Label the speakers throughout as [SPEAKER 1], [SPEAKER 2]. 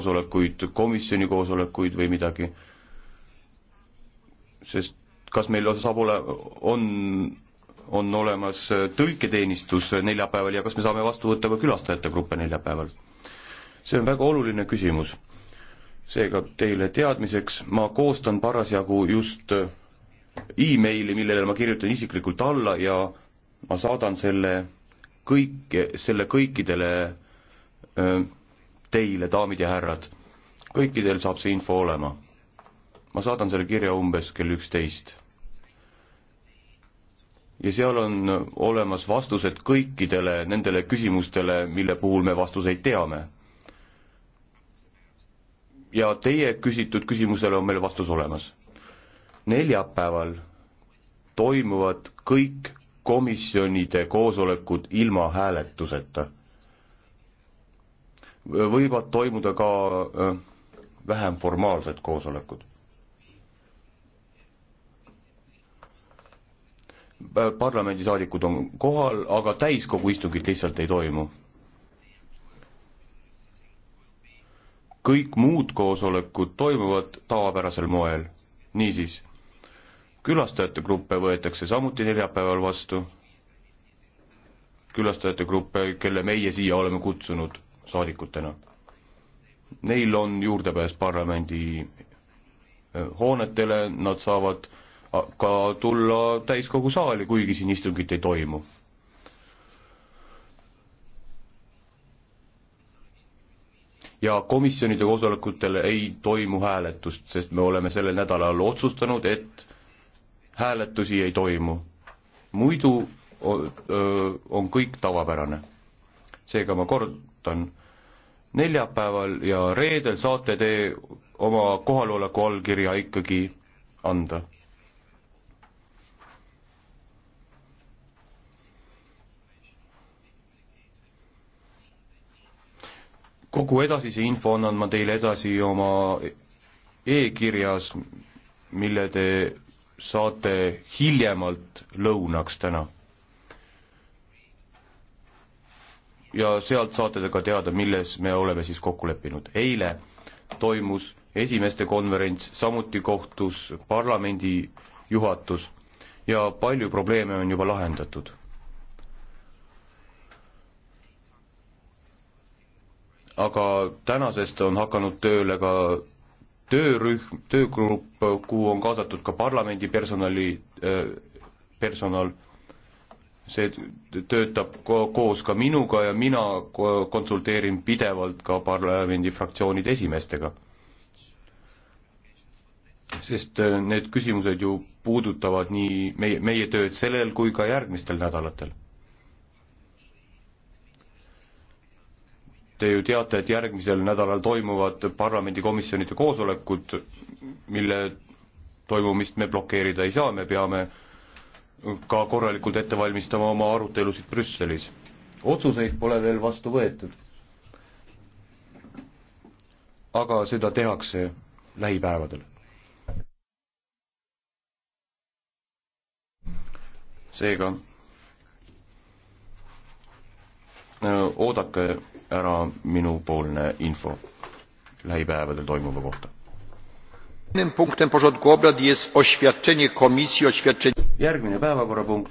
[SPEAKER 1] koosolekuid, komisjoni koosolekuid või midagi. sest kas meil saab ole, on, on olemas tõlketeenistus neljapäeval ja kas me saame vastu võtta ka külastajate gruppe neljapäeval? see on väga oluline küsimus. seega teile teadmiseks, ma koostan parasjagu just emaili, millele ma kirjutan isiklikult alla ja ma saadan selle kõik, selle kõikidele öö, teile, daamid ja härrad. kõikidel saab see info olema. ma saadan selle kirja umbes kell üksteist. ja seal on olemas vastused kõikidele nendele küsimustele, mille puhul me vastuseid teame. ja teie küsitud küsimusele on meil vastus olemas. neljapäeval toimuvad kõik komisjonide koosolekud ilma hääletuseta võivad toimuda ka äh, vähem formaalsed koosolekud. Äh, parlamendisaadikud on kohal, aga täiskogu istungit lihtsalt ei toimu. kõik muud koosolekud toimuvad tavapärasel moel, niisiis külastajate gruppe võetakse samuti neljapäeval vastu, külastajate gruppe, kelle meie siia oleme kutsunud saadikutena. Neil on juurdepääs parlamendi eh, hoonetele, nad saavad ka tulla täiskogu saali, kuigi siin istungit ei toimu. ja komisjonide koosolekutel ei toimu hääletust, sest me oleme sellel nädalal otsustanud, et hääletusi ei toimu. muidu on kõik tavapärane. seega ma kordan, neljapäeval ja reedel saate te oma kohaloleku allkirja ikkagi anda. kogu edasise info annan ma teile edasi oma e-kirjas, mille te saate hiljemalt lõunaks täna ja sealt saate te ka teada, milles me oleme siis kokku leppinud. eile toimus esimeste konverents, samuti kohtus parlamendi juhatus ja palju probleeme on juba lahendatud. aga tänasest on hakanud tööle ka töörühm, töögrupp, kuhu on kaasatud ka parlamendi personali, äh, personal see töötab ko koos ka minuga ja mina ko konsulteerin pidevalt ka parlamendifraktsioonide esimeestega. sest äh, need küsimused ju puudutavad nii meie, meie tööd sellel kui ka järgmistel nädalatel. Te ju teate, et järgmisel nädalal toimuvad parlamendikomisjonide koosolekud, mille toimumist me blokeerida ei saa, me peame äh, ka korralikult ette valmistama oma arutelusid Brüsselis. otsuseid pole veel vastu võetud. aga seda tehakse lähipäevadel. seega öö, äh, oodake ära minupoolne info lähipäevadel toimuva kohta järgmine päevakorrapunkt.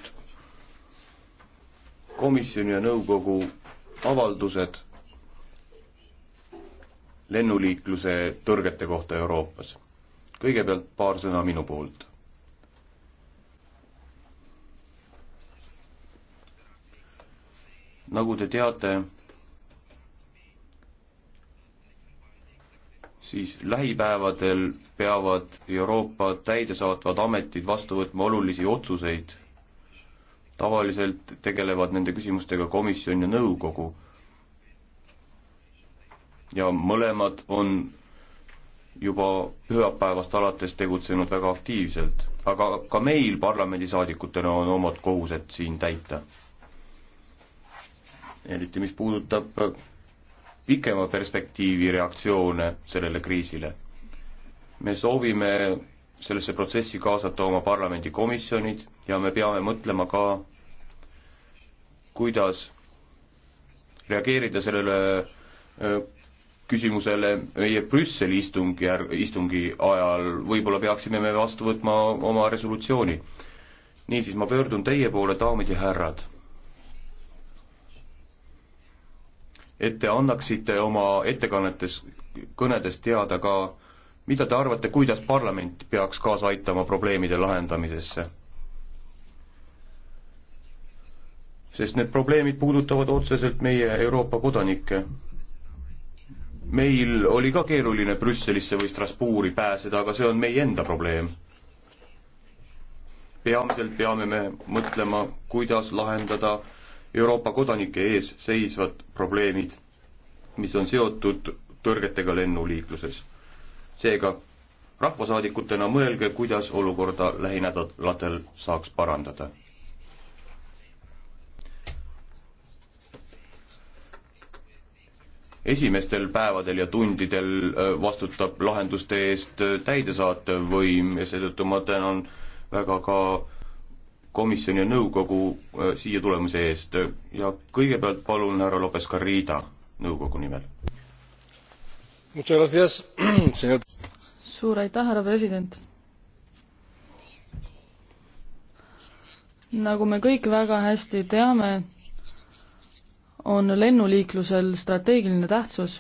[SPEAKER 1] komisjoni ja nõukogu avaldused lennuliikluse tõrgete kohta Euroopas. kõigepealt paar sõna minu poolt. nagu te teate, siis lähipäevadel peavad Euroopa täidesaatvad ametid vastu võtma olulisi otsuseid. tavaliselt tegelevad nende küsimustega komisjon ja nõukogu. ja mõlemad on juba pühapäevast alates tegutsenud väga aktiivselt, aga ka meil parlamendisaadikutena on omad kohused siin täita. eriti mis puudutab pikema perspektiivi reaktsioone sellele kriisile. me soovime sellesse protsessi kaasata oma parlamendikomisjonid ja me peame mõtlema ka, kuidas reageerida sellele küsimusele meie Brüsseli istungjärg, istungi ajal, võib-olla peaksime me vastu võtma oma resolutsiooni. niisiis, ma pöördun teie poole, daamid ja härrad et te annaksite oma ettekannetes, kõnedes teada ka, mida te arvate, kuidas parlament peaks kaasa aitama probleemide lahendamisesse? sest need probleemid puudutavad otseselt meie Euroopa kodanikke. meil oli ka keeruline Brüsselisse või Strasbourgi pääseda, aga see on meie enda probleem. peamiselt peame me mõtlema, kuidas lahendada Euroopa kodanike ees seisvad probleemid, mis on seotud tõrgetega lennuliikluses. seega rahvasaadikutena mõelge, kuidas olukorda lähinädalatel saaks parandada. esimestel päevadel ja tundidel äh, vastutab lahenduste eest äh, täidesaatev võim ja seetõttu ma tänan väga ka komisjoni ja nõukogu äh, siia tulemuse eest ja kõigepealt palun härra Lopez Garrida nõukogu nimel.
[SPEAKER 2] suur aitäh, härra president. nagu me kõik väga hästi teame, on lennuliiklusel strateegiline tähtsus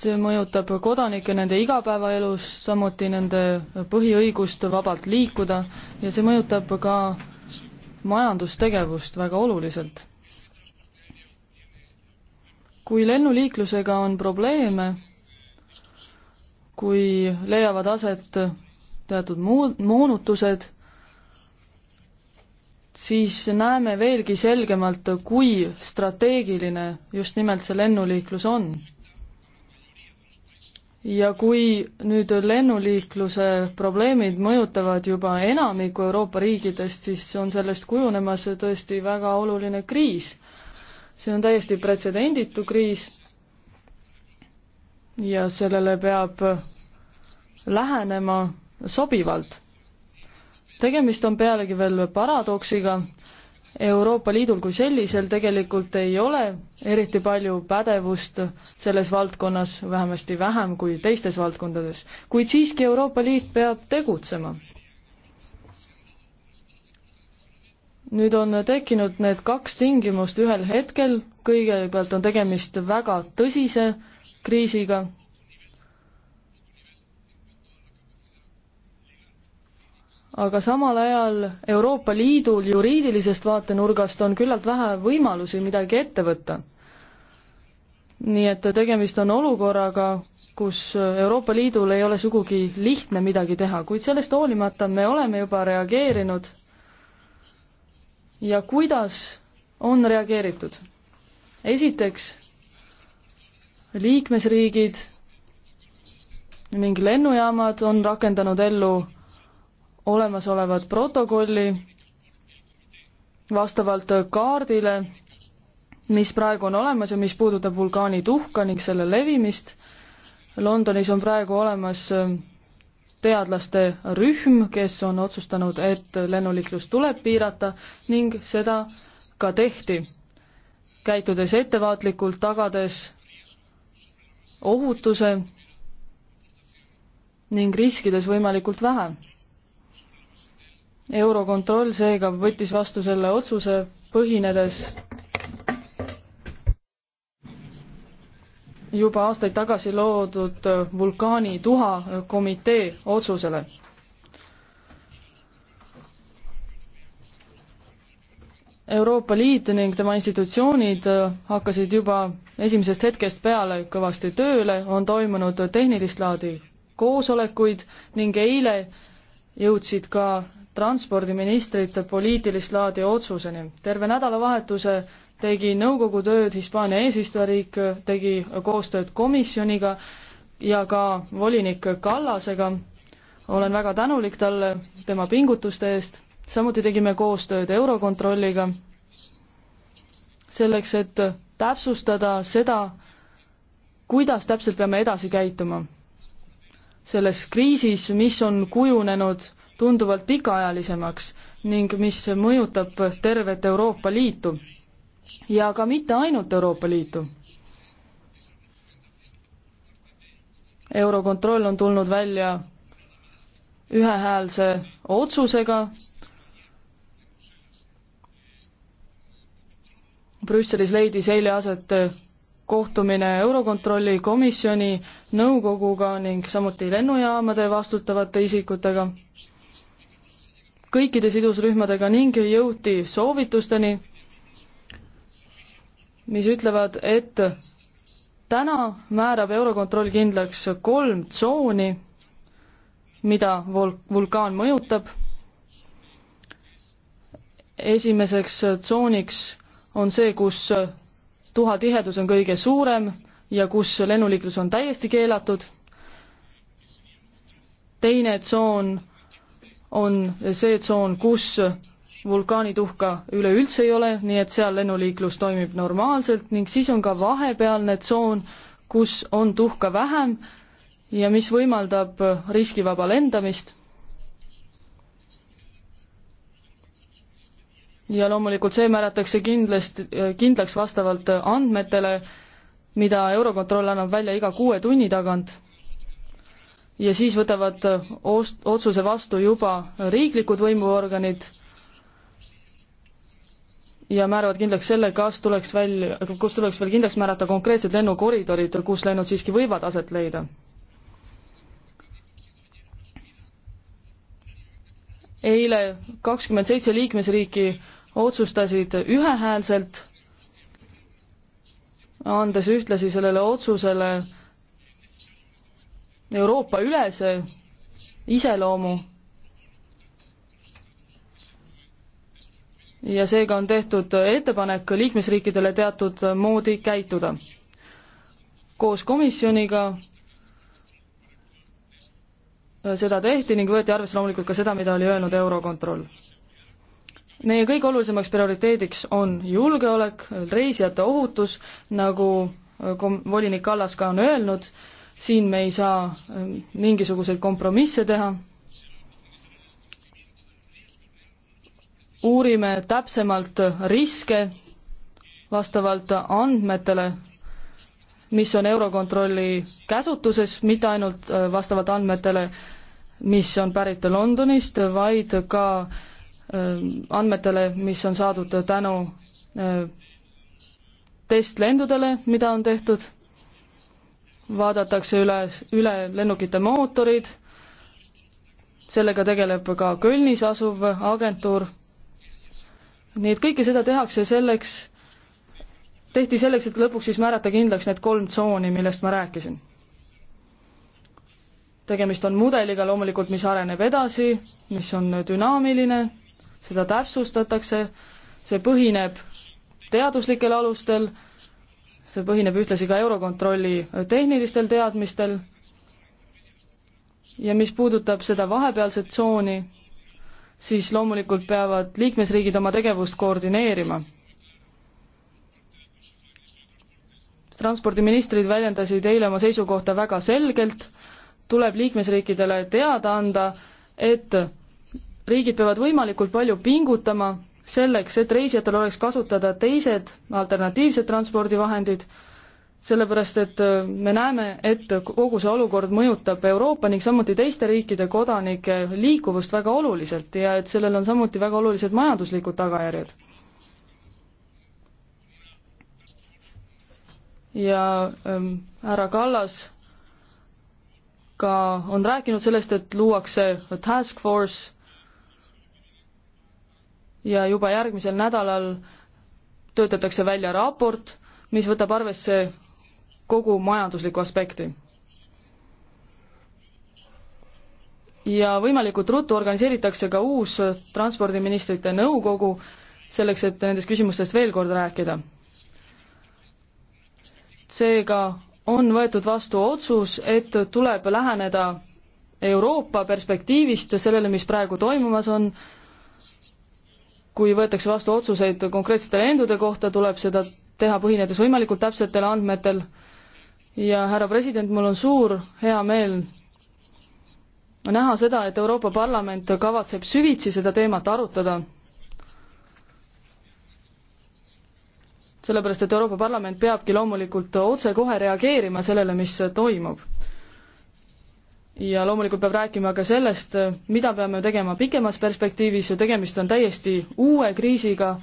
[SPEAKER 2] see mõjutab kodanikke nende igapäevaelus, samuti nende põhiõigust vabalt liikuda ja see mõjutab ka majandustegevust väga oluliselt. kui lennuliiklusega on probleeme, kui leiavad aset teatud muu-, moonutused, siis näeme veelgi selgemalt, kui strateegiline just nimelt see lennuliiklus on ja kui nüüd lennuliikluse probleemid mõjutavad juba enamikku Euroopa riikidest, siis on sellest kujunemas tõesti väga oluline kriis. see on täiesti pretsedenditu kriis ja sellele peab lähenema sobivalt. tegemist on pealegi veel paradoksiga, Euroopa Liidul kui sellisel tegelikult ei ole eriti palju pädevust selles valdkonnas, vähemasti vähem kui teistes valdkondades, kuid siiski Euroopa Liit peab tegutsema. nüüd on tekkinud need kaks tingimust ühel hetkel, kõigepealt on tegemist väga tõsise kriisiga, aga samal ajal Euroopa Liidul juriidilisest vaatenurgast on küllalt vähe võimalusi midagi ette võtta. nii et tegemist on olukorraga, kus Euroopa Liidul ei ole sugugi lihtne midagi teha, kuid sellest hoolimata me oleme juba reageerinud ja kuidas on reageeritud? esiteks, liikmesriigid ning lennujaamad on rakendanud ellu olemasolevat protokolli vastavalt kaardile, mis praegu on olemas ja mis puudutab vulkaani tuhka ning selle levimist. Londonis on praegu olemas teadlaste rühm, kes on otsustanud, et lennuliiklust tuleb piirata ning seda ka tehti, käitudes ettevaatlikult, tagades ohutuse ning riskides võimalikult vähe eurokontroll seega võttis vastu selle otsuse, põhinedes juba aastaid tagasi loodud vulkaanituha komitee otsusele. Euroopa Liit ning tema institutsioonid hakkasid juba esimesest hetkest peale kõvasti tööle, on toimunud tehnilist laadi koosolekuid ning eile jõudsid ka transpordiministrite poliitilist laadi otsuseni. terve nädalavahetuse tegi nõukogu tööd, Hispaania eesistujariik tegi koostööd komisjoniga ja ka volinik Kallasega. olen väga tänulik talle tema pingutuste eest, samuti tegime koostööd Eurokontrolliga selleks, et täpsustada seda, kuidas täpselt peame edasi käituma selles kriisis, mis on kujunenud tunduvalt pikaajalisemaks ning mis mõjutab tervet Euroopa Liitu ja ka mitte ainult Euroopa Liitu. eurokontroll on tulnud välja ühehäälse otsusega Brüsselis leidis eile aset kohtumine Eurokontrolli komisjoni nõukoguga ning samuti lennujaamade vastutavate isikutega kõikide sidusrühmadega ning jõuti soovitusteni, mis ütlevad, et täna määrab Eurokontroll kindlaks kolm tsooni, mida vul-, vulkaan mõjutab. esimeseks tsooniks on see, kus tuhatihedus on kõige suurem ja kus lennuliiklus on täiesti keelatud. teine tsoon on see tsoon, kus vulkaanituhka üleüldse ei ole, nii et seal lennuliiklus toimib normaalselt ning siis on ka vahepealne tsoon, kus on tuhka vähem ja mis võimaldab riskivaba lendamist. ja loomulikult see määratakse kindlasti, kindlaks vastavalt andmetele, mida Eurokontroll annab välja iga kuue tunni tagant ja siis võtavad ost-, otsuse vastu juba riiklikud võimuorganid ja määravad kindlaks selle, kas tuleks välja, kus tuleks veel kindlaks määrata konkreetsed lennukoridorid, kus lennud siiski võivad aset leida. eile kakskümmend seitse liikmesriiki otsustasid ühehäälselt, andes ühtlasi sellele otsusele Euroopa-ülese iseloomu. ja seega on tehtud ettepanek liikmesriikidele teatud moodi käituda. koos komisjoniga seda tehti ning võeti arvesse loomulikult ka seda, mida oli öelnud Eurokontroll. meie kõige olulisemaks prioriteediks on julgeolek, reisijate ohutus, nagu kom-, volinik Kallas ka on öelnud, siin me ei saa ähm, mingisuguseid kompromisse teha. uurime täpsemalt riske vastavalt andmetele, mis on Eurokontrolli käsutuses, mitte ainult äh, vastavalt andmetele, mis on pärit Londonist, vaid ka ähm, andmetele, mis on saadud tänu äh, testlendudele, mida on tehtud vaadatakse üle, üle lennukite mootorid, sellega tegeleb ka Kölnis asuv agentuur. nii et kõike seda tehakse selleks, tehti selleks, et lõpuks siis määrata kindlaks need kolm tsooni, millest ma rääkisin. tegemist on mudeliga loomulikult, mis areneb edasi, mis on dünaamiline, seda täpsustatakse, see põhineb teaduslikel alustel see põhineb ühtlasi ka Eurokontrolli tehnilistel teadmistel ja mis puudutab seda vahepealset tsooni, siis loomulikult peavad liikmesriigid oma tegevust koordineerima. transpordiministrid väljendasid eile oma seisukohta väga selgelt, tuleb liikmesriikidele teada anda, et riigid peavad võimalikult palju pingutama selleks, et reisijatel oleks kasutada teised alternatiivsed transpordivahendid, sellepärast et äh, me näeme, et kogu see olukord mõjutab Euroopa ning samuti teiste riikide kodanike liikuvust väga oluliselt ja et sellel on samuti väga olulised majanduslikud tagajärjed. ja ähm, härra Kallas ka on rääkinud sellest, et luuakse task force ja juba järgmisel nädalal töötatakse välja raport, mis võtab arvesse kogu majanduslikku aspekti. ja võimalikult ruttu organiseeritakse ka uus transpordiministrite nõukogu, selleks et nendest küsimustest veel kord rääkida. seega on võetud vastu otsus, et tuleb läheneda Euroopa perspektiivist sellele, mis praegu toimumas on, kui võetakse vastu otsuseid konkreetsete lendude kohta, tuleb seda teha põhinedes võimalikult täpsetel andmetel. ja härra president, mul on suur hea meel näha seda, et Euroopa Parlament kavatseb süvitsi seda teemat arutada. sellepärast, et Euroopa Parlament peabki loomulikult otsekohe reageerima sellele, mis toimub ja loomulikult peab rääkima ka sellest, mida peame tegema pikemas perspektiivis ja tegemist on täiesti uue kriisiga,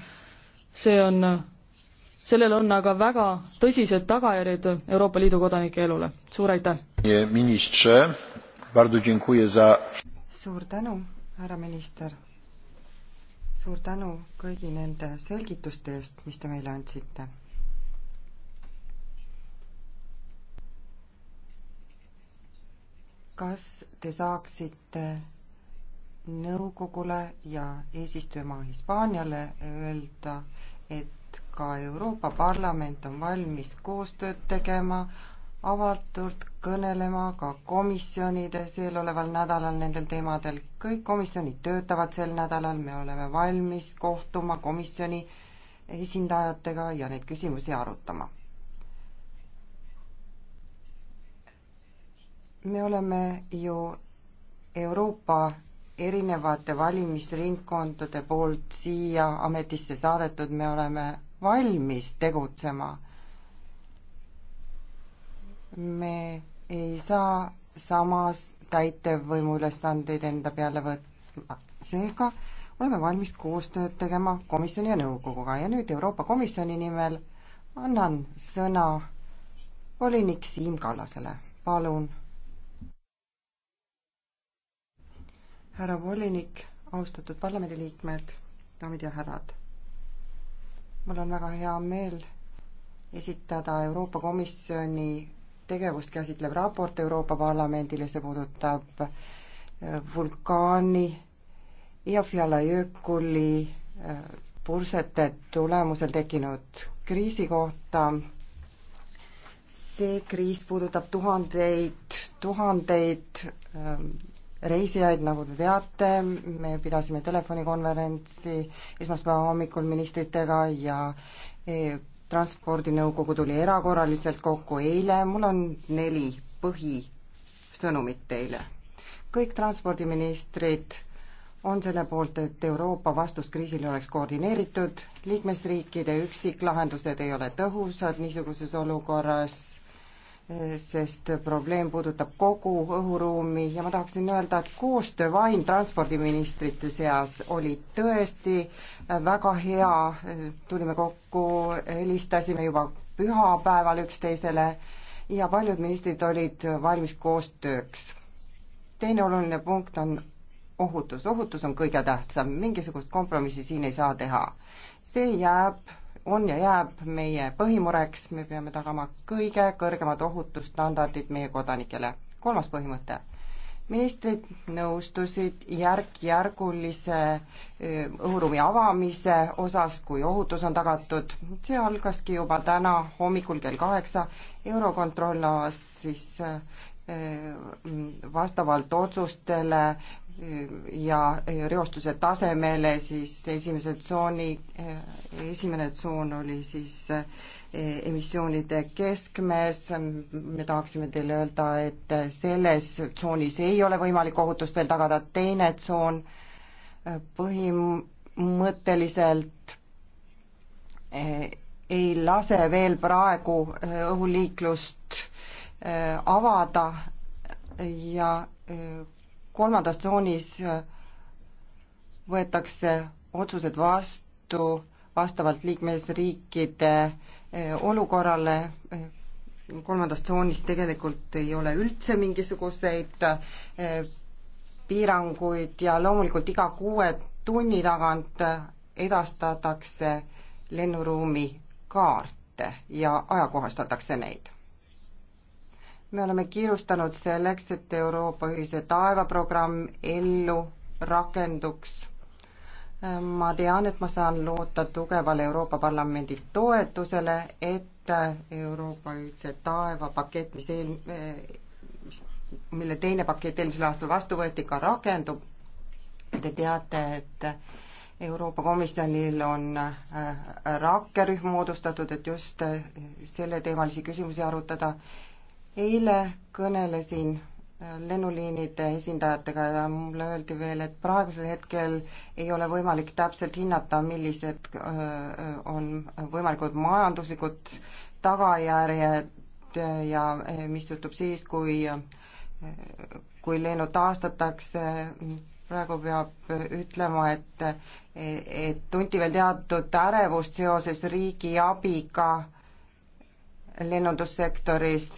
[SPEAKER 2] see on, sellel on aga väga tõsised tagajärjed Euroopa Liidu
[SPEAKER 3] kodanike elule. suur aitäh! suur tänu, härra minister! suur tänu kõigi nende selgituste eest, mis te meile andsite! kas te saaksite nõukogule ja eesistujamaa Hispaaniale öelda, et ka Euroopa Parlament on valmis koostööd tegema, avatult kõnelema ka komisjonides eeloleval nädalal nendel teemadel. kõik komisjonid töötavad sel nädalal, me oleme valmis kohtuma komisjoni esindajatega ja neid küsimusi arutama me oleme ju Euroopa erinevate valimisringkondade poolt siia ametisse saadetud, me oleme valmis tegutsema. me ei saa samas täitevvõimu ülesandeid enda peale võtma, seega oleme valmis koostööd tegema komisjoni ja nõukoguga ja nüüd Euroopa Komisjoni nimel annan sõna volinik Siim Kallasele, palun härra volinik, austatud parlamendiliikmed, daamid ja härrad. mul on väga hea meel esitada Euroopa Komisjoni tegevust käsitlev raport Euroopa Parlamendile, see puudutab äh, vulkaani Iafjala jõekuli äh, pursete tulemusel tekkinud kriisi kohta. see kriis puudutab tuhandeid, tuhandeid ähm, reisijaid, nagu te teate, me pidasime telefonikonverentsi esmaspäeva hommikul ministritega ja e, transpordinõukogu tuli erakorraliselt kokku eile, mul on neli põhisõnumit teile. kõik transpordiministrid on selle poolt, et Euroopa vastus kriisile oleks koordineeritud, liikmesriikide üksiklahendused ei ole tõhusad niisuguses olukorras sest probleem puudutab kogu õhuruumi ja ma tahaksin öelda, et koostöö vaim transpordiministrite seas oli tõesti väga hea, tulime kokku, helistasime juba pühapäeval üksteisele ja paljud ministrid olid valmis koostööks. teine oluline punkt on ohutus, ohutus on kõige tähtsam, mingisugust kompromissi siin ei saa teha. see jääb on ja jääb meie põhimureks, me peame tagama kõige kõrgemad ohutusstandardid meie kodanikele. kolmas põhimõte. ministrid nõustusid järk-järgulise õhuruumi avamise osas, kui ohutus on tagatud. see algaski juba täna hommikul kell kaheksa. Eurokontroll avas siis vastavalt otsustele ja reostuse tasemele, siis esimese tsooni, esimene tsoon oli siis e, emissioonide keskmes, me tahaksime teile öelda, et selles tsoonis ei ole võimalik ohutust veel tagada, teine tsoon e, põhimõtteliselt e, ei lase veel praegu õhuliiklust avada ja kolmandas tsoonis äh, võetakse otsused vastu vastavalt liikmesriikide äh, olukorrale, äh, kolmandas tsoonis tegelikult ei ole üldse mingisuguseid piiranguid ja loomulikult iga kuue tunni tagant edastatakse lennuruumi kaarte ja ajakohastatakse neid me oleme kiirustanud selleks, et Euroopa ühise taevaprogramm ellu rakenduks. ma tean, et ma saan loota tugevale Euroopa Parlamendi toetusele, et Euroopa ühtse taeva pakett, mis eel-, mille teine pakett eelmisel aastal vastu võeti, ka rakendub. Te teate, et Euroopa Komisjonil on äh, rakkerühm moodustatud, et just äh, selleteemalisi küsimusi arutada eile kõnelesin äh, lennuliinide esindajatega ja mulle öeldi veel, et praegusel hetkel ei ole võimalik täpselt hinnata, millised äh, äh, on võimalikud majanduslikud tagajärjed ja mis juhtub siis, kui, kui lennud taastatakse. praegu peab ütlema, et, et tunti veel teatud ärevust seoses riigi abiga lennundussektoris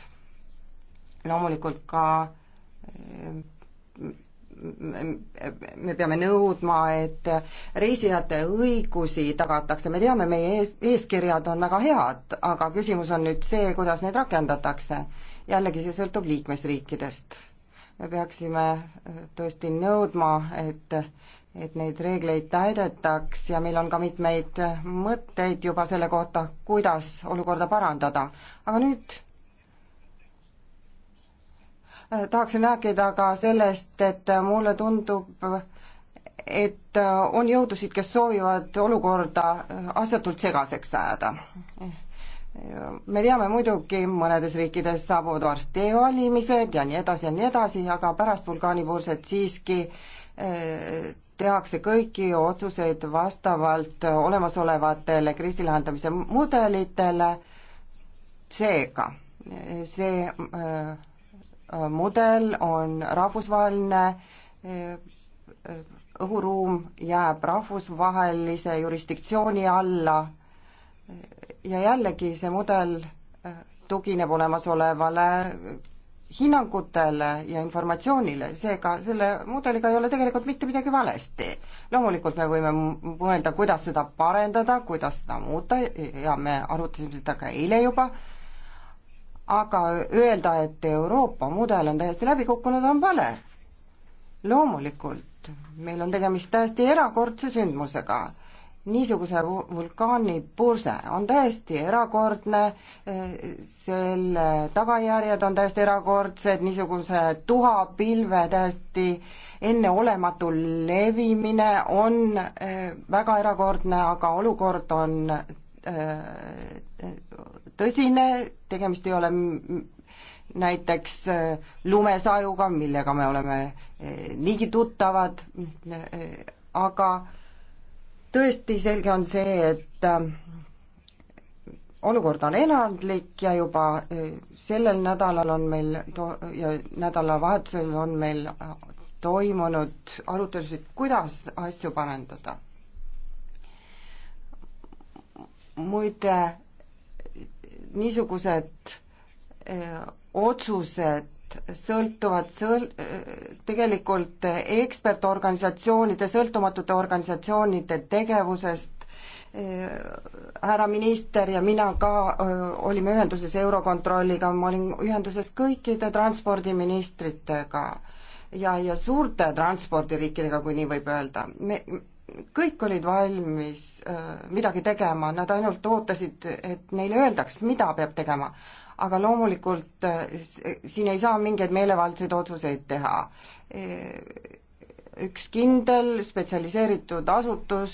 [SPEAKER 3] loomulikult ka me peame nõudma, et reisijate õigusi tagatakse, me teame, meie ees, eeskirjad on väga head, aga küsimus on nüüd see, kuidas neid rakendatakse. jällegi, see sõltub liikmesriikidest. me peaksime äh, tõesti nõudma, et et neid reegleid täidetaks ja meil on ka mitmeid mõtteid juba selle kohta, kuidas olukorda parandada. aga nüüd Äh, tahaksin rääkida ka sellest, et äh, mulle tundub, et äh, on jõudusid, kes soovivad olukorda asjatult segaseks ajada. me teame muidugi, mõnedes riikides saabuvad varsti e-valimised ja nii edasi ja nii edasi, aga pärast vulkaanipuurset siiski tehakse kõiki otsuseid vastavalt olemasolevatele kriisi lahendamise mudelitele, seega see äh, Äh, mudel on rahvusvaheline äh, õhuruum jääb rahvusvahelise jurisdiktsiooni alla ja jällegi see mudel äh, tugineb olemasolevale hinnangutele ja informatsioonile, seega selle mudeliga ei ole tegelikult mitte midagi valesti. loomulikult me võime mõelda, kuidas seda parendada, kuidas seda muuta ja me arutasime seda ka eile juba aga öelda, et Euroopa mudel on täiesti läbi kukkunud, on vale. loomulikult, meil on tegemist täiesti erakordse sündmusega. niisuguse vulkaani purse on täiesti erakordne, selle tagajärjed on täiesti erakordsed, niisuguse tuhapilve täiesti enneolematu levimine on eh, väga erakordne, aga olukord on eh, tõsine, tegemist ei ole näiteks äh, lumesajuga, millega me oleme äh, niigi tuttavad, äh, aga tõesti selge on see, et olukord on erandlik ja juba sellel nädalal on meil to- ja nädalavahetusel on meil toimunud arutelusid, kuidas asju parandada. muide niisugused eh, otsused sõltuvad sõl-, eh, tegelikult ekspertorganisatsioonide, sõltumatute organisatsioonide tegevusest, eh, härra minister ja mina ka olime ühenduses Eurokontrolliga, ma olin ühenduses kõikide transpordiministritega ja, ja suurte transpordiriikidega, kui nii võib öelda. me, kõik olid valmis äh, midagi tegema, nad ainult ootasid, et neile öeldaks, mida peab tegema. aga loomulikult äh, siin ei saa mingeid meelevaldseid otsuseid teha. Äh, üks kindel spetsialiseeritud asutus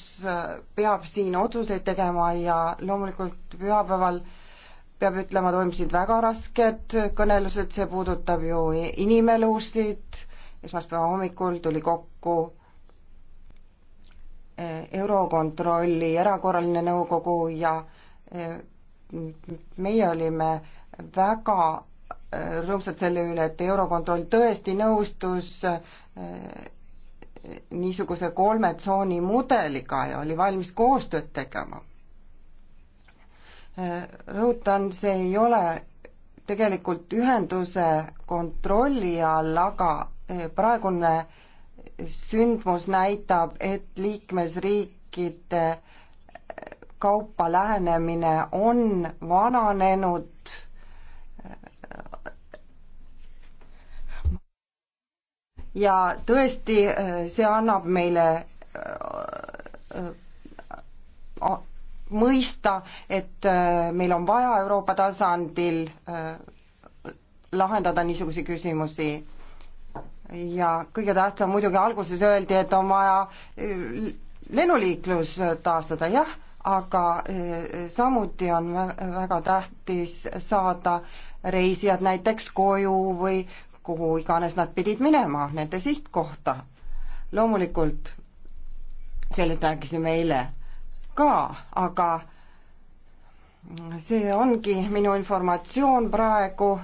[SPEAKER 3] peab siin otsuseid tegema ja loomulikult pühapäeval peab ütlema, toimusid väga rasked kõnelused, see puudutab ju inimelusid, esmaspäeva hommikul tuli kokku Eh, Eurokontrolli erakorraline nõukogu ja eh, meie olime väga eh, rõõmsad selle üle, et Eurokontroll tõesti nõustus niisuguse kolme tsooni mudeliga ja oli valmis koostööd tegema. rõhutan, see ei ole tegelikult ühenduse kontrolli all, aga praegune sündmus näitab, et liikmesriikide kaupa lähenemine on vananenud. ja tõesti, see annab meile äh, äh, mõista, et äh, meil on vaja Euroopa tasandil lahendada niisuguseid küsimusi ja kõige tähtsam muidugi alguses öeldi, et on vaja e, lennuliiklus taastada, jah, aga e, samuti on väga tähtis saada reisijad näiteks koju või kuhu iganes nad pidid minema, nende sihtkohta. loomulikult sellest rääkisime eile ka, aga see ongi minu informatsioon praegu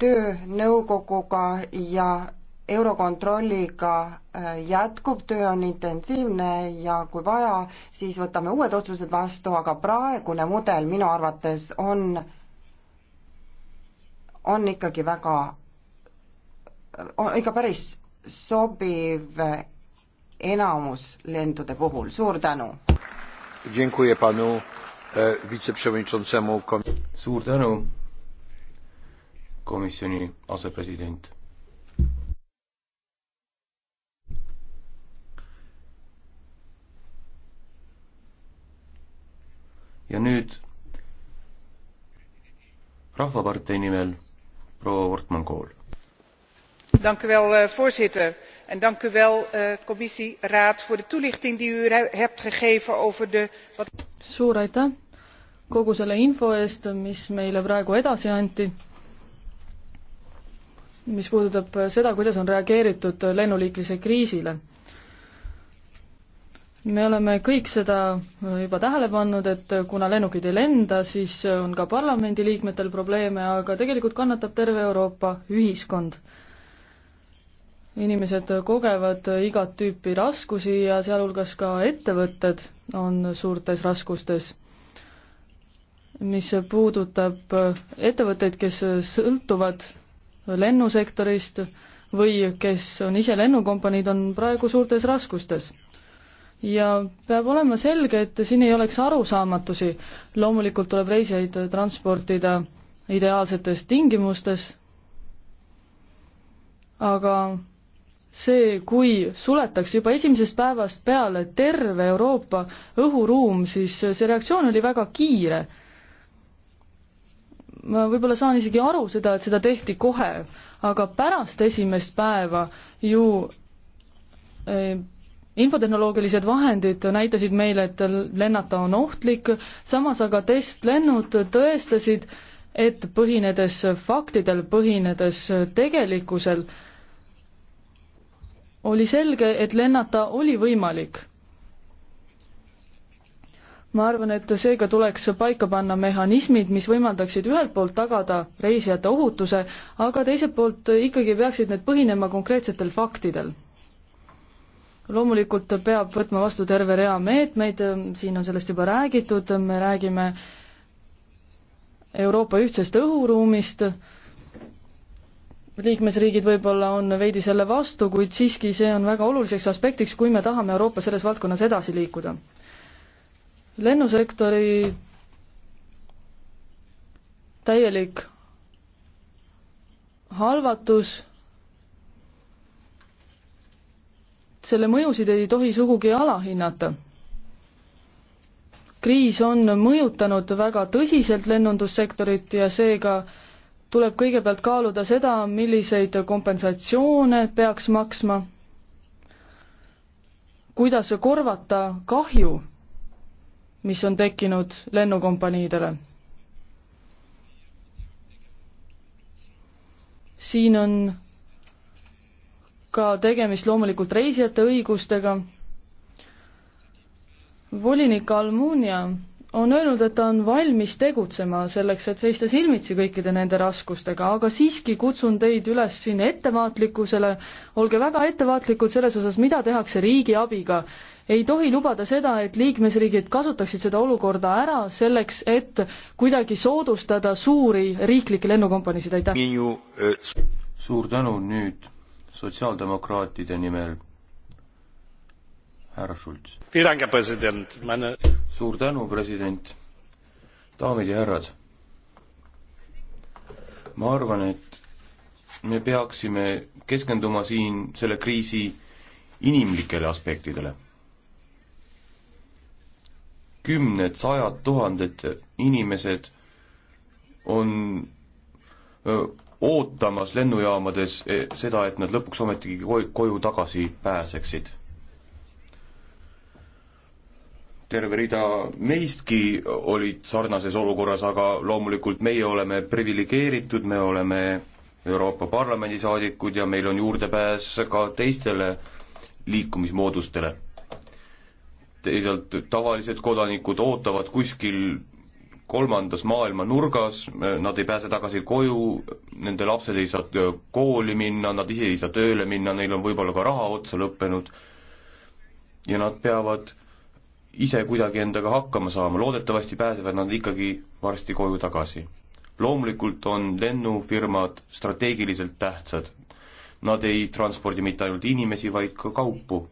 [SPEAKER 3] töönõukoguga ja Eurokontrolliga äh, jätkub, töö on intensiivne ja kui vaja, siis võtame uued otsused vastu, aga praegune mudel minu arvates on, on ikkagi väga, on ikka päris sobiv enamus lendude puhul, suur tänu!
[SPEAKER 1] E, suur tänu, komisjoni asepresident ja nüüd Rahvapartei nimel proua Wortmann Kool.
[SPEAKER 4] Dank u wel, eh, voorzitter. En dank u wel, uh, eh,
[SPEAKER 2] commissie, raad, voor de toelichting die u hebt gegeven over de... Wat... Suur aitäh kogu selle info eest, mis meile praegu edasi anti, mis puudutab eh, seda, kuidas on reageeritud lennuliikluse kriisile me oleme kõik seda juba tähele pannud, et kuna lennukid ei lenda, siis on ka parlamendiliikmetel probleeme, aga tegelikult kannatab terve Euroopa ühiskond. inimesed kogevad igat tüüpi raskusi ja sealhulgas ka ettevõtted on suurtes raskustes. mis puudutab ettevõtteid, kes sõltuvad lennusektorist või kes on ise lennukompaniid, on praegu suurtes raskustes ja peab olema selge, et siin ei oleks arusaamatusi. loomulikult tuleb reisijaid transportida ideaalsetes tingimustes, aga see, kui suletakse juba esimesest päevast peale terve Euroopa õhuruum, siis see reaktsioon oli väga kiire. ma võib-olla saan isegi aru seda, et seda tehti kohe, aga pärast esimest päeva ju eh, infotehnoloogilised vahendid näitasid meile, et lennata on ohtlik, samas aga testlennud tõestasid, et põhinedes faktidel, põhinedes tegelikkusel, oli selge, et lennata oli võimalik. ma arvan, et seega tuleks paika panna mehhanismid, mis võimaldaksid ühelt poolt tagada reisijate ohutuse, aga teiselt poolt ikkagi peaksid need põhinema konkreetsetel faktidel loomulikult peab võtma vastu terve rea meetmeid, siin on sellest juba räägitud, me räägime Euroopa ühtsest õhuruumist, liikmesriigid võib-olla on veidi selle vastu, kuid siiski see on väga oluliseks aspektiks, kui me tahame Euroopa selles valdkonnas edasi liikuda. lennusektori täielik halvatus selle mõjusid ei tohi sugugi alahinnata. kriis on mõjutanud väga tõsiselt lennundussektorit ja seega tuleb kõigepealt kaaluda seda, milliseid kompensatsioone peaks maksma, kuidas korvata kahju, mis on tekkinud lennukompaniidele. siin on ka tegemist loomulikult reisijate õigustega. volinik Almunia on öelnud, et ta on valmis tegutsema selleks, et seista silmitsi kõikide nende raskustega, aga siiski kutsun teid üles siin ettevaatlikkusele, olge väga ettevaatlikud selles osas, mida tehakse riigi abiga. ei tohi lubada seda, et liikmesriigid kasutaksid seda olukorda ära selleks, et kuidagi soodustada suuri riiklikke lennukompaniisid, aitäh!
[SPEAKER 1] Äh, suur tänu, nüüd sotsiaaldemokraatide nimel härra Schulz. suur tänu, president. daamid ja härrad. ma arvan, et me peaksime keskenduma siin selle kriisi inimlikele aspektidele. kümned, sajad tuhanded inimesed on öö, ootamas lennujaamades e, seda, et nad lõpuks ometigi koju tagasi pääseksid. terve rida meistki olid sarnases olukorras, aga loomulikult meie oleme priviligeeritud, me oleme Euroopa Parlamendi saadikud ja meil on juurdepääs ka teistele liikumismoodustele. teisalt tavalised kodanikud ootavad kuskil kolmandas maailma nurgas, nad ei pääse tagasi koju, nende lapsed ei saa kooli minna, nad ise ei saa tööle minna, neil on võib-olla ka raha otsa lõppenud ja nad peavad ise kuidagi endaga hakkama saama, loodetavasti pääsevad nad ikkagi varsti koju tagasi. loomulikult on lennufirmad strateegiliselt tähtsad. Nad ei transpordi mitte ainult inimesi, vaid ka kaupu.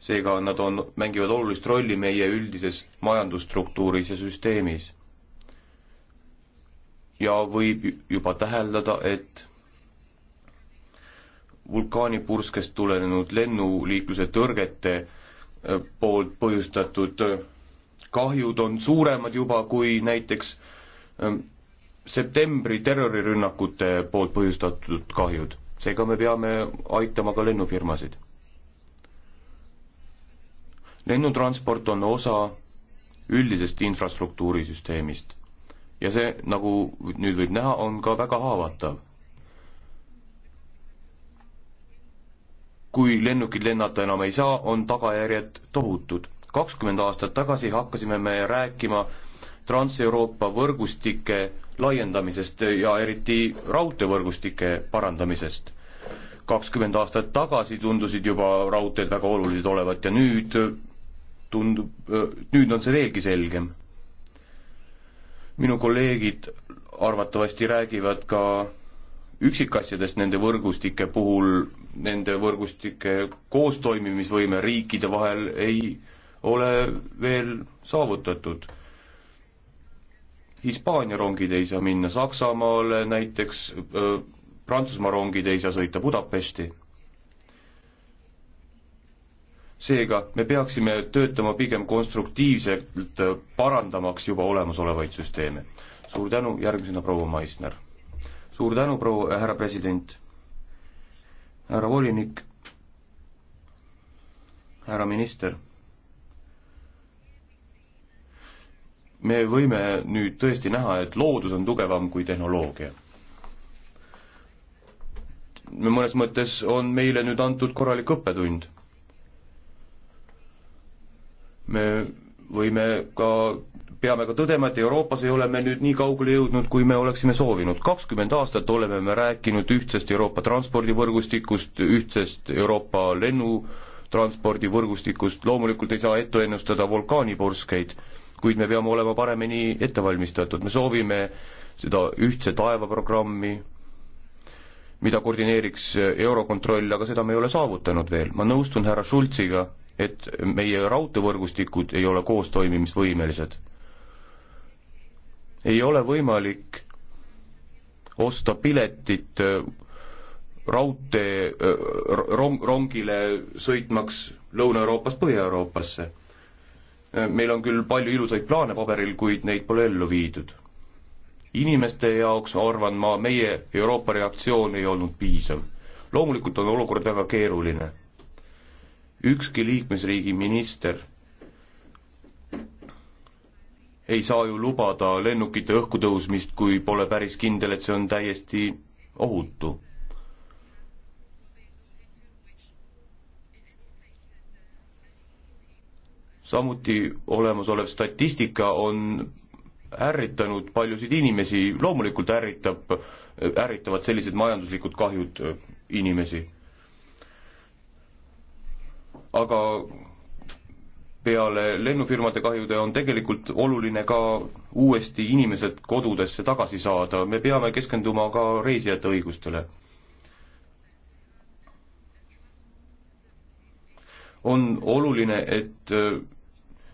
[SPEAKER 1] seega nad on, mängivad olulist rolli meie üldises majandusstruktuuris ja süsteemis ja võib juba täheldada, et vulkaanipurskest tulenenud lennuliikluse tõrgete äh, poolt põhjustatud äh, kahjud on suuremad juba kui näiteks äh, septembri terrorirünnakute poolt põhjustatud kahjud. seega me peame aitama ka lennufirmasid. lennutransport on osa üldisest infrastruktuurisüsteemist ja see, nagu nüüd võib näha, on ka väga haavatav. kui lennukid lennata enam ei saa, on tagajärjed tohutud. kakskümmend aastat tagasi hakkasime me rääkima Trans-Euroopa võrgustike laiendamisest ja eriti raudteevõrgustike parandamisest. kakskümmend aastat tagasi tundusid juba raudteed väga olulised olevat ja nüüd tundub, nüüd on see veelgi selgem minu kolleegid arvatavasti räägivad ka üksikasjadest nende võrgustike puhul, nende võrgustike koostoimimisvõime riikide vahel ei ole veel saavutatud. Hispaania rongid ei saa minna Saksamaale näiteks, Prantsusmaa rongid ei saa sõita Budapesti seega me peaksime töötama pigem konstruktiivselt, parandamaks juba olemasolevaid süsteeme. suur tänu, järgmisena proua Maisner. suur tänu, proua, äh, härra president, härra volinik, härra minister me võime nüüd tõesti näha, et loodus on tugevam kui tehnoloogia. mõnes mõttes on meile nüüd antud korralik õppetund me võime ka, peame ka tõdema, et Euroopas ei ole me nüüd nii kaugele jõudnud, kui me oleksime soovinud. kakskümmend aastat oleme me rääkinud ühtsest Euroopa transpordivõrgustikust, ühtsest Euroopa lennutranspordivõrgustikust, loomulikult ei saa ette ennustada vulkaanipurskeid, kuid me peame olema paremini ettevalmistatud, me soovime seda ühtse taevaprogrammi, mida koordineeriks Eurokontroll, aga seda me ei ole saavutanud veel. ma nõustun härra Schultziga, et meie raudteevõrgustikud ei ole koostoimimisvõimelised. ei ole võimalik osta piletit äh, raudtee äh, rong, rongile sõitmaks Lõuna-Euroopast Põhja-Euroopasse. Äh, meil on küll palju ilusaid plaane paberil, kuid neid pole ellu viidud. inimeste jaoks, ma arvan ma, meie Euroopa reaktsioon ei olnud piisav. loomulikult on olukord väga keeruline ükski liikmesriigi minister ei saa ju lubada lennukite õhku tõusmist, kui pole päris kindel, et see on täiesti ohutu. samuti olemasolev statistika on ärritanud paljusid inimesi, loomulikult ärritab, ärritavad sellised majanduslikud kahjud inimesi aga peale lennufirmade kahjude on tegelikult oluline ka uuesti inimesed kodudesse tagasi saada, me peame keskenduma ka reisijate õigustele. on oluline, et äh,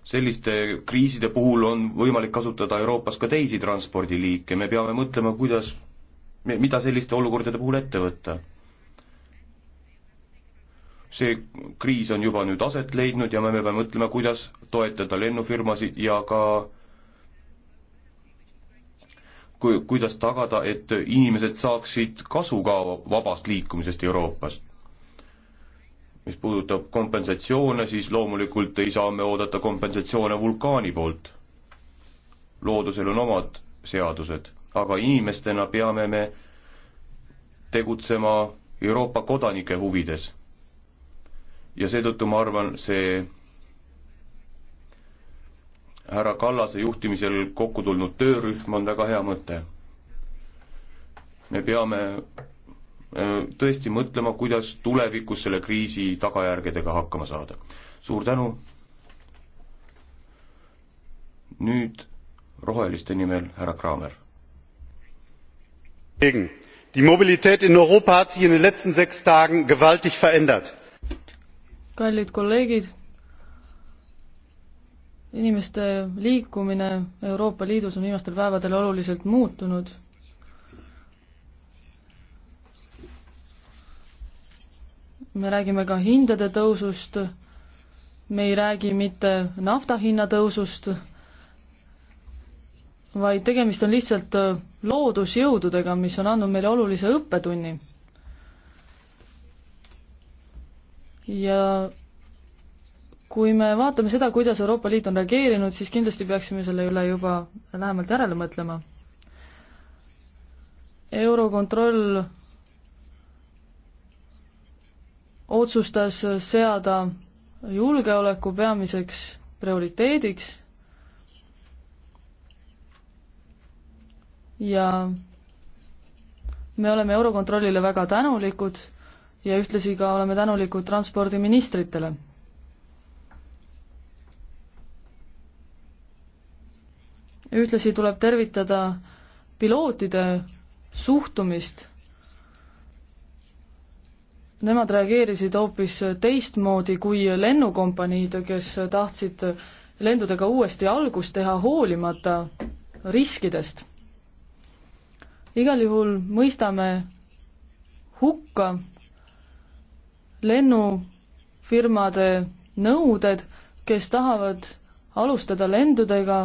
[SPEAKER 1] selliste kriiside puhul on võimalik kasutada Euroopas ka teisi transpordiliike, me peame mõtlema, kuidas, mida selliste olukordade puhul ette võtta see kriis on juba nüüd aset leidnud ja me peame mõtlema, kuidas toetada lennufirmasid ja ka kui, kuidas tagada, et inimesed saaksid kasu ka vabast liikumisest Euroopas. mis puudutab kompensatsioone, siis loomulikult ei saa me oodata kompensatsioone vulkaani poolt. loodusel on omad seadused, aga inimestena peame me tegutsema Euroopa kodanike huvides ja seetõttu ma arvan, see härra Kallase juhtimisel kokku tulnud töörühm on väga hea mõte. me peame äh, tõesti mõtlema, kuidas tulevikus selle kriisi tagajärgedega hakkama saada. suur tänu. nüüd roheliste nimel härra Kramer. Die Mobilität in Europa hat sich in den letzten sechs Tagen gewaltig verändert
[SPEAKER 2] kallid kolleegid, inimeste liikumine Euroopa Liidus on viimastel päevadel oluliselt muutunud. me räägime ka hindade tõusust, me ei räägi mitte nafta hinna tõusust, vaid tegemist on lihtsalt loodusjõududega, mis on andnud meile olulise õppetunni ja kui me vaatame seda, kuidas Euroopa Liit on reageerinud, siis kindlasti peaksime selle üle juba lähemalt järele mõtlema. eurokontroll otsustas seada julgeoleku peamiseks prioriteediks ja me oleme Eurokontrollile väga tänulikud ja ühtlasi ka oleme tänulikud transpordiministritele. ühtlasi tuleb tervitada pilootide suhtumist. Nemad reageerisid hoopis teistmoodi kui lennukompaniid, kes tahtsid lendudega uuesti algust teha, hoolimata riskidest. igal juhul mõistame hukka lennufirmade nõuded, kes tahavad alustada lendudega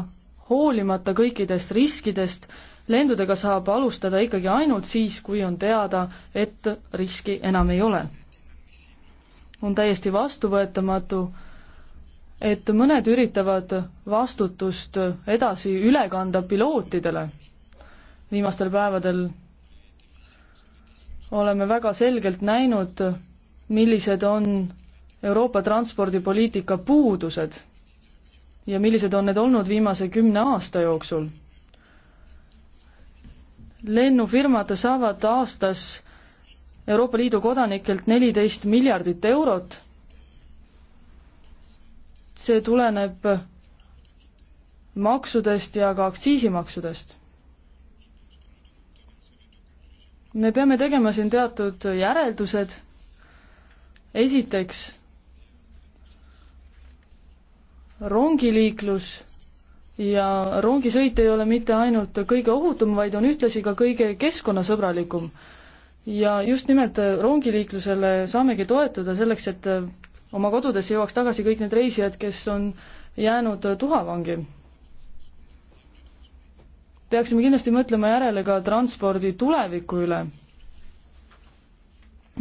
[SPEAKER 2] hoolimata kõikidest riskidest. lendudega saab alustada ikkagi ainult siis, kui on teada, et riski enam ei ole. on täiesti vastuvõetamatu, et mõned üritavad vastutust edasi üle kanda pilootidele. viimastel päevadel oleme väga selgelt näinud millised on Euroopa transpordipoliitika puudused ja millised on need olnud viimase kümne aasta jooksul. lennufirmad saavad aastas Euroopa Liidu kodanikelt neliteist miljardit eurot. see tuleneb maksudest ja ka aktsiisimaksudest. me peame tegema siin teatud järeldused esiteks rongiliiklus ja rongisõit ei ole mitte ainult kõige ohutum, vaid on ühtlasi ka kõige keskkonnasõbralikum. ja just nimelt rongiliiklusele saamegi toetuda selleks, et oma kodudesse jõuaks tagasi kõik need reisijad, kes on jäänud tuhavangi. peaksime kindlasti mõtlema järele ka transpordi tuleviku üle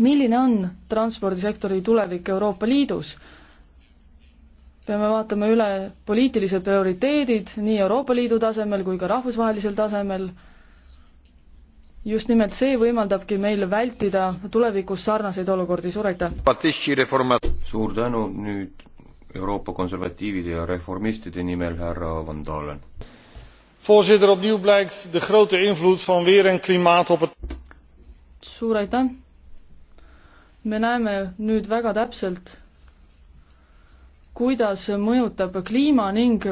[SPEAKER 2] milline on transpordisektori tulevik Euroopa Liidus? peame vaatama üle poliitilised prioriteedid nii Euroopa Liidu tasemel kui ka rahvusvahelisel tasemel. just nimelt see võimaldabki meil vältida tulevikus sarnaseid olukordi, suur aitäh!
[SPEAKER 1] suur tänu, nüüd Euroopa konservatiivide ja reformistide nimel härra Van Dalen. voorzitter, opnieuw blijkt de grote invloed van weer en klimaat op het
[SPEAKER 2] suur aitäh! me näeme nüüd väga täpselt, kuidas mõjutab kliima ning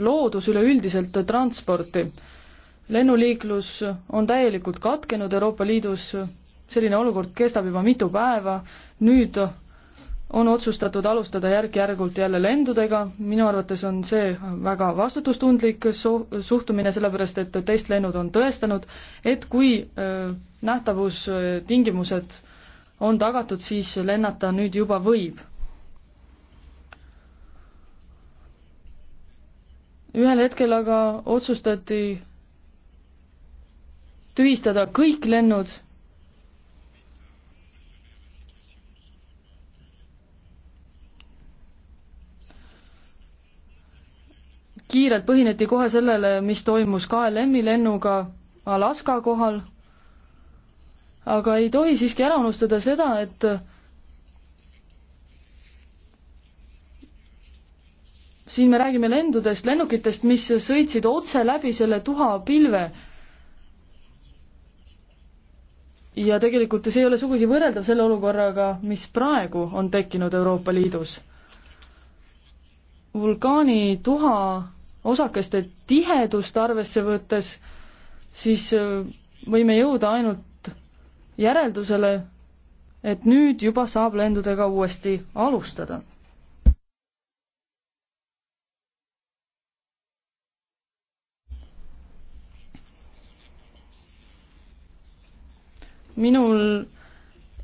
[SPEAKER 2] loodus üleüldiselt transporti. lennuliiklus on täielikult katkenud Euroopa Liidus, selline olukord kestab juba mitu päeva, nüüd on otsustatud alustada järk-järgult jälle lendudega, minu arvates on see väga vastutustundlik su-, suhtumine, sellepärast et testlennud on tõestanud, et kui äh, nähtavustingimused on tagatud, siis lennata nüüd juba võib. ühel hetkel aga otsustati tühistada kõik lennud kiirelt põhineti kohe sellele, mis toimus KLM-i lennuga Alaska kohal, aga ei tohi siiski ära unustada seda, et siin me räägime lendudest, lennukitest, mis sõitsid otse läbi selle tuhapilve. ja tegelikult see ei ole sugugi võrreldav selle olukorraga, mis praegu on tekkinud Euroopa Liidus. vulkaani tuha osakeste tihedust arvesse võttes, siis äh, võime jõuda ainult järeldusele, et nüüd juba saab lendudega uuesti alustada. minul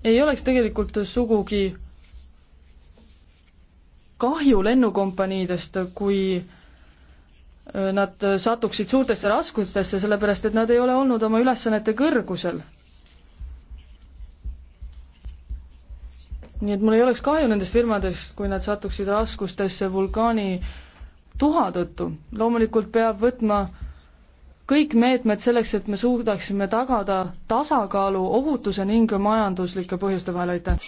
[SPEAKER 2] ei oleks tegelikult sugugi kahju lennukompaniidest, kui äh, Äh, nad äh, satuksid suurtesse raskustesse, sellepärast et nad ei ole olnud oma ülesannete kõrgusel. nii et mul ei oleks kahju nendest firmadest, kui nad satuksid raskustesse vulkaani tuha tõttu. loomulikult peab võtma kõik meetmed selleks, et me suudaksime tagada tasakaalu ohutuse ning majanduslike põhjuste vahel, aitäh!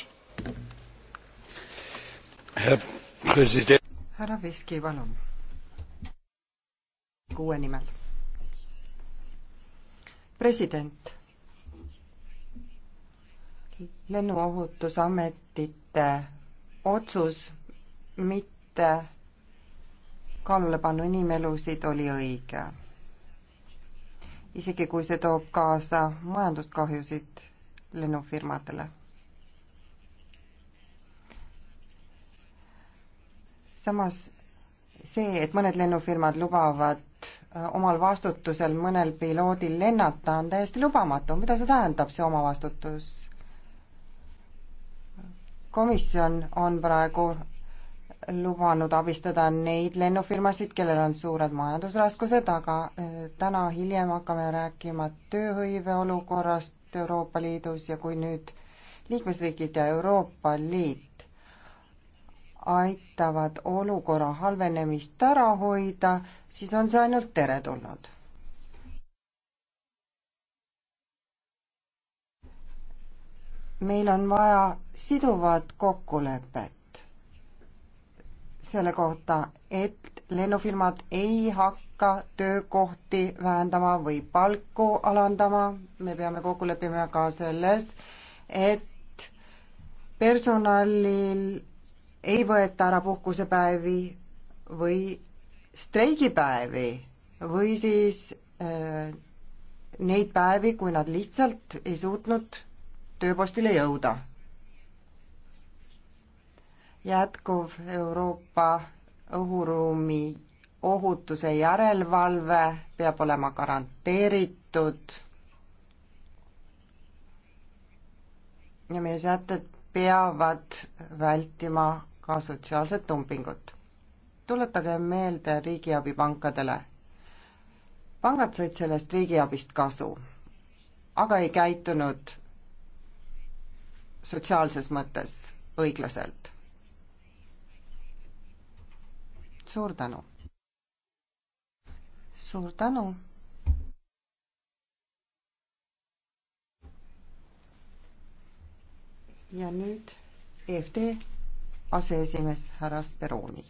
[SPEAKER 3] härra Veski, palun kuue nimel. president, lennuohutusametite otsus mitte kaalule panna inimelusid oli õige. isegi kui see toob kaasa majanduskahjusid lennufirmadele. samas see, et mõned lennufirmad lubavad et äh, omal vastutusel mõnel piloodil lennata on täiesti lubamatu. mida see tähendab, see omavastutus? komisjon on praegu lubanud abistada neid lennufirmasid, kellel on suured majandusraskused, aga äh, täna hiljem hakkame rääkima tööhõive olukorrast Euroopa Liidus ja kui nüüd liikmesriigid ja Euroopa Liit aitavad olukorra halvenemist ära hoida, siis on see ainult teretulnud. meil on vaja siduvat kokkulepet selle kohta, et lennufirmad ei hakka töökohti vähendama või palku alandama. me peame kokku leppima ka selles, et personalil ei võeta ära puhkusepäevi või streigipäevi või siis äh, neid päevi, kui nad lihtsalt ei suutnud tööpostile jõuda. jätkuv Euroopa õhuruumi ohutuse järelevalve peab olema garanteeritud ja meie sätted peavad vältima ka sotsiaalset dumpingut. tuletage meelde riigiabi pankadele. pangad said sellest riigiabist kasu, aga ei käitunud sotsiaalses mõttes õiglaselt. suur tänu! suur tänu! ja nüüd EFD aseesimees härra Speroni.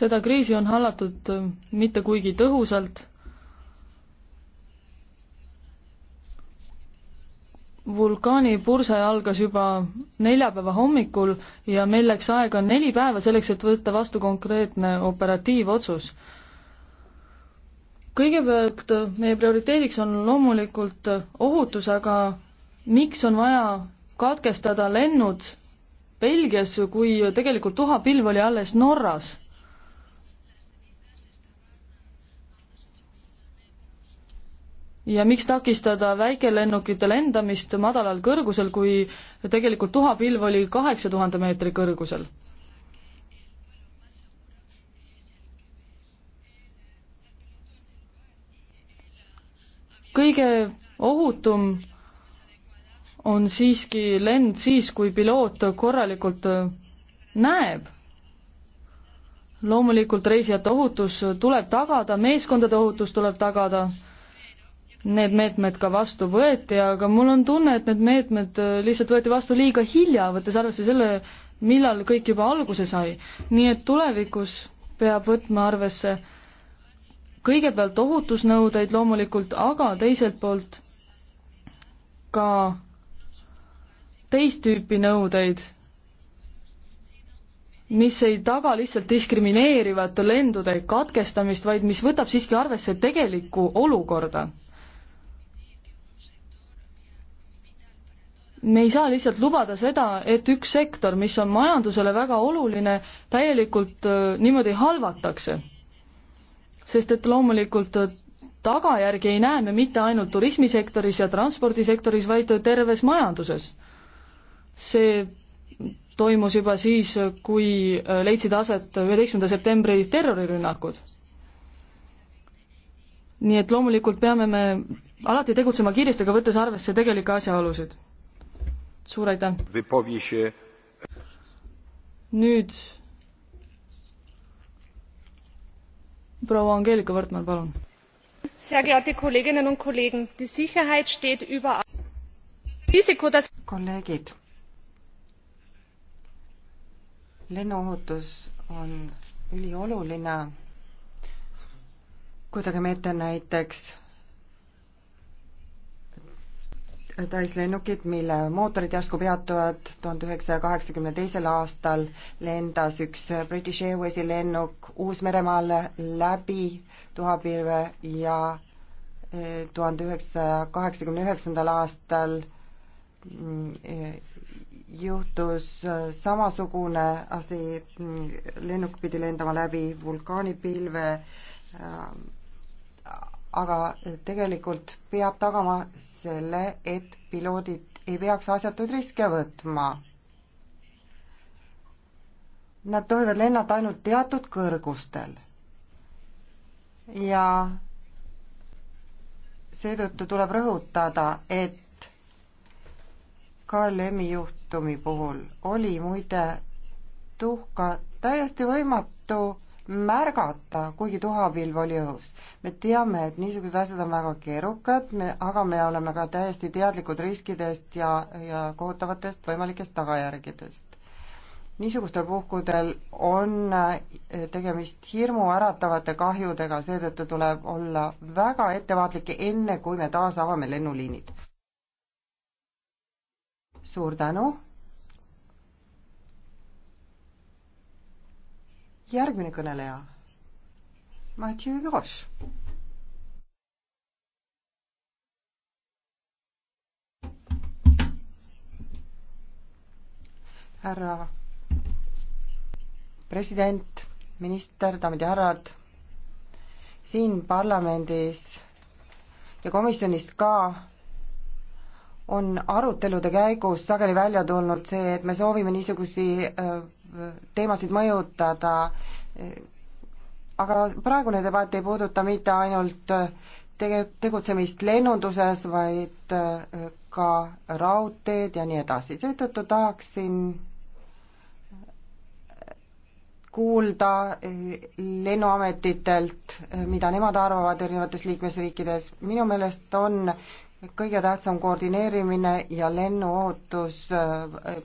[SPEAKER 2] seda kriisi on hallatud äh, mitte kuigi tõhusalt. vulkaani purse algas juba neljapäeva hommikul ja meil läks aega neli päeva selleks, et võtta vastu konkreetne operatiivotsus kõigepealt äh, meie prioriteediks on loomulikult äh, ohutus, aga miks on vaja katkestada lennud Belgias, kui tegelikult tuhapilv oli alles Norras? ja miks takistada väikelennukite lendamist madalal kõrgusel, kui tegelikult tuhapilv oli kaheksa tuhande meetri kõrgusel? kõige ohutum on siiski lend siis, kui piloot korralikult äh, näeb. loomulikult reisijate ohutus tuleb tagada, meeskondade ohutus tuleb tagada, need meetmed ka vastu võeti, aga mul on tunne, et need meetmed äh, lihtsalt võeti vastu liiga hilja, võttes arvesse selle, millal kõik juba alguse sai. nii et tulevikus peab võtma arvesse kõigepealt ohutusnõudeid loomulikult, aga teiselt poolt ka teist tüüpi nõudeid, mis ei taga lihtsalt diskrimineerivate lendude katkestamist, vaid mis võtab siiski arvesse tegelikku olukorda. me ei saa lihtsalt lubada seda, et üks sektor, mis on majandusele väga oluline, täielikult äh, niimoodi halvatakse sest et loomulikult äh, tagajärgi ei näe me mitte ainult turismisektoris ja transpordisektoris, vaid terves majanduses. see toimus juba siis, kui äh, leidsid aset üheteistkümnenda septembri terrorirünnakud. nii et loomulikult peame me alati tegutsema kiiresti, aga võttes arvesse tegelikke asjaolusid. suur aitäh! nüüd proua Angeelika Võrtmann,
[SPEAKER 3] palun. kolleegid, lennuohutus on ülioluline. kujutage me ette näiteks täislennukid, mille mootorid järsku peatuvad, tuhande üheksasaja kaheksakümne teisel aastal lendas üks British Airwaysi lennuk Uus-Meremaale läbi tuhapilve ja eh, tuhande üheksasaja kaheksakümne üheksandal aastal mm, juhtus eh, samasugune asi, mm, lennuk pidi lendama läbi vulkaanipilve aga tegelikult peab tagama selle, et piloodid ei peaks asjatuid riske võtma. Nad tohivad lennata ainult teatud kõrgustel. ja seetõttu tuleb rõhutada, et KLM-i juhtumi puhul oli muide tuhka täiesti võimatu märgata, kuigi tuhapilv oli õhus. me teame, et niisugused asjad on väga keerukad, me, aga me oleme ka täiesti teadlikud riskidest ja, ja kohutavatest võimalikest tagajärgedest. niisugustel puhkudel on äh, tegemist hirmuäratavate kahjudega, seetõttu tuleb olla väga ettevaatlik, enne kui me taas avame lennuliinid. suur tänu järgmine kõneleja, Mathieu Grosch. härra president, minister, daamid ja härrad, siin parlamendis ja komisjonis ka on arutelude käigus sageli välja tulnud see, et me soovime niisugusi äh, teemasid mõjutada, aga praegune debatt ei puuduta mitte ainult tege-, tegutsemist lennunduses, vaid ka raudteed ja nii edasi, seetõttu tahaksin kuulda lennuametitelt, mida nemad arvavad erinevates liikmesriikides, minu meelest on kõige tähtsam koordineerimine ja lennuohutus,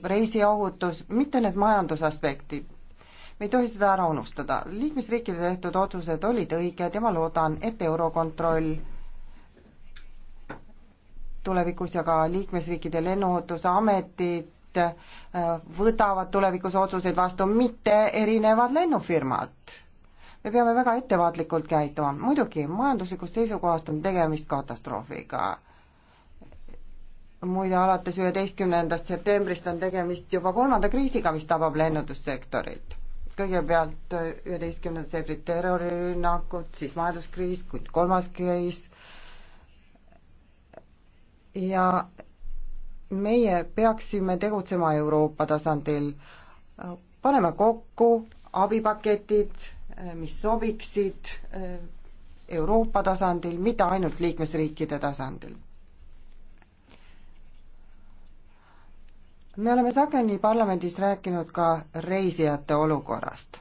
[SPEAKER 3] reisiohutus, mitte need majandusaspektid. me ei tohi seda ära unustada. liikmesriikide tehtud otsused olid õiged ja ma loodan, et Eurokontroll tulevikus ja ka liikmesriikide lennuohutuse ametid äh, võtavad tulevikus otsuseid vastu, mitte erinevad lennufirmad me peame väga ettevaatlikult käituma. muidugi, majanduslikust seisukohast on tegemist katastroofiga muide, alates üheteistkümnendast septembrist on tegemist juba kolmanda kriisiga, mis tabab lennundussektorit. kõigepealt äh, üheteistkümnenda septembri terrorirünnakud, siis majanduskriis, kuid kolmas kriis ja meie peaksime tegutsema Euroopa tasandil, äh, panema kokku abipaketid, äh, mis sobiksid Euroopa tasandil, mitte ainult liikmesriikide tasandil me oleme sageli parlamendis rääkinud ka reisijate olukorrast.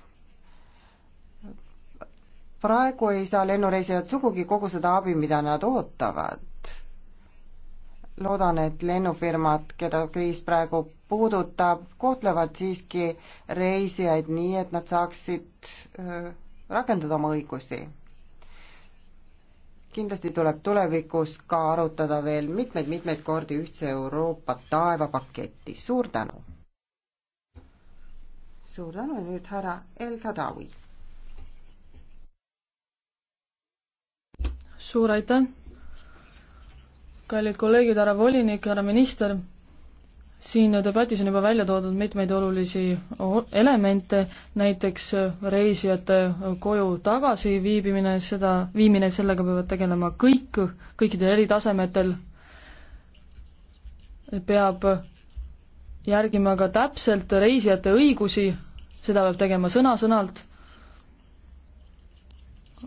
[SPEAKER 3] praegu ei saa lennureisijad sugugi kogu seda abi, mida nad ootavad loodan, et lennufirmad, keda kriis praegu puudutab, kohtlevad siiski reisijaid nii, et nad saaksid äh, rakendada oma õigusi kindlasti tuleb tulevikus ka arutada veel mitmeid-mitmeid kordi ühtse Euroopa taevapaketti. suur tänu! suur tänu ja nüüd härra El Kadawi.
[SPEAKER 2] suur aitäh, kallid kolleegid, härra volinik, härra minister siin debatis on juba välja toodud mitmeid olulisi elemente, näiteks reisijate koju tagasi viibimine, seda, viimine, sellega peavad tegelema kõik, kõikidel eri tasemetel, peab järgima ka täpselt reisijate õigusi, seda peab tegema sõna-sõnalt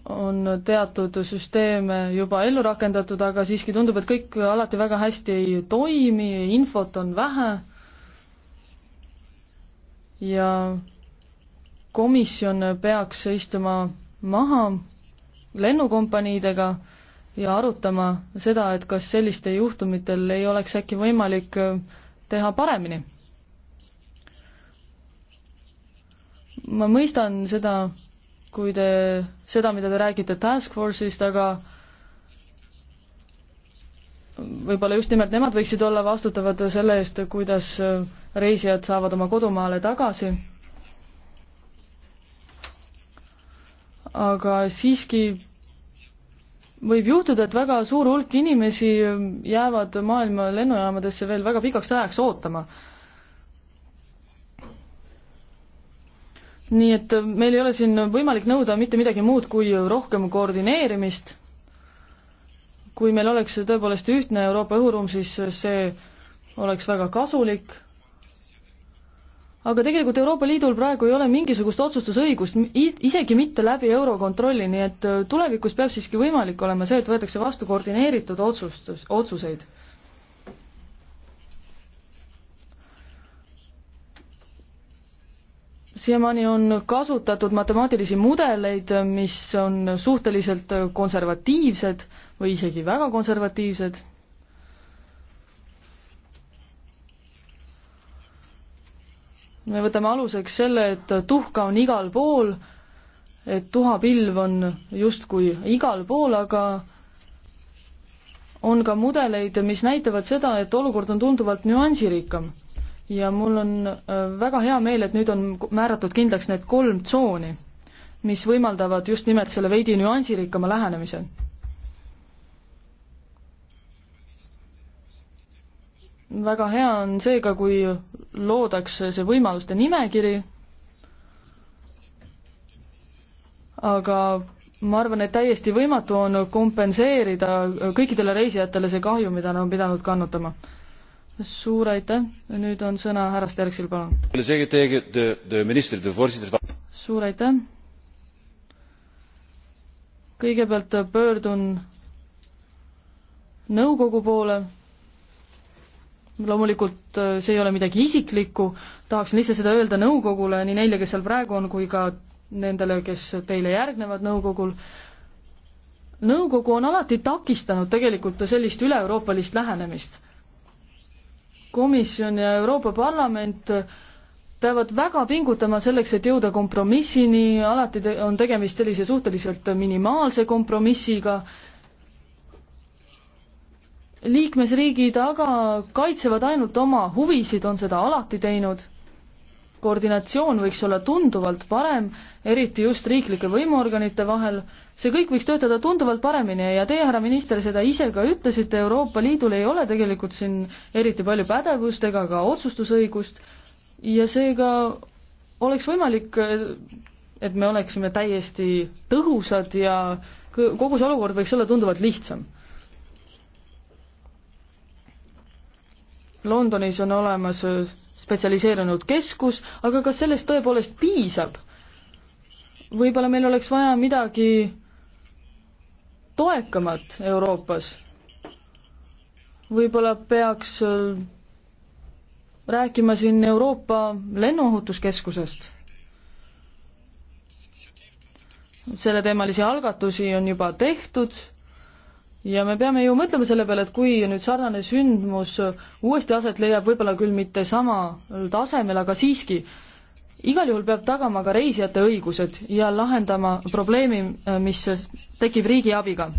[SPEAKER 2] on teatud süsteeme juba ellu rakendatud, aga siiski tundub, et kõik alati väga hästi ei toimi, infot on vähe ja komisjon peaks istuma maha lennukompaniidega ja arutama seda, et kas sellistel juhtumitel ei oleks äkki võimalik teha paremini. ma mõistan seda kui te, seda, mida te räägite task force'ist, aga võib-olla just nimelt nemad võiksid olla vastutavad selle eest, kuidas reisijad saavad oma kodumaale tagasi. aga siiski võib juhtuda, et väga suur hulk inimesi jäävad maailma lennujaamadesse veel väga pikaks ajaks ootama nii et äh, meil ei ole siin võimalik nõuda mitte midagi muud kui rohkem koordineerimist. kui meil oleks tõepoolest ühtne Euroopa õhuruum, siis äh, see oleks väga kasulik. aga tegelikult Euroopa Liidul praegu ei ole mingisugust otsustusõigust, isegi mitte läbi Eurokontrolli, nii et äh, tulevikus peab siiski võimalik olema see, et võetakse vastu koordineeritud otsustus, otsuseid siiamaani on kasutatud matemaatilisi mudeleid, mis on suhteliselt konservatiivsed või isegi väga konservatiivsed. me võtame aluseks selle, et tuhka on igal pool, et tuhapilv on justkui igal pool, aga on ka mudeleid, mis näitavad seda, et olukord on tunduvalt nüansirikkam ja mul on äh, väga hea meel, et nüüd on määratud kindlaks need kolm tsooni, mis võimaldavad just nimelt selle veidi nüansirikkama lähenemise. väga hea on seega, kui loodakse see võimaluste nimekiri, aga ma arvan, et täiesti võimatu on kompenseerida kõikidele reisijatele see kahju, mida nad on pidanud kannatama suur aitäh, nüüd on sõna härra Sterksil, palun. suur aitäh. kõigepealt pöördun nõukogu poole. loomulikult äh, see ei ole midagi isiklikku, tahaksin lihtsalt seda öelda nõukogule, nii neile, kes seal praegu on, kui ka nendele, kes teile järgnevad nõukogul. nõukogu on alati takistanud tegelikult sellist üle-euroopalist lähenemist komisjon ja Euroopa Parlament peavad väga pingutama selleks, et jõuda kompromissini, alati te on tegemist sellise suhteliselt minimaalse kompromissiga. liikmesriigid aga kaitsevad ainult oma huvisid, on seda alati teinud koordinatsioon võiks olla tunduvalt parem, eriti just riiklike võimuorganite vahel, see kõik võiks töötada tunduvalt paremini ja teie, härra minister, seda ise ka ütlesite, Euroopa Liidul ei ole tegelikult siin eriti palju pädevust ega ka otsustusõigust ja seega oleks võimalik, et me oleksime täiesti tõhusad ja kogu see olukord võiks olla tunduvalt lihtsam Londonis on olemas spetsialiseerunud keskus, aga kas sellest tõepoolest piisab? võib-olla meil oleks vaja midagi toekamat Euroopas. võib-olla peaks äh, rääkima siin Euroopa Lennuohutuskeskusest. selleteemalisi algatusi on juba tehtud ja me peame ju mõtlema selle peale, et kui nüüd sarnane sündmus uuesti aset leiab, võib-olla küll mitte samal tasemel, aga siiski, igal juhul peab tagama ka reisijate õigused ja lahendama probleemi, mis tekib riigi abiga.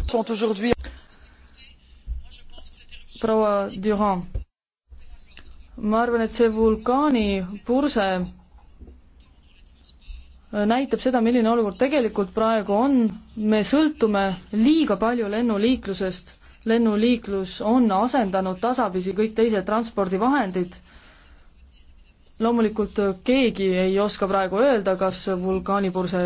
[SPEAKER 2] proua Duhan, ma arvan, et see vulkaani purse näitab seda, milline olukord tegelikult praegu on, me sõltume liiga palju lennuliiklusest, lennuliiklus on asendanud tasapisi kõik teised transpordivahendid, loomulikult keegi ei oska praegu öelda, kas vulkaanipurse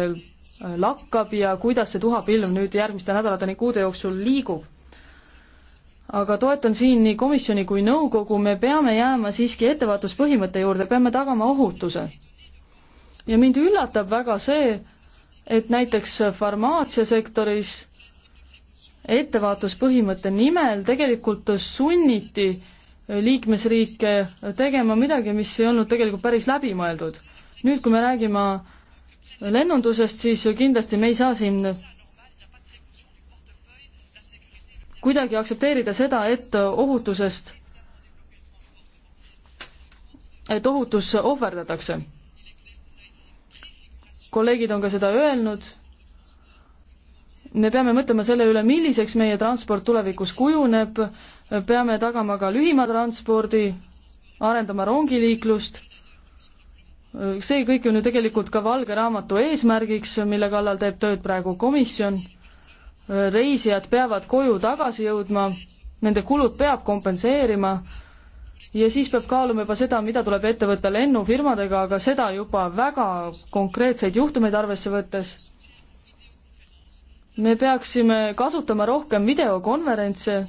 [SPEAKER 2] lakkab ja kuidas see tuhapilv nüüd järgmiste nädalateni, kuude jooksul liigub. aga toetan siin nii komisjoni kui nõukogu, me peame jääma siiski ettevaatuspõhimõtte juurde, peame tagama ohutuse ja mind üllatab väga see, et näiteks farmaatsiasektoris ettevaatuspõhimõtte nimel tegelikult sunniti liikmesriike tegema midagi, mis ei olnud tegelikult päris läbimõeldud. nüüd, kui me räägime lennundusest, siis kindlasti me ei saa siin kuidagi aktsepteerida seda, et ohutusest, et ohutus ohverdatakse kolleegid on ka seda öelnud, me peame mõtlema selle üle, milliseks meie transport tulevikus kujuneb, peame tagama ka lühima transpordi, arendama rongiliiklust, see kõik on ju tegelikult ka Valge Raamatu eesmärgiks, mille kallal teeb tööd praegu komisjon, reisijad peavad koju tagasi jõudma, nende kulud peab kompenseerima ja siis peab kaaluma juba seda, mida tuleb ette võtta lennufirmadega, aga seda juba väga konkreetseid juhtumeid arvesse võttes. me peaksime kasutama rohkem videokonverentse.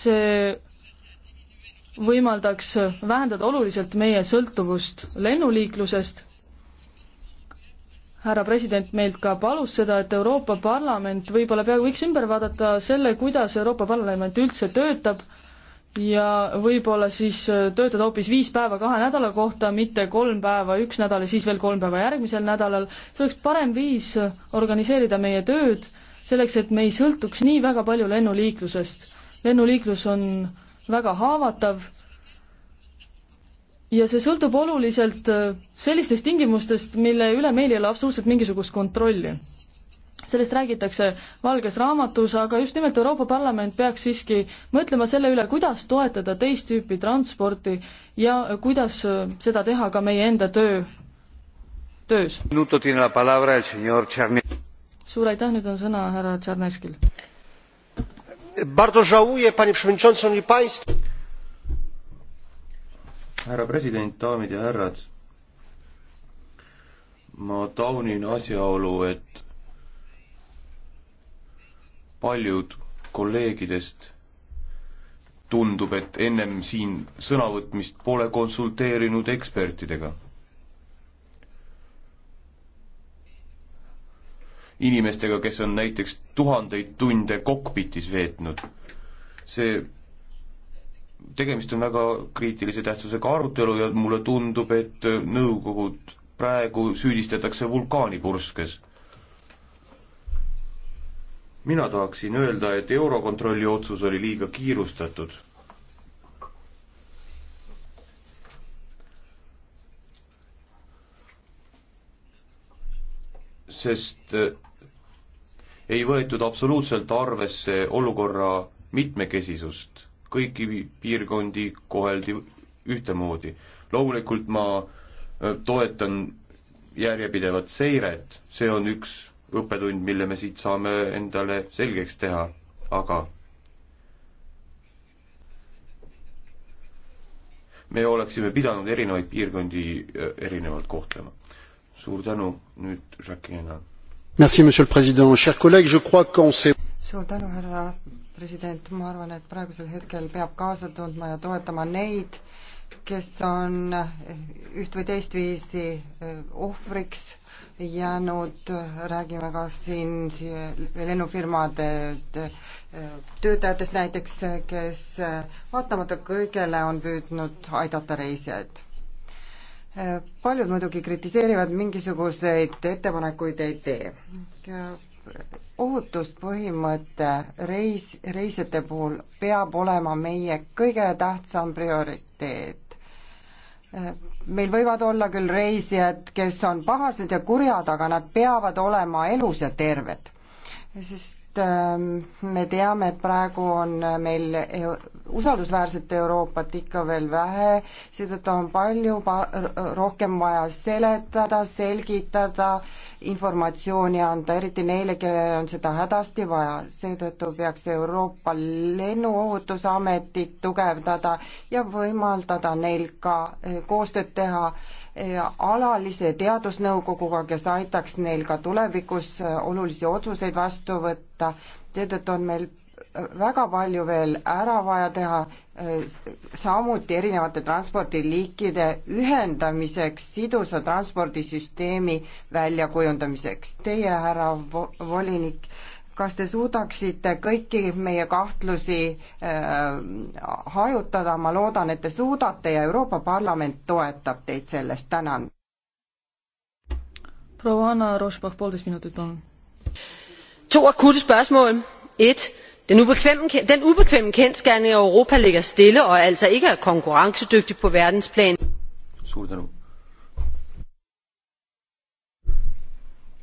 [SPEAKER 2] see võimaldaks vähendada oluliselt meie sõltuvust lennuliiklusest härra president meilt ka palus seda, et Euroopa Parlament võib-olla peaaegu võiks ümber vaadata selle, kuidas Euroopa Parlament üldse töötab ja võib-olla siis töötada hoopis viis päeva kahe nädala kohta, mitte kolm päeva üks nädal ja siis veel kolm päeva järgmisel nädalal. see oleks parem viis organiseerida meie tööd selleks, et me ei sõltuks nii väga palju lennuliiklusest. lennuliiklus on väga haavatav ja see sõltub oluliselt äh, sellistest tingimustest, mille üle meil ei ole absoluutselt mingisugust kontrolli. sellest räägitakse valges raamatus, aga just nimelt Euroopa Parlament peaks siiski mõtlema selle üle, kuidas toetada teist tüüpi transporti ja kuidas äh, seda teha ka meie enda töö, töös. suur aitäh, nüüd on sõna härra Tšerneskil.
[SPEAKER 1] Bardzo żałuję, panie przewodniczący, szanowni państwo härra president, daamid ja härrad, ma taunin asjaolu, et paljud kolleegidest tundub, et ennem siin sõnavõtmist pole konsulteerinud ekspertidega. inimestega, kes on näiteks tuhandeid tunde kokpitis veetnud. see tegemist on väga kriitilise tähtsusega arutelu ja mulle tundub, et nõukogud praegu süüdistatakse vulkaanipurskes. mina tahaksin öelda, et Eurokontrolli otsus oli liiga kiirustatud. sest äh, ei võetud absoluutselt arvesse olukorra mitmekesisust kõiki piirkondi koheldi ühtemoodi. loomulikult ma toetan järjepidevat seiret, see on üks õppetund, mille me siit saame endale selgeks teha, aga me oleksime pidanud erinevaid piirkondi erinevalt kohtlema. suur tänu, nüüd Jacqueline.
[SPEAKER 4] Merci, monsieur le president, chers collègues, je crois qu'on s'est
[SPEAKER 3] suur tänu, härra president, ma arvan, et praegusel hetkel peab kaasa tundma ja toetama neid, kes on üht või teistviisi eh, ohvriks jäänud, räägime ka siin lennufirmade eh, töötajatest näiteks, kes eh, vaatamata kõigele on püüdnud aidata reisijaid paljud muidugi kritiseerivad, mingisuguseid ettepanekuid ei tee ohutuspõhimõte reis, reisijate puhul peab olema meie kõige tähtsam prioriteet. meil võivad olla küll reisijad, kes on pahased ja kurjad, aga nad peavad olema elus ja terved. sest Ähm, me teame, et praegu on meil usaldusväärset Euroopat ikka veel vähe, seetõttu on palju rohkem vaja seletada, selgitada, informatsiooni anda, eriti neile, kellel on seda hädasti vaja. seetõttu peaks Euroopa Lennuohutusametit tugevdada ja võimaldada neil ka äh, koostööd teha Eh, alalise teadusnõukoguga, kes aitaks neil ka tulevikus eh, olulisi otsuseid vastu võtta, seetõttu on meil eh, väga palju veel ära vaja teha, samuti erinevate transpordiliikide ühendamiseks, sidusa transpordisüsteemi väljakujundamiseks. Teie, härra volinik, kas te suudaksite kõiki meie kahtlusi äh, hajutada, ma loodan, et te suudate ja Euroopa Parlament toetab teid selles, tänan.
[SPEAKER 2] proua Anna Rošbach, poolteist minutit, palun.
[SPEAKER 4] To akutte spørgsmål. Et, den ubekvemme, den ubekvemme kendskærning, at Europa ligger stille og er altså ikke er konkurrencedygtig på verdensplan.
[SPEAKER 1] Suur tänu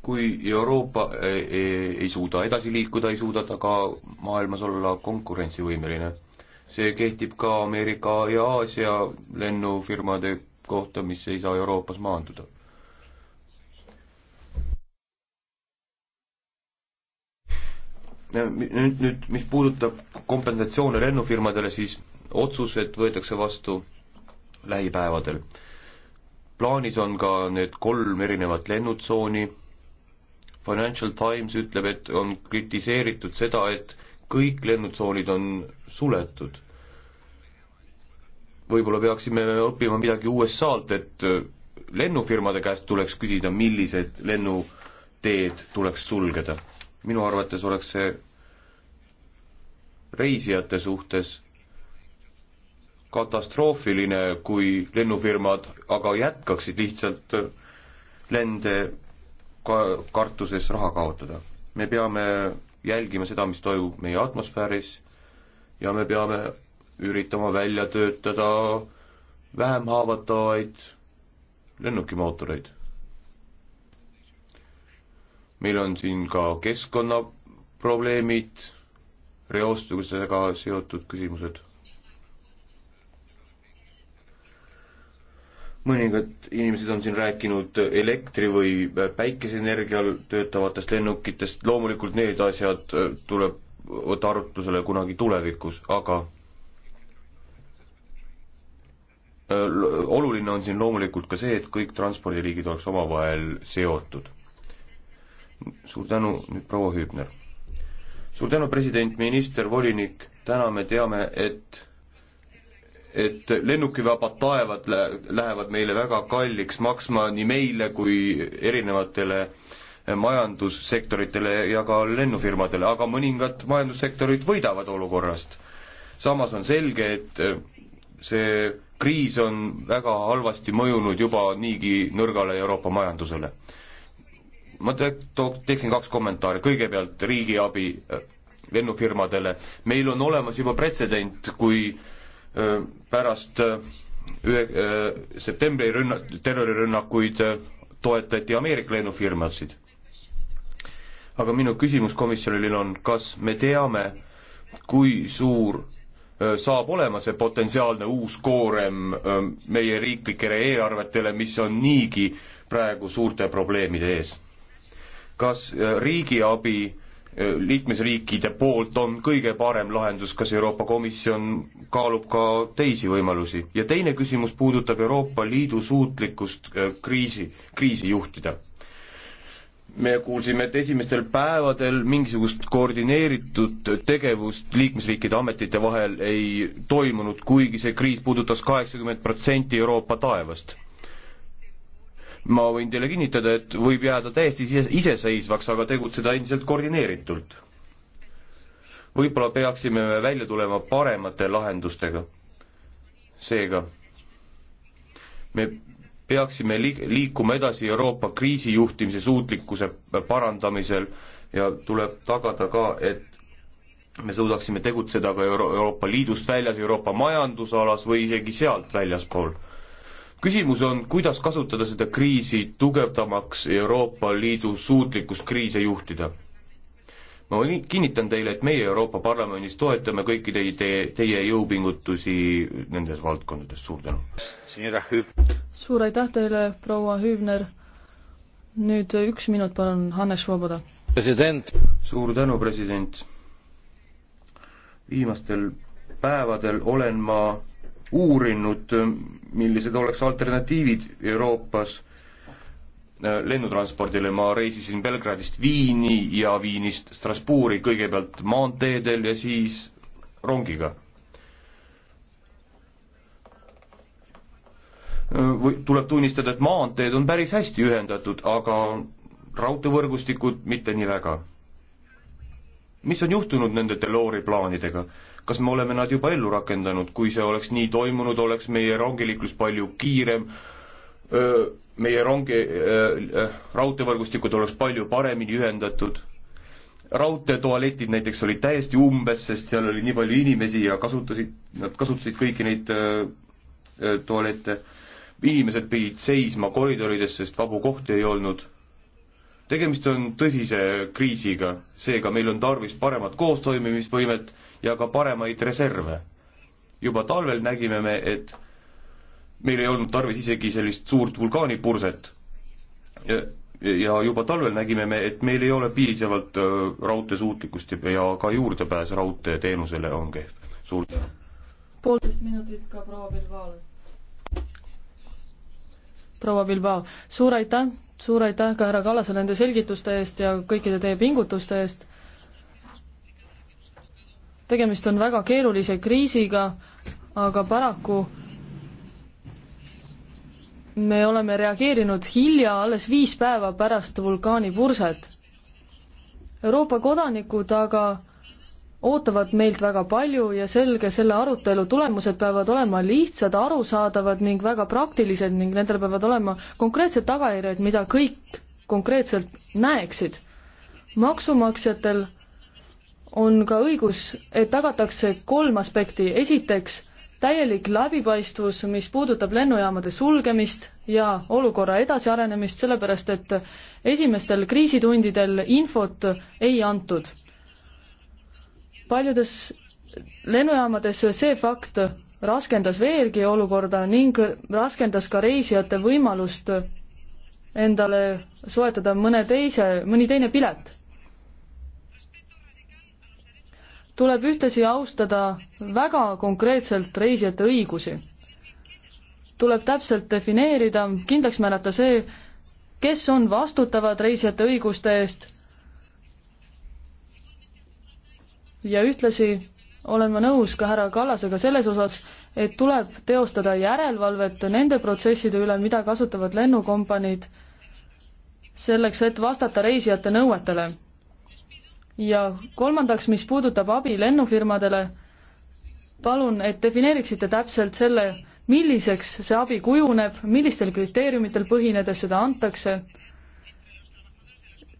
[SPEAKER 1] kui Euroopa ei, e, ei suuda edasi liikuda, ei suuda ta ka maailmas olla konkurentsivõimeline. see kehtib ka Ameerika ja Aasia lennufirmade kohta, mis ei saa Euroopas maanduda. nüüd, nüüd mis puudutab kompensatsioone lennufirmadele, siis otsused võetakse vastu lähipäevadel. plaanis on ka need kolm erinevat lennutsooni Financial Times ütleb, et on kritiseeritud seda, et kõik lennutsoonid on suletud. võib-olla peaksime õppima midagi USA-lt, et äh, lennufirmade käest tuleks küsida, millised lennuteed tuleks sulgeda. minu arvates oleks see reisijate suhtes katastroofiline, kui lennufirmad aga jätkaksid lihtsalt äh, lende ka-, kartuses raha kaotada. me peame jälgima seda, mis toimub meie atmosfääris ja me peame üritama välja töötada vähem haavatavaid lennukimootoreid. meil on siin ka keskkonnaprobleemid, reostusega seotud küsimused mõningad inimesed on siin rääkinud elektri- või päikeseenergial töötavatest lennukitest, loomulikult need asjad äh, tuleb võtta arutlusele kunagi tulevikus, aga äh, oluline on siin loomulikult ka see, et kõik transpordiliigid oleks omavahel seotud. suur tänu, nüüd proua Hüübner. suur tänu, president, minister, volinik, täna me teame, et et lennukivabad taevad lä lähevad meile väga kalliks maksma nii meile kui erinevatele eh, majandussektoritele ja ka lennufirmadele, aga mõningad majandussektorid võidavad olukorrast. samas on selge, et eh, see kriis on väga halvasti mõjunud juba niigi nõrgale Euroopa majandusele. ma te-, to-, teeksin kaks kommentaari, kõigepealt riigiabi eh, lennufirmadele, meil on olemas juba pretsedent, kui äh, Äh, pärast äh, ühe, äh, septembri rünna-, terrorirünnakuid toetati Ameerika lennufirmasid. aga minu küsimus komisjonile on, kas me teame, kui suur saab olema see potentsiaalne uus koorem meie riiklikele eelarvetele, mis on niigi praegu suurte probleemide ees? kas riigiabi liikmesriikide poolt on kõige parem lahendus, kas Euroopa Komisjon kaalub ka teisi võimalusi? ja teine küsimus puudutab Euroopa Liidu suutlikkust äh, kriisi, kriisi juhtida. me kuulsime, et esimestel päevadel mingisugust koordineeritud tegevust liikmesriikide ametite vahel ei toimunud, kuigi see kriis puudutas kaheksakümmend protsenti Euroopa taevast ma võin teile kinnitada, et võib jääda täiesti iseseisvaks, aga tegutseda endiselt koordineeritult. võib-olla peaksime me välja tulema paremate lahendustega. seega me peaksime liik-, liikuma edasi Euroopa kriisijuhtimise suutlikkuse parandamisel ja tuleb tagada ka, et me suudaksime tegutseda ka Euro-, Euroopa Liidust väljas, Euroopa majandusalas või isegi sealt väljaspool küsimus on, kuidas kasutada seda kriisi tugevdamaks Euroopa Liidu suutlikkust kriise juhtida. ma kinnitan teile, et meie Euroopa Parlamendis toetame kõiki teie, teie, teie jõupingutusi nendes valdkondades, suur tänu.
[SPEAKER 2] suur aitäh teile, proua Hübner. nüüd üks minut, palun, Hannes Svoboda.
[SPEAKER 1] president. suur tänu, president. viimastel päevadel olen ma uurinud, millised oleks alternatiivid Euroopas äh, lennutranspordile, ma reisisin Belgradist Viini ja Viinist Strasbourgi, kõigepealt maanteedel ja siis rongiga. Äh, või tuleb tunnistada, et maanteed on päris hästi ühendatud, aga raudteevõrgustikud mitte nii väga. mis on juhtunud nende Delori plaanidega? kas me oleme nad juba ellu rakendanud, kui see oleks nii toimunud, oleks meie rongiliiklus palju kiirem, meie rongi, raudteevõrgustikud oleks palju paremini ühendatud, raudteetualetid näiteks olid täiesti umbes, sest seal oli nii palju inimesi ja kasutasid, nad kasutasid kõiki neid tualette, inimesed pidid seisma koridorides, sest vabu kohti ei olnud tegemist on tõsise kriisiga, seega meil on tarvis paremat koostoimimisvõimet ja ka paremaid reserve. juba talvel nägime me, et meil ei olnud tarvis isegi sellist suurt vulkaanipurset. ja juba talvel nägime me, et meil ei ole piisavalt äh, raudteesuutlikkust ja ka juurdepääs raudteeteenusele on kehv. suur tänu.
[SPEAKER 2] poolteist minutit ka proua Bilbaole. proua Bilbao, suur aitäh, suur aitäh ka härra Kallasele nende selgituste eest ja kõikide teie pingutuste eest tegemist on väga keerulise kriisiga, aga paraku me oleme reageerinud hilja, alles viis päeva pärast vulkaanipurset. Euroopa kodanikud aga ootavad meilt väga palju ja selge, selle arutelu tulemused peavad olema lihtsad, arusaadavad ning väga praktilised ning nendel peavad olema konkreetsed tagajärjed, mida kõik konkreetselt näeksid. maksumaksjatel on ka õigus, et tagatakse kolm aspekti, esiteks täielik läbipaistvus, mis puudutab lennujaamade sulgemist ja olukorra edasiarenemist, sellepärast et esimestel kriisitundidel infot ei antud. paljudes lennujaamades see fakt raskendas veelgi olukorda ning raskendas ka reisijate võimalust endale soetada mõne teise, mõni teine pilet tuleb ühtlasi austada väga konkreetselt reisijate õigusi. tuleb täpselt defineerida, kindlaks määrata see, kes on vastutavad reisijate õiguste eest ja ühtlasi olen ma nõus ka härra Kallasega selles osas, et tuleb teostada järelevalvet nende protsesside üle, mida kasutavad lennukompaniid selleks, et vastata reisijate nõuetele ja kolmandaks, mis puudutab abi lennufirmadele, palun, et defineeriksite täpselt selle, milliseks see abi kujuneb, millistel kriteeriumitel põhinedes seda antakse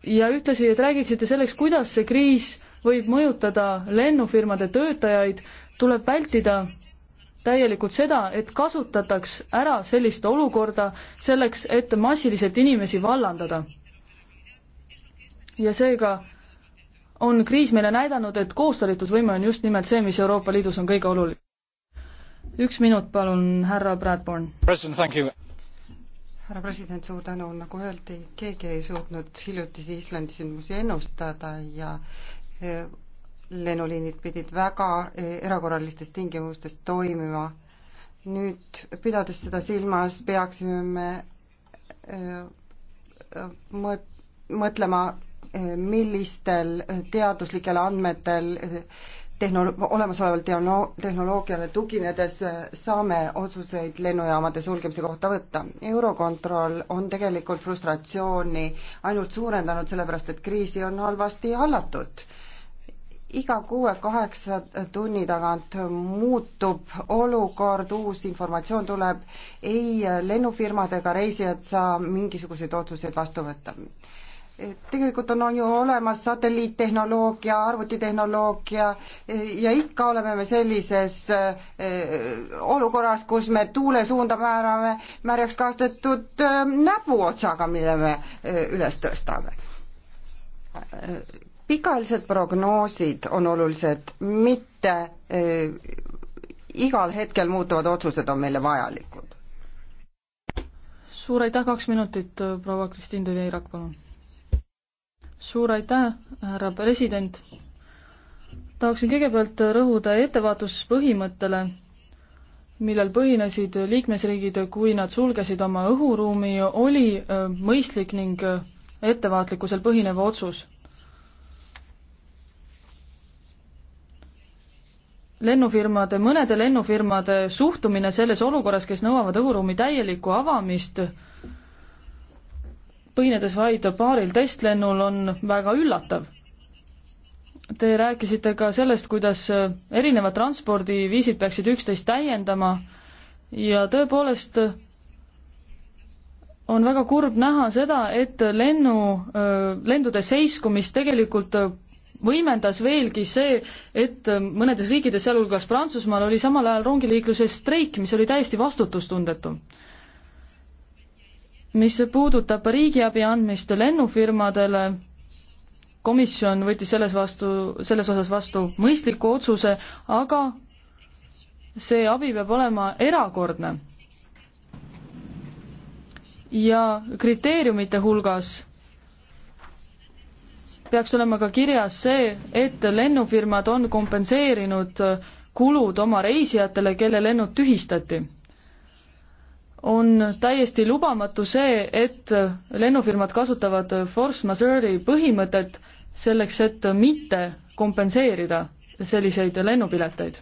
[SPEAKER 2] ja ühtlasi, et räägiksite selleks, kuidas see kriis võib mõjutada lennufirmade töötajaid, tuleb vältida täielikult seda, et kasutataks ära sellist olukorda selleks, et massiliselt inimesi vallandada. ja seega on kriis meile näidanud, et koostalitusvõime on just nimelt see, mis Euroopa Liidus on kõige olulisem. üks minut, palun, härra Bradburn.
[SPEAKER 3] härra president, suur tänu, nagu öeldi, keegi ei suutnud hiljutisi Islandi sündmusi ennustada ja e, lennuliinid pidid väga e, erakorralistes tingimustes toimima. nüüd, pidades seda silmas, peaksime me e, mõt-, mõtlema millistel teaduslikel andmetel tehno-, olemasolevale teano-, tehnoloogiale tuginedes saame otsuseid lennujaamade sulgemise kohta võtta. Eurokontroll on tegelikult frustratsiooni ainult suurendanud, sellepärast et kriisi on halvasti hallatud. iga kuue-kaheksa tunni tagant muutub olukord, uus informatsioon tuleb, ei lennufirmad ega reisijad saa mingisuguseid otsuseid vastu võtta tegelikult on ju olemas satelliittehnoloogia, arvutitehnoloogia eh, ja ikka oleme me sellises eh, olukorras, kus me tuule suunda määrame märjaks kaastetud eh, näpuotsaga, mille me üles tõstame. pikaajalised prognoosid on olulised, mitte igal hetkel muutuvad otsused on meile vajalikud.
[SPEAKER 2] suur aitäh, kaks minutit, proua Kristiin Tõvi-Eirak, palun suur aitäh, härra president. tahaksin kõigepealt rõhuda ettevaatuspõhimõttele, millel põhinesid liikmesriigid, kui nad sulgesid oma õhuruumi, oli äh, mõistlik ning äh, ettevaatlikkusel põhinev otsus. lennufirmade, mõnede lennufirmade suhtumine selles olukorras, kes nõuavad õhuruumi täielikku avamist, põhinedes vaid paaril testlennul, on väga üllatav. Te rääkisite ka sellest, kuidas erinevad transpordiviisid peaksid üksteist täiendama ja tõepoolest on väga kurb näha seda, et lennu, lendude seiskumist tegelikult võimendas veelgi see, et mõnedes riikides, sealhulgas Prantsusmaal, oli samal ajal rongiliikluses streik, mis oli täiesti vastutustundetu mis puudutab riigiabi andmist lennufirmadele, komisjon võttis selles vastu, selles osas vastu mõistliku otsuse, aga see abi peab olema erakordne. ja kriteeriumite hulgas peaks olema ka kirjas see, et lennufirmad on kompenseerinud kulud oma reisijatele, kelle lennud tühistati on täiesti lubamatu see, et lennufirmad kasutavad force majeure'i põhimõtet selleks, et mitte kompenseerida selliseid lennupileteid.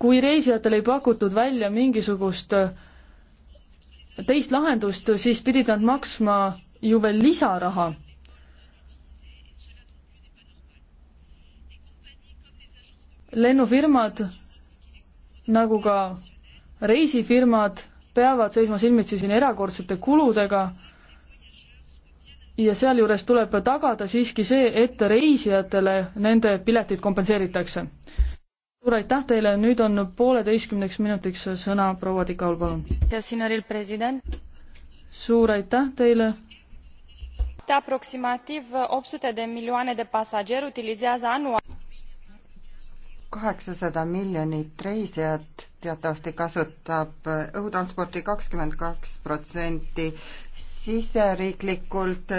[SPEAKER 2] kui reisijatele ei pakutud välja mingisugust teist lahendust, siis pidid nad maksma ju veel lisaraha lennufirmad nagu ka reisifirmad peavad seisma silmitsi siin erakordsete kuludega ja sealjuures tuleb tagada siiski see, et reisijatele nende piletid kompenseeritakse. suur aitäh teile, nüüd on pooleteistkümneks minutiks sõna proua Tikaul, palun. suur aitäh teile. aproximativ 800 de milioane de pasageri utilizează anual
[SPEAKER 3] kaheksasada miljonit reisijat teatavasti kasutab õhutransporti kakskümmend kaks protsenti, siseriiklikult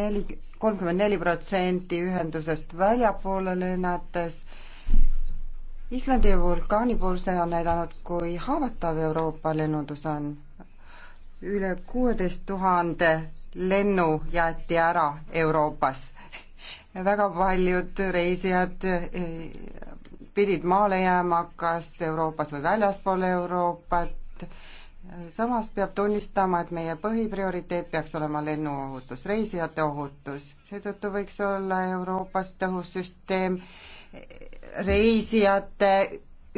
[SPEAKER 3] neli, kolmkümmend neli protsenti ühendusest väljapoole lennates. Islandi vulkaanipoolse on näidanud, kui haavatav Euroopa lennundus on. üle kuueteist tuhande lennu jäeti ära Euroopas väga paljud reisijad piirid maale jääma kas Euroopas või väljaspool Euroopat. samas peab tunnistama, et meie põhiprioriteet peaks olema lennuohutus, reisijate ohutus, seetõttu võiks olla Euroopas tõhus süsteem reisijate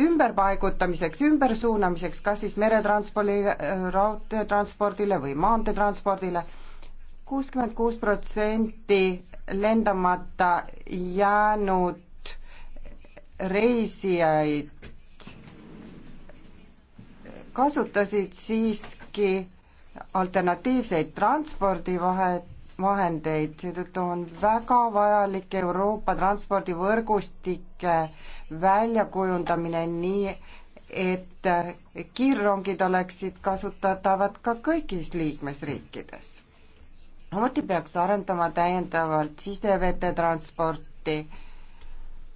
[SPEAKER 3] ümberpaigutamiseks, ümbersuunamiseks, kas siis meretranspordile, raudteetranspordile või maanteetranspordile. kuuskümmend kuus protsenti lendamata jäänud reisijaid kasutasid siiski alternatiivseid transpordivahendeid, seetõttu on väga vajalik Euroopa transpordivõrgustike väljakujundamine nii, et kiirrongid oleksid kasutatavad ka kõigis liikmesriikides. samuti peaks arendama täiendavalt sisevetetransporti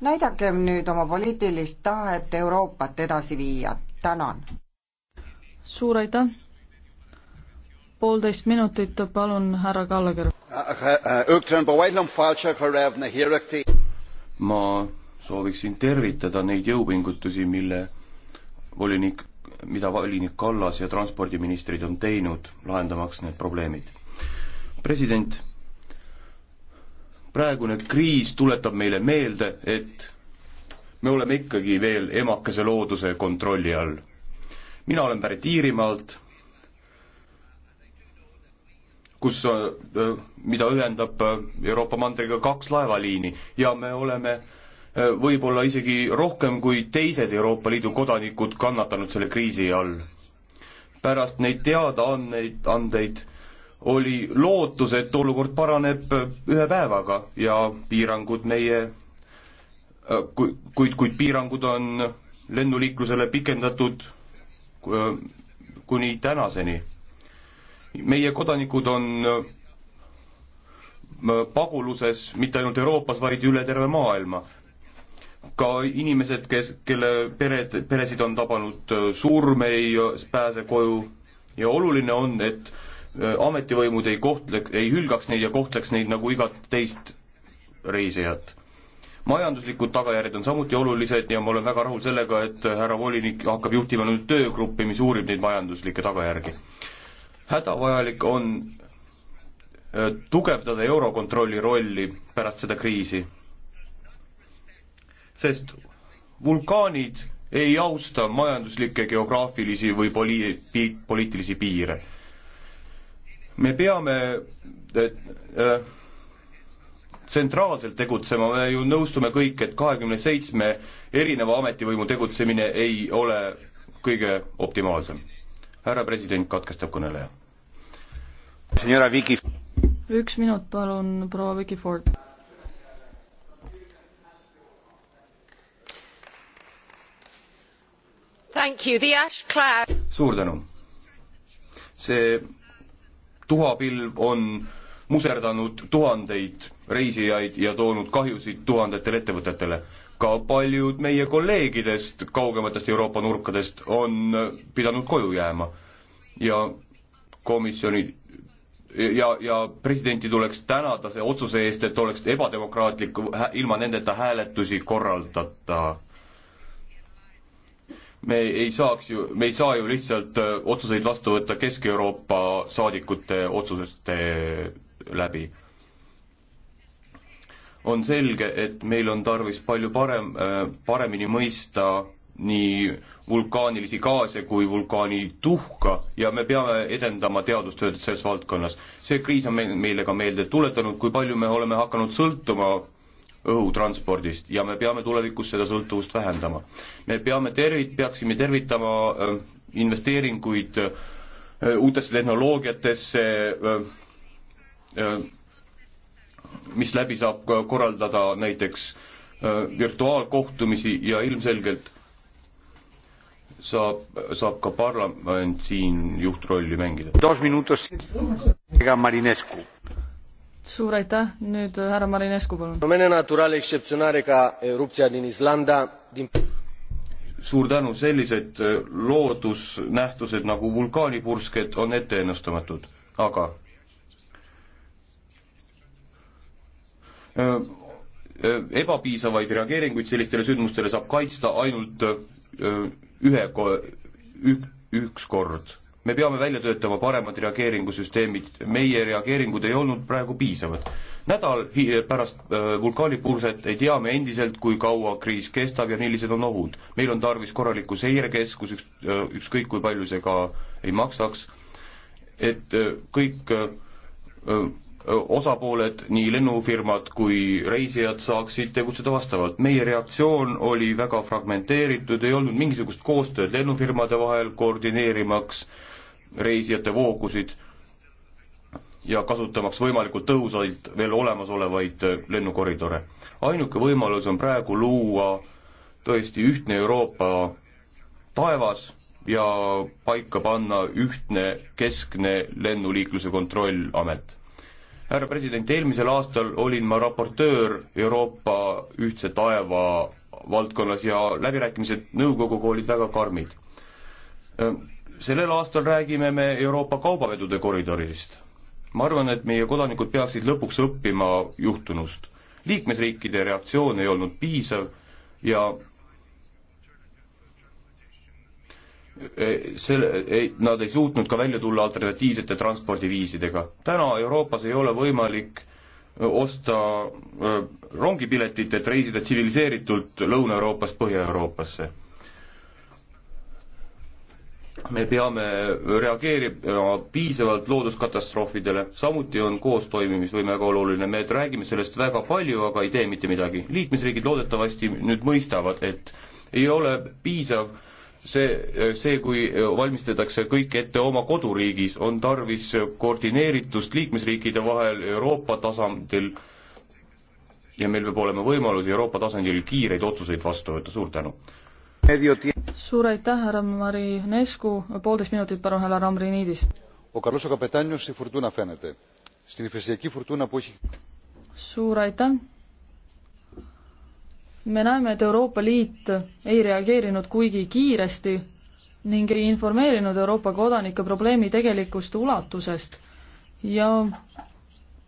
[SPEAKER 3] näidakem nüüd oma poliitilist tahet Euroopat edasi viia, tänan. suur aitäh. poolteist
[SPEAKER 2] minutit, palun, härra Kallager.
[SPEAKER 1] ma sooviksin tervitada neid jõupingutusi, mille volinik, mida volinik Kallas ja transpordiministrid on teinud, lahendamaks need probleemid. president praegune kriis tuletab meile meelde, et me oleme ikkagi veel emakese looduse kontrolli all. mina olen pärit Iirimaalt, kus, äh, mida ühendab äh, Euroopa mandriga kaks laevaliini ja me oleme äh, võib-olla isegi rohkem kui teised Euroopa Liidu kodanikud kannatanud selle kriisi all. pärast neid teadaandeid, andeid oli lootus, et olukord paraneb äh, ühe päevaga ja piirangud meie, äh, kuid, kuid, kuid piirangud on lennuliiklusele pikendatud äh, kuni tänaseni. meie kodanikud on paguluses mitte ainult Euroopas, vaid üle terve maailma. ka inimesed, kes, kelle pered, peresid on tabanud surm, ei pääse koju ja oluline on, et äh, ametivõimud ei kohtle, ei hülgaks neid ja kohtleks neid nagu igat teist reisijat. majanduslikud tagajärjed on samuti olulised ja ma olen väga rahul sellega, et härra volinik hakkab juhtima nüüd töögruppi, mis uurib neid majanduslikke tagajärgi. hädavajalik on tugevdada Eurokontrolli rolli pärast seda kriisi. sest vulkaanid ei austa majanduslikke, geograafilisi või poli-, pi-, poliitilisi piire me peame äh, tsentraalselt tegutsema, me ju nõustume kõik, et kahekümne seitsme erineva ametivõimu tegutsemine ei ole kõige optimaalsem. härra president katkestab kõneleja.
[SPEAKER 2] üks minut, palun, proua Vicky Ford.
[SPEAKER 1] suur tänu. see tuhapilv on muserdanud tuhandeid reisijaid ja toonud kahjusid tuhandetele ettevõtetele. ka paljud meie kolleegidest kaugematest Euroopa nurkadest on pidanud koju jääma ja komisjonid ja, ja presidenti tuleks tänada selle otsuse eest, et oleks ebademokraatlik ilma nendeta hääletusi korraldada me ei saaks ju, me ei saa ju lihtsalt äh, otsuseid vastu võtta Kesk-Euroopa saadikute otsuste läbi. on selge, et meil on tarvis palju parem, äh, paremini mõista nii vulkaanilisi gaase kui vulkaani tuhka ja me peame edendama teadustööd selles valdkonnas. see kriis on meil, meile ka meelde tuletanud, kui palju me oleme hakanud sõltuma õhutranspordist ja me peame tulevikus seda sõltuvust vähendama. me peame tervit-, peaksime tervitama äh, investeeringuid äh, uutesse tehnoloogiatesse, äh, mis läbi saab korraldada näiteks virtuaalkohtumisi ja ilmselgelt saab, saab ka parlament siin juhtrolli mängida
[SPEAKER 2] suur aitäh, nüüd äh, härra Marinescu, palun.
[SPEAKER 1] fenomene naturale excepționare ca eh, erupția din Islanda, din suur tänu, sellised äh, loodusnähtused nagu vulkaanipursked on etteennustamatud, aga äh, ebapiisavaid reageeringuid sellistele sündmustele saab kaitsta ainult ühe, üks kord me peame välja töötama paremad reageeringusüsteemid, meie reageeringud ei olnud praegu piisavad. nädal pärast äh, vulkaanipurset ei tea me endiselt, kui kaua kriis kestab ja millised on ohud. meil on tarvis korralikku seirekeskus, üks, äh, ükskõik kui palju see ka ei maksaks, et äh, kõik osapooled, nii lennufirmad kui reisijad saaksid tegutseda vastavalt. meie reaktsioon oli väga fragmenteeritud, ei olnud mingisugust koostööd lennufirmade vahel koordineerimaks äh, reisijate voogusid ja kasutamaks võimalikult tõhusalt veel olemasolevaid äh, lennukoridore. ainuke võimalus on praegu luua tõesti ühtne Euroopa taevas ja paika panna ühtne keskne lennuliikluse kontrollamet. härra president, eelmisel aastal olin ma raportöör Euroopa ühtse taeva valdkonnas ja läbirääkimised nõukoguga olid väga karmid äh, sellel aastal räägime me Euroopa kaubavedude koridorist. ma arvan, et meie kodanikud peaksid lõpuks õppima juhtunust. liikmesriikide reaktsioon ei olnud piisav ja e, selle, ei, nad ei suutnud ka välja tulla alternatiivsete transpordiviisidega. täna Euroopas ei ole võimalik osta e, rongipiletit, et reisida tsiviliseeritult Lõuna-Euroopast Põhja-Euroopasse me peame reageerima piisavalt looduskatastroofidele, samuti on koostoimimisvõime väga oluline, me räägime sellest väga palju, aga ei tee mitte midagi. liikmesriigid loodetavasti nüüd mõistavad, et ei ole piisav see, see, kui valmistatakse kõik ette oma koduriigis, on tarvis koordineeritust liikmesriikide vahel Euroopa tasandil ja meil peab olema võimalus Euroopa tasandil kiireid otsuseid vastu võtta, suur tänu!
[SPEAKER 2] suur aitäh, härra Marinescu, poolteist minutit, palun, härra Lambrinidis. suur aitäh. me näeme, et Euroopa Liit ei reageerinud kuigi kiiresti ning ei informeerinud Euroopa kodanike probleemi tegelikust ulatusest ja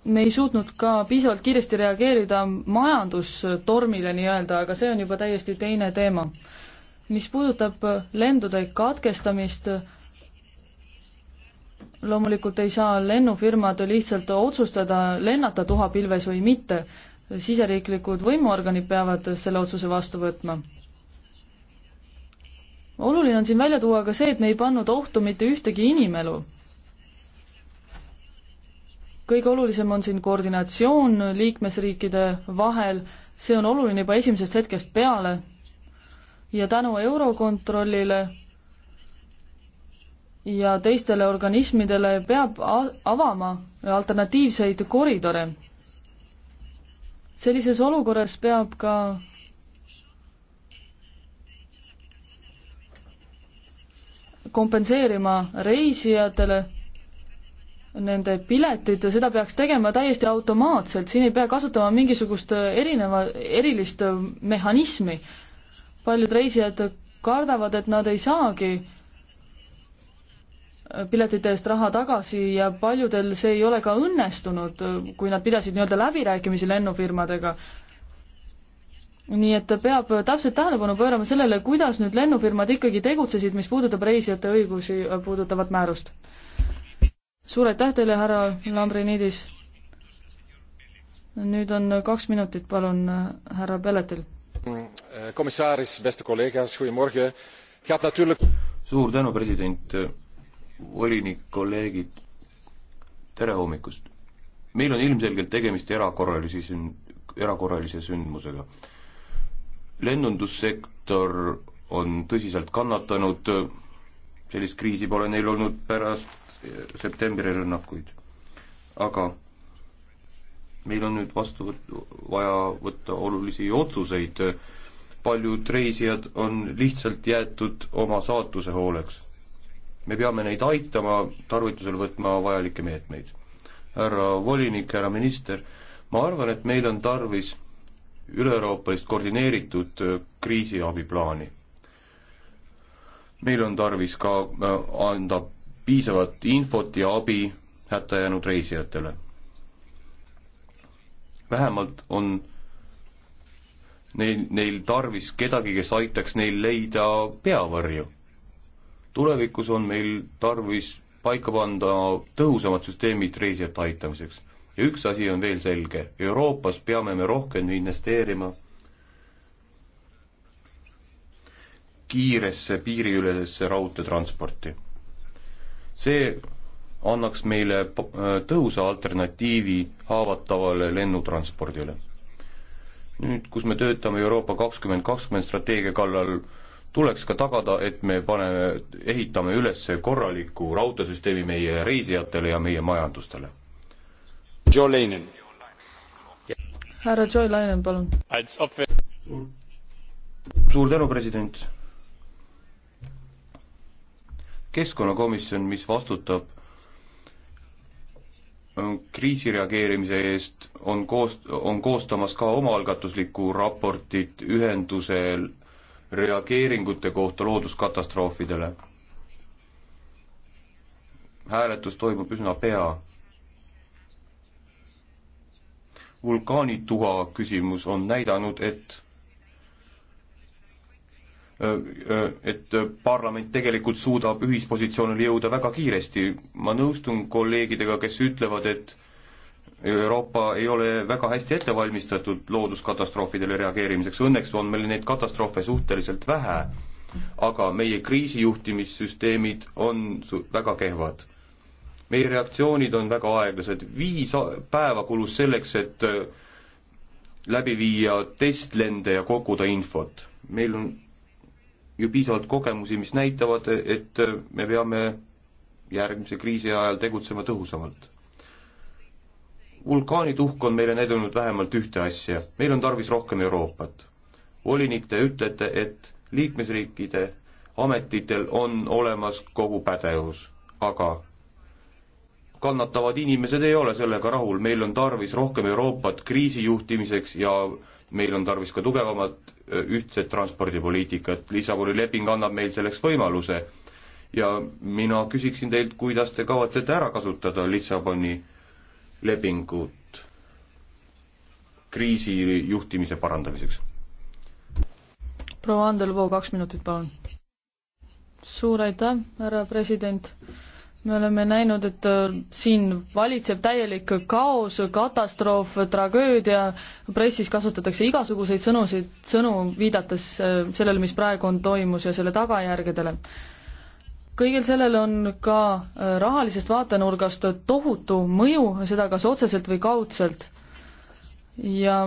[SPEAKER 2] me ei suutnud ka piisavalt kiiresti reageerida majandustormile nii-öelda, aga see on juba täiesti teine teema mis puudutab äh, lendude katkestamist, loomulikult ei saa lennufirmad lihtsalt otsustada, lennata tuhapilves või mitte. siseriiklikud võimuorganid peavad selle otsuse vastu võtma. oluline on siin välja tuua ka see, et me ei pannud ohtu mitte ühtegi inimelu. kõige olulisem on siin koordinatsioon liikmesriikide vahel, see on oluline juba esimesest hetkest peale ja tänu Eurokontrollile ja teistele organismidele peab avama alternatiivseid koridore. sellises olukorras peab ka kompenseerima reisijatele nende piletit ja seda peaks tegema täiesti automaatselt, siin ei pea kasutama mingisugust erineva, erilist mehhanismi paljud reisijad kardavad, et nad ei saagi piletite eest raha tagasi ja paljudel see ei ole ka õnnestunud, kui nad pidasid nii-öelda läbirääkimisi lennufirmadega. nii et peab täpselt tähelepanu pöörama sellele, kuidas nüüd lennufirmad ikkagi tegutsesid, mis puudutab reisijate õigusi puudutavat määrust. suur aitäh teile, härra Lambrinidis. nüüd on kaks minutit, palun, härra Pelletil
[SPEAKER 1] commissaris beste collega's goedemorgen het gaat natuurlijk. suur tänu president volinik kolleegid tere hommikust meil on ilmselgelt tegemist erakorralise sün- erakorralise sündmusega lennundussektor on tõsiselt kannatanud sellist kriisi pole neil olnud pärast eh, septembri rünnakuid aga meil on nüüd vastu võt-, vaja võtta olulisi otsuseid eh, paljud reisijad on lihtsalt jäetud oma saatuse hooleks. me peame neid aitama, tarvitusele võtma vajalikke meetmeid. härra volinik, härra minister, ma arvan, et meil on tarvis üle-euroopalist koordineeritud äh, kriisiabiplaani. meil on tarvis ka äh, anda piisavat infot ja abi hätta jäänud reisijatele. vähemalt on neil, neil tarvis kedagi, kes aitaks neil leida peavarju. tulevikus on meil tarvis paika panna tõhusamad süsteemid reisijate aitamiseks. ja üks asi on veel selge, Euroopas peame me rohkem investeerima kiiresse piiriülesesse raudteetransporti. see annaks meile äh, tõhusa alternatiivi haavatavale lennutranspordile nüüd, kus me töötame Euroopa kakskümmend kakskümmend strateegia kallal, tuleks ka tagada, et me paneme, ehitame üles korraliku raudteesüsteemi meie reisijatele ja meie majandustele. Joe Leinen.
[SPEAKER 2] härra Joe Leinen, palun.
[SPEAKER 1] suur tänu, president. keskkonnakomisjon, mis vastutab Äh, kriisireageerimise eest on koos, on koostamas ka omaalgatuslikku raportit ühendusel reageeringute kohta looduskatastroofidele. hääletus toimub üsna pea. vulkaanituha küsimus on näidanud, et Äh, äh, et parlament tegelikult suudab ühispositsioonile jõuda väga kiiresti. ma nõustun kolleegidega, kes ütlevad, et Euroopa ei ole väga hästi ette valmistatud looduskatastroofidele reageerimiseks, õnneks on meil neid katastroofe suhteliselt vähe, aga meie kriisijuhtimissüsteemid on väga kehvad. meie reaktsioonid on väga aeglased, viis päeva kulus selleks, et äh, läbi viia testlende ja koguda infot. meil on ju piisavalt kogemusi, mis näitavad, et me peame järgmise kriisi ajal tegutsema tõhusamalt. vulkaanituhk on meile näidanud vähemalt ühte asja, meil on tarvis rohkem Euroopat. volinik, te ütlete, et liikmesriikide ametitel on olemas kogu pädevus, aga kannatavad inimesed ei ole sellega rahul, meil on tarvis rohkem Euroopat kriisi juhtimiseks ja meil on tarvis ka tugevamat ühtset transpordipoliitikat, Lissaboni leping annab meil selleks võimaluse ja mina küsiksin teilt, kuidas te kavatsete ära kasutada Lissaboni lepingut kriisi juhtimise parandamiseks?
[SPEAKER 2] proua Andelvoo, kaks minutit, palun. suur aitäh, härra president me oleme näinud, et äh, siin valitseb täielik kaos, katastroof, tragöödia, pressis kasutatakse igasuguseid sõnusid, sõnu, viidates äh, sellele, mis praegu on toimus ja selle tagajärgedele. kõigil sellel on ka äh, rahalisest vaatenurgast tohutu mõju, seda kas otseselt või kaudselt. ja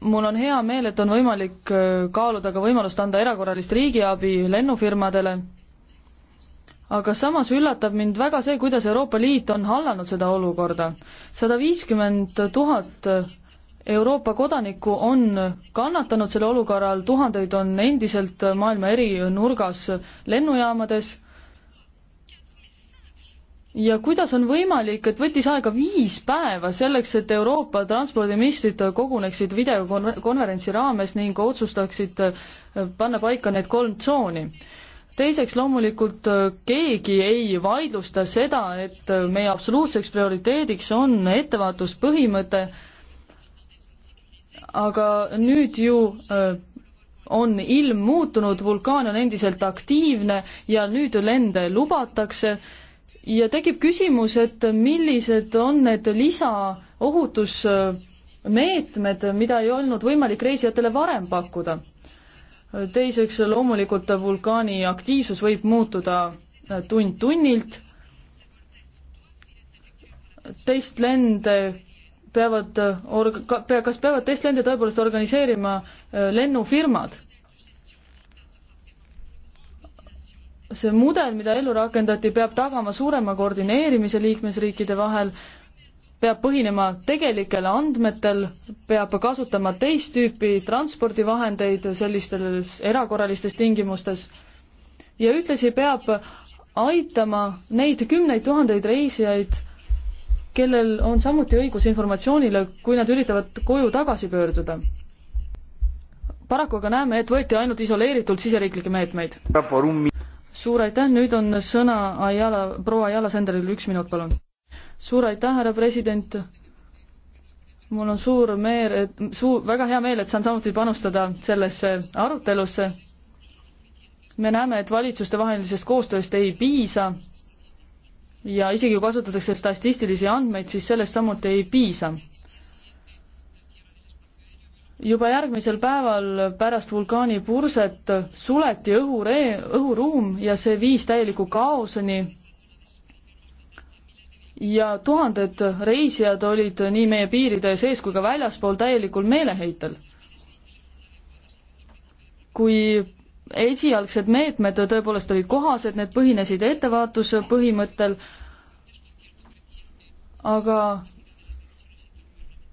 [SPEAKER 2] mul on hea meel, et on võimalik kaaluda ka võimalust anda erakorralist riigiabi lennufirmadele aga samas üllatab mind väga see, kuidas Euroopa Liit on hallanud seda olukorda. sada viiskümmend tuhat Euroopa kodanikku on kannatanud selle olukorra all, tuhandeid on endiselt maailma eri nurgas lennujaamades ja kuidas on võimalik, et võttis aega viis päeva selleks, et Euroopa transpordiministrid koguneksid videokonverentsi raames ning otsustaksid panna paika need kolm tsooni teiseks, loomulikult äh, keegi ei vaidlusta seda, et äh, meie absoluutseks prioriteediks on ettevaatuspõhimõte, aga nüüd ju äh, on ilm muutunud, vulkaan on endiselt aktiivne ja nüüd lende lubatakse ja tekib küsimus, et millised on need lisaohutusmeetmed, mida ei olnud võimalik reisijatele varem pakkuda teiseks, loomulikult vulkaani aktiivsus võib muutuda tund tunnilt. teist lende peavad org-, kas peavad testlende tõepoolest organiseerima äh, lennufirmad? see mudel, mida ellu rakendati, peab tagama suurema koordineerimise liikmesriikide vahel peab põhinema tegelikel andmetel, peab kasutama teist tüüpi transpordivahendeid sellistes erakorralistes tingimustes ja ühtlasi peab aitama neid kümneid tuhandeid reisijaid, kellel on samuti õigus informatsioonile, kui nad üritavad koju tagasi pöörduda. paraku aga näeme, et võeti ainult isoleeritult siseriiklikke meetmeid. suur aitäh, nüüd on sõna Ayala, proua Ayala Senderil, üks minut, palun suur aitäh, härra president! mul on suur meel, et suur, väga hea meel, et saan samuti panustada sellesse arutelusse. me näeme, et valitsustevahelisest koostööst ei piisa ja isegi kui kasutatakse statistilisi andmeid, siis sellest samuti ei piisa. juba järgmisel päeval pärast vulkaani purset suleti õhure, õhuruum ja see viis täieliku kaoseni ja tuhanded reisijad olid nii meie piiride sees kui ka väljaspool täielikul meeleheitel. kui esialgsed meetmed tõepoolest olid kohased, need põhinesid ettevaatuse põhimõttel, aga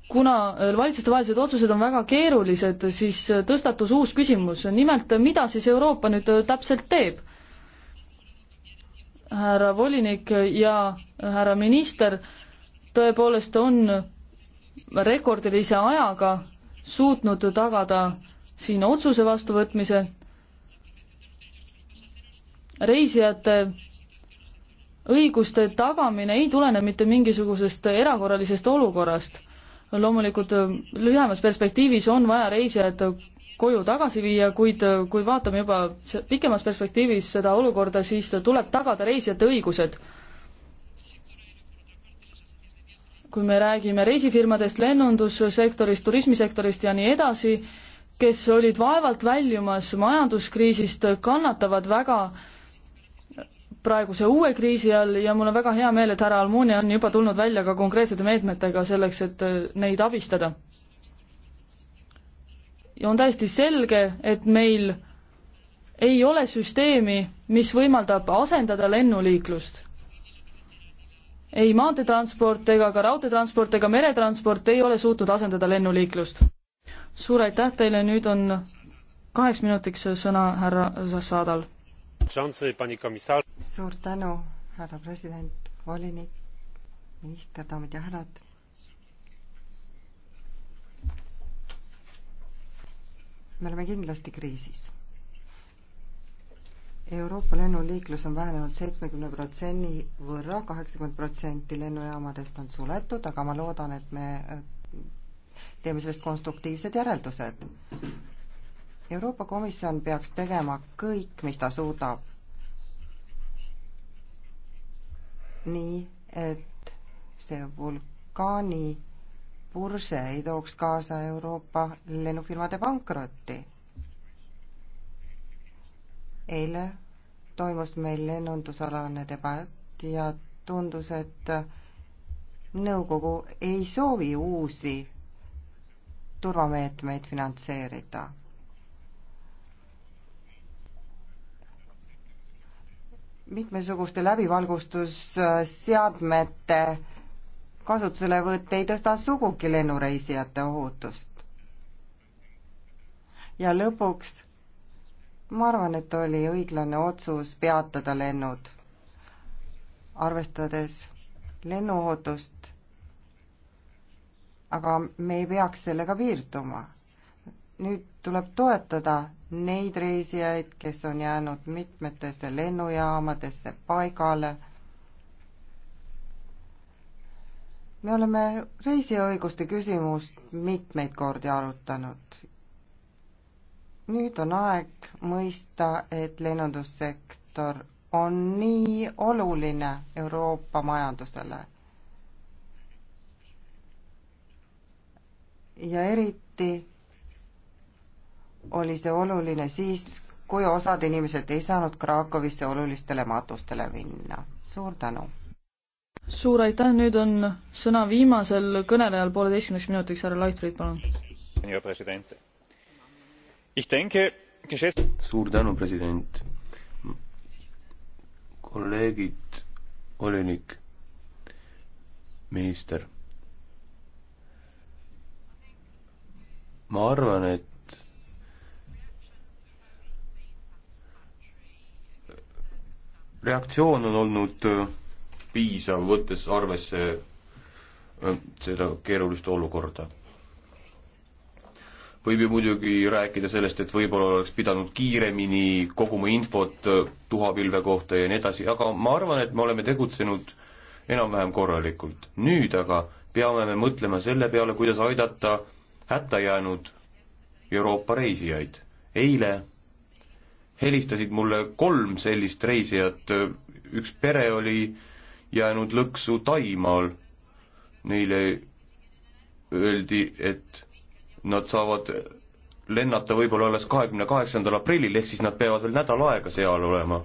[SPEAKER 2] kuna valitsustevahelised otsused on väga keerulised, siis tõstatus uus küsimus, nimelt mida siis Euroopa nüüd täpselt teeb härra volinik ja härra minister, tõepoolest on rekordilise ajaga suutnud tagada siin otsuse vastuvõtmise. reisijate õiguste tagamine ei tulene mitte mingisugusest erakorralisest olukorrast. loomulikult lühemas perspektiivis on vaja reisijad koju tagasi viia, kuid äh, kui vaatame juba pikemas perspektiivis seda olukorda, siis tuleb tagada reisijate õigused. kui me räägime reisifirmadest, lennundussektorist, turismisektorist ja nii edasi, kes olid vaevalt väljumas majanduskriisist, kannatavad väga praeguse uue kriisi all ja mul on väga hea meel, et härra Almunia on juba tulnud välja ka konkreetsete meetmetega selleks, et äh, neid abistada ja on täiesti selge, et meil ei ole süsteemi, mis võimaldab asendada lennuliiklust. ei maanteetransport ega ka raudteetransport ega meretransport ei ole suutnud asendada lennuliiklust. suur aitäh teile, nüüd on kaheks minutiks sõna härra Zassadal.
[SPEAKER 3] suur tänu, härra president, volinik, minister, daamid ja härrad me oleme kindlasti kriisis. Euroopa lennuliiklus on vähenenud seitsmekümne protsendi võrra, kaheksakümmend protsenti lennujaamadest on suletud, aga ma loodan, et me äh, teeme sellest konstruktiivsed järeldused. Euroopa Komisjon peaks tegema kõik, mis ta suudab. nii, et see vulkaani purse ei tooks kaasa Euroopa lennufirmade pankrotti. eile toimus meil lennundusalane debatt ja tundus, et nõukogu ei soovi uusi turvameetmeid finantseerida. mitmesuguste läbivalgustusseadmete kasutuselevõtt ei tõsta sugugi lennureisijate ohutust. ja lõpuks, ma arvan, et oli õiglane otsus peatada lennud, arvestades lennuohutust, aga me ei peaks sellega piirduma. nüüd tuleb toetada neid reisijaid, kes on jäänud mitmetesse lennujaamadesse paigale me oleme reisiõiguste küsimust mitmeid kordi arutanud. nüüd on aeg mõista, et lennundussektor on nii oluline Euroopa majandusele. ja eriti oli see oluline siis, kui osad inimesed ei saanud Krakowisse olulistele matustele minna. suur tänu!
[SPEAKER 2] suur aitäh, nüüd on sõna viimasel kõnelejal pooleteistkümneks minutiks, härra Leifrid, palun.
[SPEAKER 1] suur tänu, president. kolleegid, volinik, minister. ma arvan, et reaktsioon on olnud äh, piisav, võttes arvesse äh, seda keerulist olukorda. võib ju muidugi rääkida sellest, et võib-olla oleks pidanud kiiremini koguma infot äh, tuhapilve kohta ja nii edasi, aga ma arvan, et me oleme tegutsenud enam-vähem korralikult. nüüd aga peame me mõtlema selle peale, kuidas aidata hätta jäänud Euroopa reisijaid. eile helistasid mulle kolm sellist reisijat, äh, üks pere oli äh, jäänud lõksu Taimaal. Neile öeldi, et nad saavad lennata võib-olla alles kahekümne kaheksandal aprillil, ehk siis nad peavad veel nädal aega seal olema.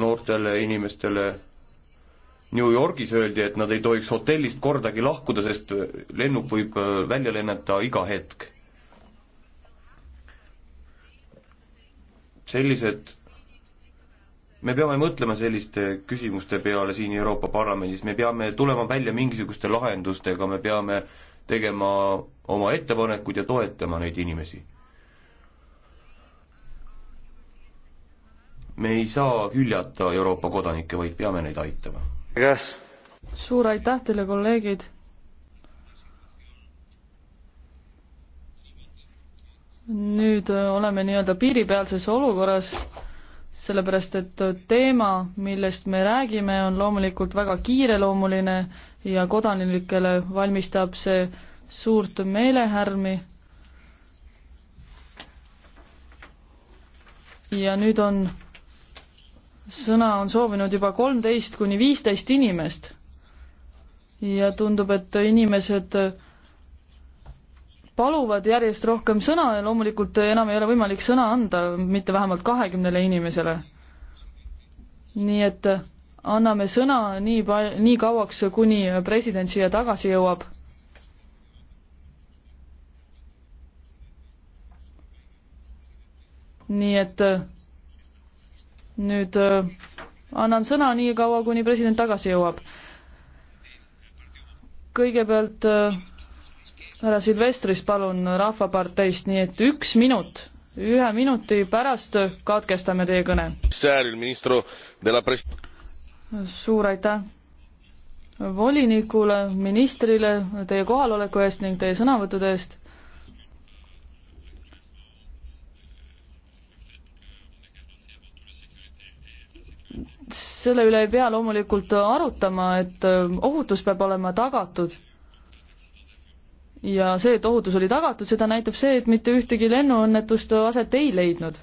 [SPEAKER 1] noortele inimestele New Yorgis öeldi, et nad ei tohiks hotellist kordagi lahkuda, sest lennuk võib äh, välja lennata iga hetk. sellised me peame mõtlema selliste küsimuste peale siin Euroopa Parlamendis, me peame tulema välja mingisuguste lahendustega, me peame tegema oma ettepanekuid ja toetama neid inimesi. me ei saa hüljata Euroopa kodanikke, vaid peame neid aitama yes..
[SPEAKER 2] suur aitäh teile, kolleegid! nüüd oleme nii-öelda piiripealses olukorras sellepärast et teema, millest me räägime, on loomulikult väga kiireloomuline ja kodanikele valmistab see suurt meelehärmi. ja nüüd on, sõna on soovinud juba kolmteist kuni viisteist inimest. ja tundub, et inimesed paluvad järjest rohkem sõna ja loomulikult enam ei ole võimalik sõna anda mitte vähemalt kahekümnele inimesele. nii et anname sõna nii pal-, nii kauaks, kuni president siia tagasi jõuab. nii et nüüd annan sõna nii kaua, kuni president tagasi jõuab. kõigepealt äh, härra Silvestris, palun Rahvaparteist, nii et üks minut, ühe minuti pärast katkestame teie kõne. suur aitäh volinikule, ministrile teie kohaloleku eest ning teie sõnavõttude eest. selle üle ei pea loomulikult arutama, et ohutus peab olema tagatud ja see, et ohutus oli tagatud, seda näitab see, et mitte ühtegi lennuõnnetust aset ei leidnud.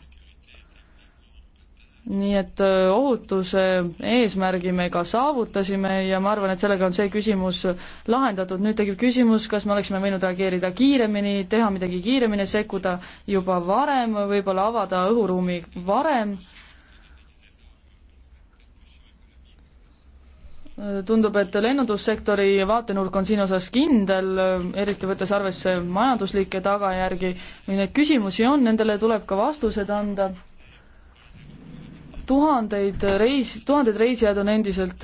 [SPEAKER 2] nii et äh, ohutuse eesmärgi me ka saavutasime ja ma arvan, et sellega on see küsimus lahendatud. nüüd tekib küsimus, kas me oleksime võinud reageerida kiiremini, teha midagi kiiremini, sekkuda juba varem, võib-olla avada õhuruumi varem tundub, et lennundussektori vaatenurk on siin osas kindel, eriti võttes arvesse majanduslikke tagajärgi, neid küsimusi on, nendele tuleb ka vastused anda. tuhandeid reis, tuhanded reisijad on endiselt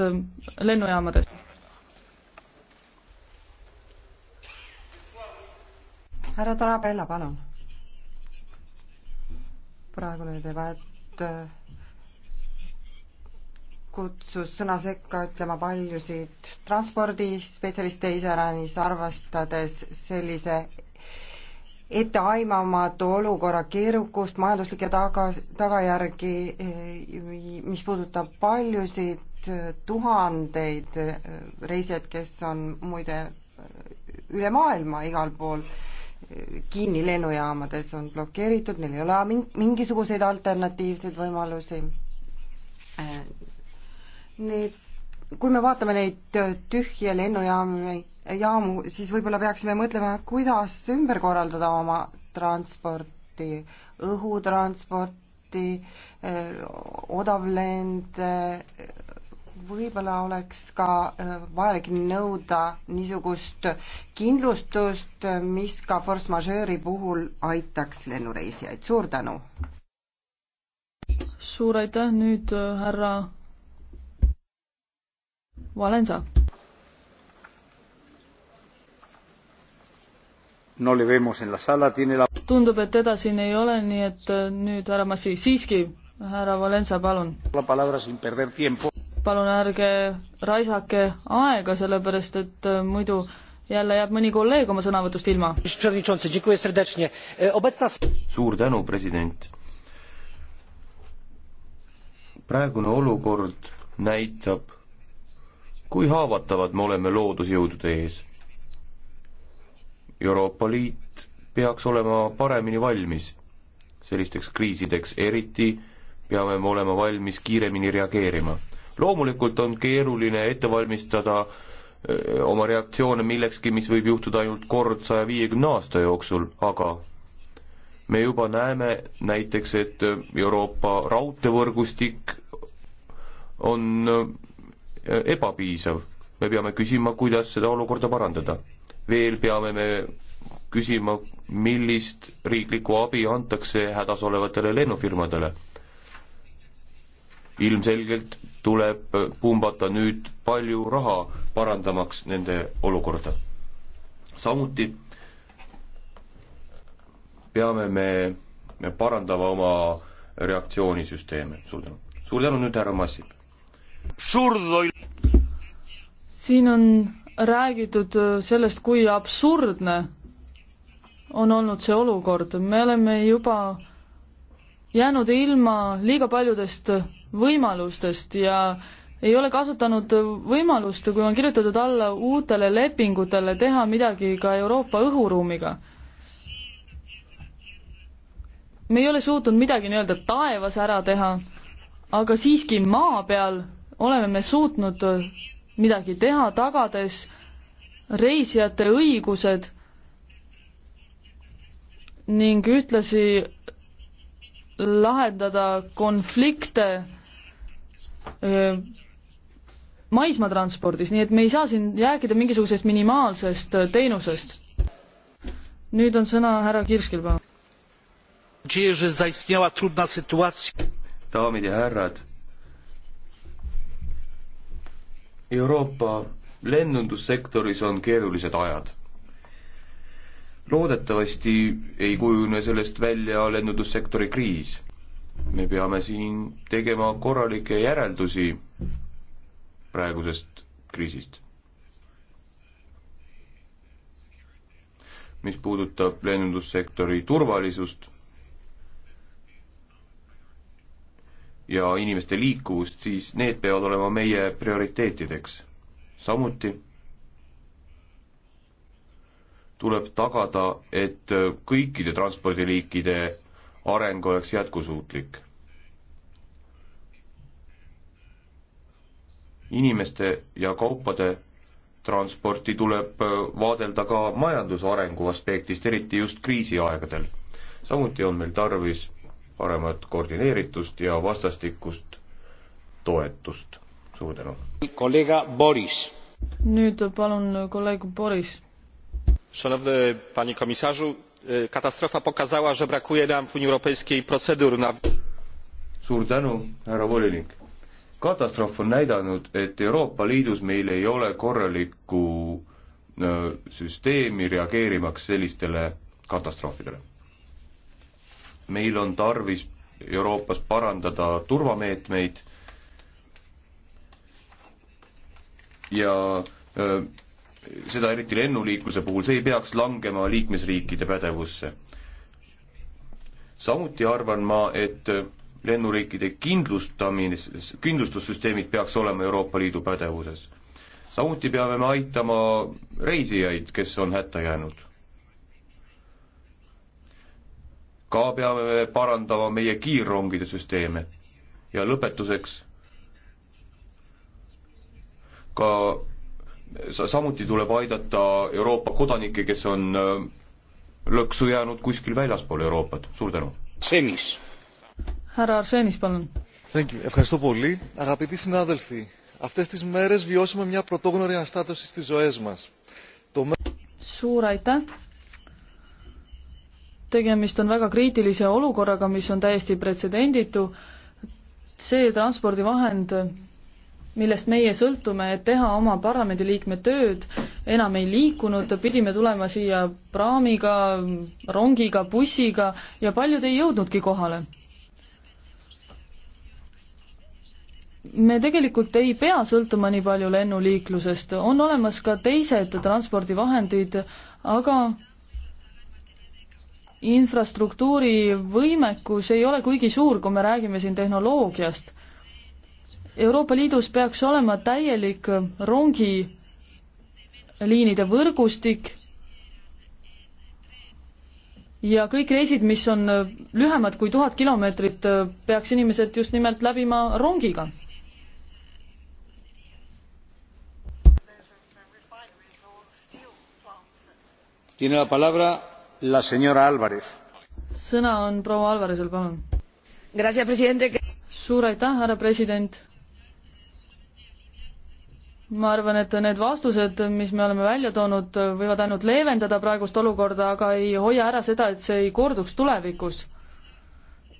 [SPEAKER 2] lennujaamades.
[SPEAKER 3] härra Tarabella, palun. praegu nüüd ei vahet kutsus sõna sekka ütlema paljusid transpordispetsialiste iseäranis, arvestades sellise etteaimamatu olukorra keerukust, majanduslikke taga, tagajärgi, mis puudutab paljusid tuhandeid reisijaid, kes on muide üle maailma igal pool kinni lennujaamades, on blokeeritud, neil ei ole mingisuguseid alternatiivseid võimalusi need, kui me vaatame neid tühje lennujaami, jaamu, siis võib-olla peaksime mõtlema, kuidas ümber korraldada oma transporti, õhutransporti, eh, odavlend, võib-olla oleks ka eh, vajalik nõuda niisugust kindlustust, mis ka force majeure'i puhul aitaks lennureisijaid, suur tänu!
[SPEAKER 2] suur aitäh, nüüd äh, härra Valenza.
[SPEAKER 1] no le vemos en la sala, tiene la
[SPEAKER 2] tundub, et teda siin ei ole, nii et äh, nüüd härra Massi, siiski, härra Valensa, palun. palun ärge raisake aega, sellepärast et äh, muidu jälle jääb mõni kolleeg oma sõnavõtust ilma. E,
[SPEAKER 1] suur tänu, president. praegune olukord näitab kui haavatavad me oleme loodusjõudude ees? Euroopa Liit peaks olema paremini valmis sellisteks kriisideks, eriti peame me olema valmis kiiremini reageerima. loomulikult on keeruline ette valmistada öö, oma reaktsioone millekski, mis võib juhtuda ainult kord saja viiekümne aasta jooksul, aga me juba näeme näiteks, et Euroopa raudteevõrgustik on Äh, ebapiisav. me peame küsima, kuidas seda olukorda parandada. veel peame me küsima, millist riiklikku abi antakse hädas olevatele lennufirmadele. ilmselgelt tuleb pumbata nüüd palju raha, parandamaks nende olukorda. samuti peame me parandama oma reaktsioonisüsteeme. suur tänu. suur tänu nüüd, härra Massip
[SPEAKER 2] siin on räägitud äh, sellest, kui absurdne on olnud see olukord, me oleme juba jäänud ilma liiga paljudest võimalustest ja ei ole kasutanud võimalust, kui on kirjutatud alla uutele lepingutele, teha midagi ka Euroopa õhuruumiga. me ei ole suutnud midagi nii-öelda taevas ära teha, aga siiski maa peal oleme me suutnud midagi teha, tagades reisijate õigused ning ühtlasi lahendada konflikte maismaatranspordis, nii et me ei saa siin rääkida mingisugusest minimaalsest teenusest. nüüd on sõna härra Kirskil,
[SPEAKER 1] palun. daamid ja härrad Euroopa lennundussektoris on keerulised ajad. loodetavasti ei kujune sellest välja lennundussektori kriis. me peame siin tegema korralikke järeldusi praegusest kriisist. mis puudutab lennundussektori turvalisust ja inimeste liikuvust, siis need peavad olema meie prioriteetideks. samuti tuleb tagada, et kõikide transpordiliikide areng oleks jätkusuutlik. inimeste ja kaupade transporti tuleb vaadelda ka majanduse arengu aspektist, eriti just kriisiaegadel. samuti on meil tarvis paremat koordineeritust ja vastastikust toetust. suur tänu. kolleeg Boris.
[SPEAKER 2] nüüd palun kolleeg Boris.
[SPEAKER 1] Szanowny panie komisarzu, e, katastrofa pokazała, że brakuje nam w Unii Europejskiej procedur na suur tänu, härra volinik. katastroof on näidanud, et Euroopa Liidus meil ei ole korralikku e, süsteemi reageerimaks sellistele katastroofidele meil on tarvis Euroopas parandada turvameetmeid ja öö, seda eriti lennuliikluse puhul, see ei peaks langema liikmesriikide pädevusse. samuti arvan ma, et lennuriikide kindlustamine, kindlustussüsteemid peaks olema Euroopa Liidu pädevuses. samuti peame me aitama reisijaid, kes on hätta jäänud ka peame me parandama meie kiirrongide süsteeme. ja lõpetuseks ka samuti tuleb aidata Euroopa kodanikke, kes on äh, lõksu jäänud kuskil väljaspool Euroopat, suur tänu. Arsenis. härra Arsenis, palun. Ευχαριστώ πολύ. Αγαπητοί συνάδελφοι, αυτές τις μέρες βιώσαμε μια πρωτόγνωρη αναστάτωση στις ζωές μας. Το...
[SPEAKER 2] Suur aitäh! tegemist on väga kriitilise olukorraga, mis on täiesti pretsedenditu. see transpordivahend, millest meie sõltume, et teha oma parlamendiliikme tööd, enam ei liikunud, pidime tulema siia praamiga, rongiga, bussiga ja paljud ei jõudnudki kohale me tegelikult ei pea sõltuma nii palju lennuliiklusest, on olemas ka teised transpordivahendid, aga infrastruktuuri võimekus ei ole kuigi suur, kui me räägime siin tehnoloogiast. Euroopa Liidus peaks olema täielik rongiliinide võrgustik ja kõik reisid, mis on lühemad kui tuhat kilomeetrit, peaks inimesed just nimelt läbima rongiga.
[SPEAKER 1] Tiene la palabra
[SPEAKER 2] sõna on proua Alvarezil, palun. suur aitäh, härra president. ma arvan, et need vastused, mis me oleme välja toonud, võivad ainult leevendada praegust olukorda, aga ei hoia ära seda, et see ei korduks tulevikus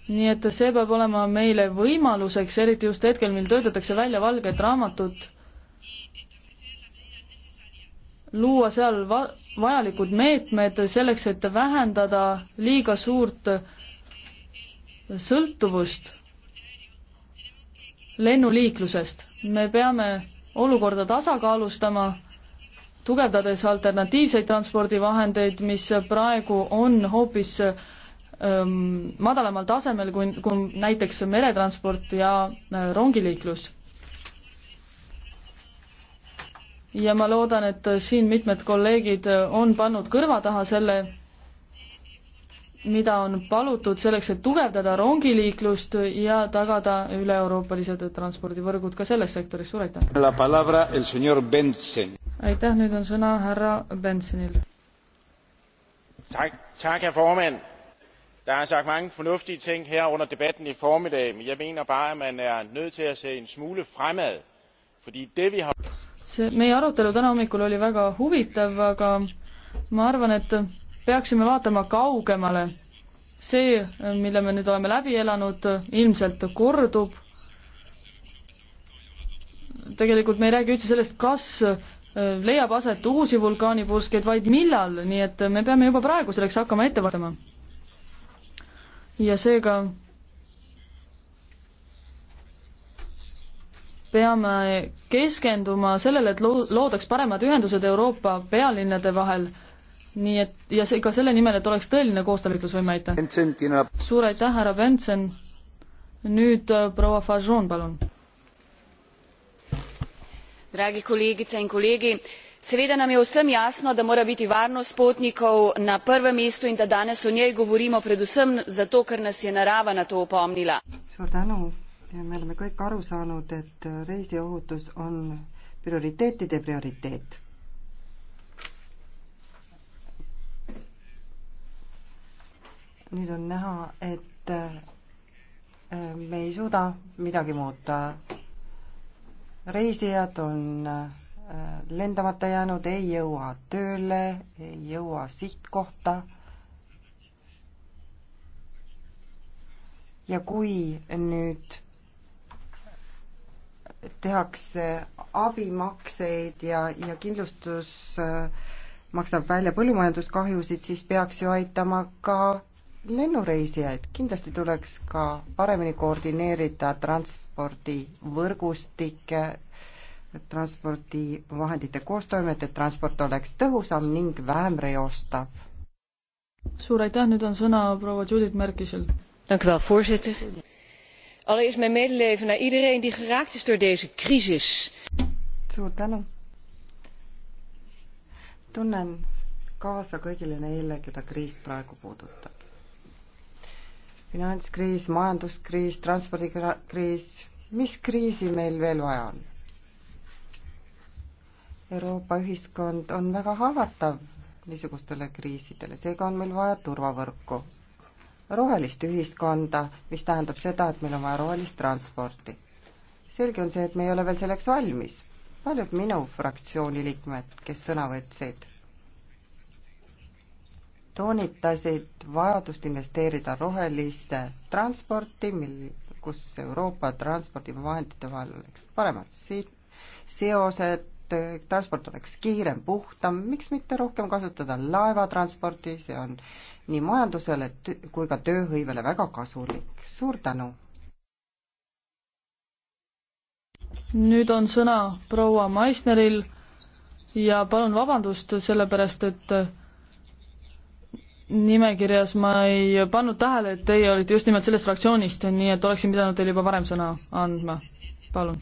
[SPEAKER 2] nii et see peab olema meile võimaluseks, eriti just hetkel, mil töötatakse välja valget raamatut luua seal va-, vajalikud meetmed selleks, et vähendada liiga suurt sõltuvust lennuliiklusest. me peame olukorda tasakaalustama, tugevdades alternatiivseid transpordivahendeid, mis praegu on hoopis ähm, madalamal tasemel kui, kui näiteks meretransport ja äh, rongiliiklus ja ma loodan, et siin mitmed kolleegid on pannud kõrva taha selle, mida on palutud selleks, et tugevdada rongiliiklust ja tagada üle-euroopalised transpordivõrgud ka selles sektoris, suur aitäh! aitäh, nüüd on sõna härra Bensonil.
[SPEAKER 1] Tak,
[SPEAKER 4] herr formand.
[SPEAKER 3] Der er sagt mange fornuftige ting her under debatten i formiddag, men jeg mener bare, at man er nødt til at se en smule fremad. Fordi det, vi har
[SPEAKER 2] see, meie arutelu täna hommikul oli väga huvitav, aga ma arvan, et peaksime vaatama kaugemale. see, mille me nüüd oleme läbi elanud, ilmselt kordub. tegelikult me ei räägi üldse sellest, kas äh, leiab aset uusi vulkaanipurskeid, vaid millal, nii et me peame juba praegu selleks hakkama ette vaatama. ja seega peame keskenduma sellele, et loo-, loodaks paremad ühendused Euroopa pealinnade vahel, nii et ja see, ka selle nimel, et oleks tõeline koostalitlusvõime, aitäh! suur aitäh, härra Benson! nüüd äh, proua Fajon, palun!
[SPEAKER 5] dragi kolegice in kolegi, seveda nam je vsem jasno da mora biti varnost potnikov na prvem mestu in da danes o njej govorimo predvsem zato ker nas je narava na to opomnila
[SPEAKER 3] me oleme kõik aru saanud, et reisiohutus on prioriteetide prioriteet. nüüd on näha, et äh, me ei suuda midagi muuta. reisijad on äh, lendamata jäänud, ei jõua tööle, ei jõua sihtkohta ja kui nüüd tehakse abimakseid ja, ja kindlustus äh, maksab välja põllumajanduskahjusid, siis peaks ju aitama ka lennureisijaid. kindlasti tuleks ka paremini koordineerida transpordivõrgustikke, transpordivahendite koostoimet, et transport oleks tõhusam ning vähem reostav.
[SPEAKER 2] suur aitäh, nüüd on sõna proua Judith Merkisel.
[SPEAKER 3] tänan, härra juhataja
[SPEAKER 2] allereerst mijn medeleven naar
[SPEAKER 3] iedereen die geraakt is door deze crisis. suur tänu. tunnen kaasa kõigile neile, keda kriis praegu puudutab. finantskriis, majanduskriis, transpordikriis, mis kriisi meil veel vaja on? Euroopa ühiskond on väga haavatav niisugustele kriisidele, seega on meil vaja turvavõrku rohelist ühiskonda, mis tähendab seda, et meil on vaja rohelist transporti. selge on see, et me ei ole veel selleks valmis. paljud minu fraktsiooni liikmed, kes sõna võtsid, toonitasid vajadust investeerida rohelisse transporti, mil, kus Euroopa transpordivahendite vahel oleks paremad si-, seosed, transport oleks kiirem, puhtam, miks mitte rohkem kasutada laevatransporti, see on nii majandusele kui ka tööhõivele väga kasulik. suur tänu!
[SPEAKER 2] nüüd on sõna proua Maisneril ja palun vabandust, sellepärast et nimekirjas ma ei pannud tähele, et teie olite just nimelt sellest fraktsioonist, nii et oleksin pidanud teile juba varem sõna andma. palun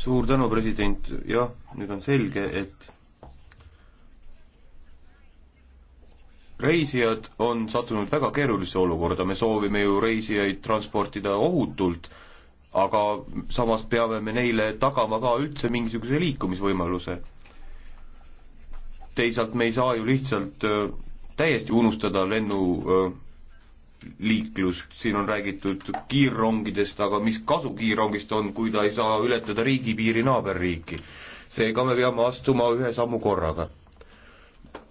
[SPEAKER 1] suur tänu, president, jah, nüüd on selge, et reisijad on sattunud väga keerulisse olukorda, me soovime ju reisijaid transportida ohutult, aga samas peame me neile tagama ka üldse mingisuguse liikumisvõimaluse. teisalt me ei saa ju lihtsalt äh, täiesti unustada lennu äh, liiklust, siin on räägitud kiirrongidest, aga mis kasu kiirrongist on, kui ta ei saa ületada riigipiiri naaberriiki? seega me peame astuma ühe sammu korraga.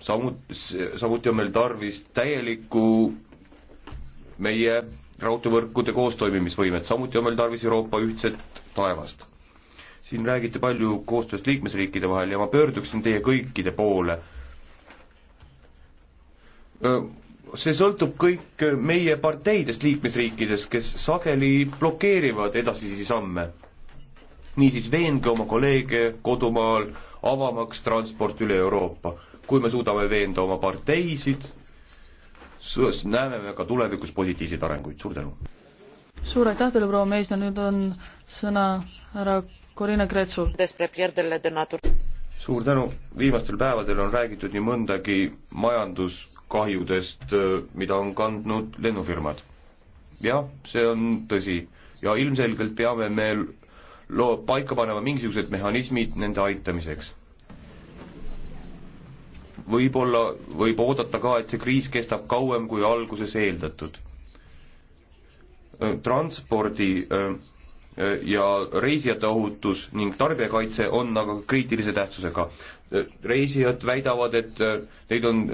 [SPEAKER 1] samuti, samuti on meil tarvis täielikku meie raudteevõrkude koostoimimisvõimet, samuti on meil tarvis Euroopa ühtset taevast. siin räägiti palju koostööst liikmesriikide vahel ja ma pöörduksin teie kõikide poole öö, see sõltub kõik meie parteidest liikmesriikides, kes sageli blokeerivad edasisi samme. niisiis veenge oma kolleege kodumaal avamaks transport üle Euroopa. kui me suudame veenda oma parteisid, näeme me ka tulevikus positiivseid arenguid, suur tänu!
[SPEAKER 2] suur aitäh teile, proua Meisna, nüüd on sõna härra Corina Kretsul.
[SPEAKER 1] suur tänu, viimastel päevadel on räägitud nii mõndagi majandus kahjudest, mida on kandnud lennufirmad. jah, see on tõsi ja ilmselgelt peame me loo-, paika panema mingisugused mehhanismid nende aitamiseks. võib-olla võib oodata ka, et see kriis kestab kauem, kui alguses eeldatud. transpordi ja reisijate ohutus ning tarbijakaitse on aga kriitilise tähtsusega. reisijad väidavad, et neid on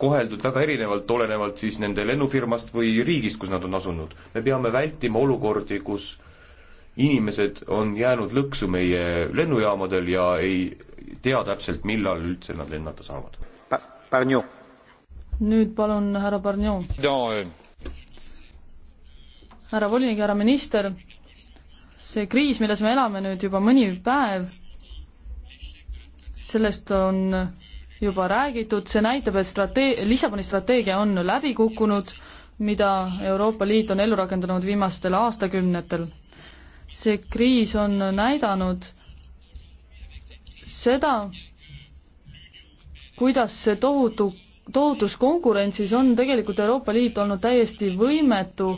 [SPEAKER 1] koheldud väga erinevalt, olenevalt siis nende lennufirmast või riigist, kus nad on asunud. me peame vältima olukordi, kus inimesed on jäänud lõksu meie lennujaamadel ja ei tea täpselt, millal üldse nad lennata saavad pa. Pärnu.
[SPEAKER 2] nüüd palun härra Pärnu. härra volinik, härra minister, see kriis, milles me elame nüüd juba mõni päev, sellest on juba räägitud, see näitab, et strate-, Lissaboni strateegia on läbi kukkunud, mida Euroopa Liit on ellu rakendanud viimastel aastakümnetel. see kriis on näidanud seda, kuidas see tohutu, tohutus konkurentsis on tegelikult Euroopa Liit olnud täiesti võimetu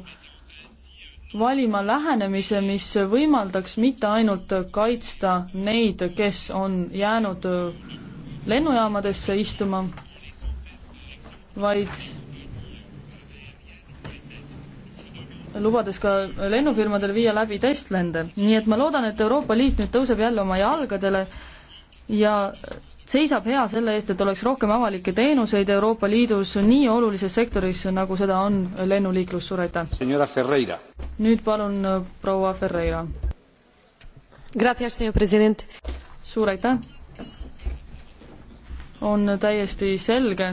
[SPEAKER 2] valima lähenemise, mis võimaldaks mitte ainult kaitsta neid, kes on jäänud lennujaamadesse istuma, vaid lubades ka lennufirmadel viia läbi testlende. nii et ma loodan, et Euroopa Liit nüüd tõuseb jälle oma jalgadele ja seisab hea selle eest, et oleks rohkem avalikke teenuseid Euroopa Liidus nii olulises sektoris, nagu seda on lennuliiklus. suur aitäh! nüüd palun proua Ferreira. suur aitäh! on täiesti selge,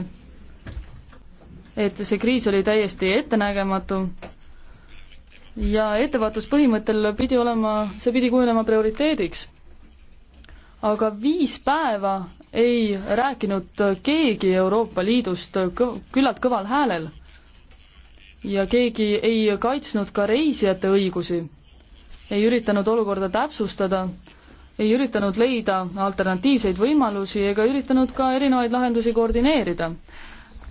[SPEAKER 2] et see kriis oli täiesti ettenägematu ja ettevaatuspõhimõttel pidi olema, see pidi kujunema prioriteediks. aga viis päeva ei rääkinud keegi Euroopa Liidust kõ-, küllalt kõval häälel ja keegi ei kaitsnud ka reisijate õigusi, ei üritanud olukorda täpsustada ei üritanud leida alternatiivseid võimalusi ega üritanud ka erinevaid lahendusi koordineerida.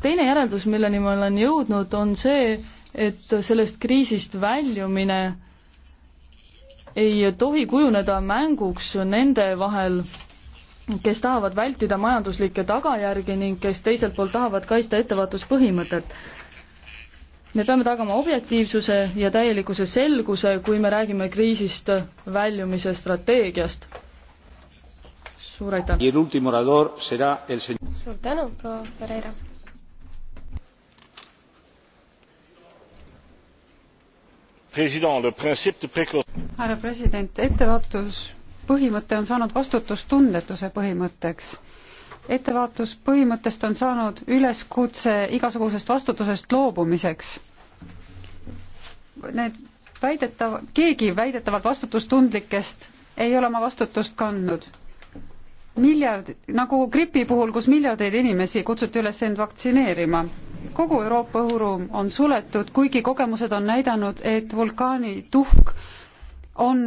[SPEAKER 2] teine järeldus, milleni ma olen jõudnud, on see, et sellest kriisist väljumine ei tohi kujuneda mänguks nende vahel, kes tahavad vältida majanduslikke tagajärgi ning kes teiselt poolt tahavad kaitsta ettevaatuspõhimõtet me peame tagama objektiivsuse ja täielikkuse selguse, kui me räägime kriisist väljumise strateegiast. suur
[SPEAKER 1] aitäh!
[SPEAKER 5] suur tänu, proua Pereira!
[SPEAKER 4] härra president, ettevaatus põhimõte on saanud vastutustundetuse põhimõtteks ettevaatuspõhimõttest on saanud üleskutse igasugusest vastutusest loobumiseks. Need väidetav, keegi väidetavalt vastutustundlikest ei ole oma vastutust kandnud. miljard, nagu gripi puhul, kus miljardeid inimesi kutsuti üles end vaktsineerima. kogu Euroopa õhuruum on suletud, kuigi kogemused on näidanud, et vulkaani tuhk on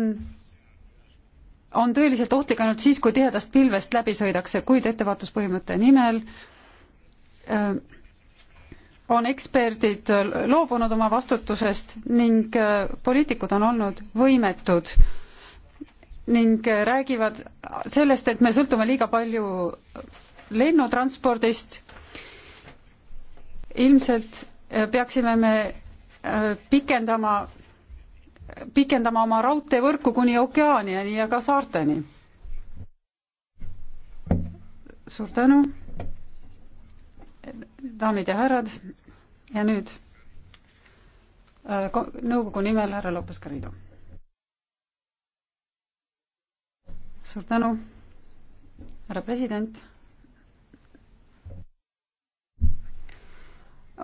[SPEAKER 4] on tõeliselt ohtlik ainult siis, kui tihedast pilvest läbi sõidakse, kuid ettevaatuspõhimõtte nimel äh, on eksperdid loobunud oma vastutusest ning äh, poliitikud on olnud võimetud ning äh, räägivad sellest, et me sõltume liiga palju lennutranspordist. ilmselt peaksime me pikendama pikendama oma raudteevõrku kuni ookeaniani ja ka saarteni. suur tänu, daamid ja härrad ja nüüd äh, nõukogu nimel härra Lopes Garrido. suur tänu, härra president.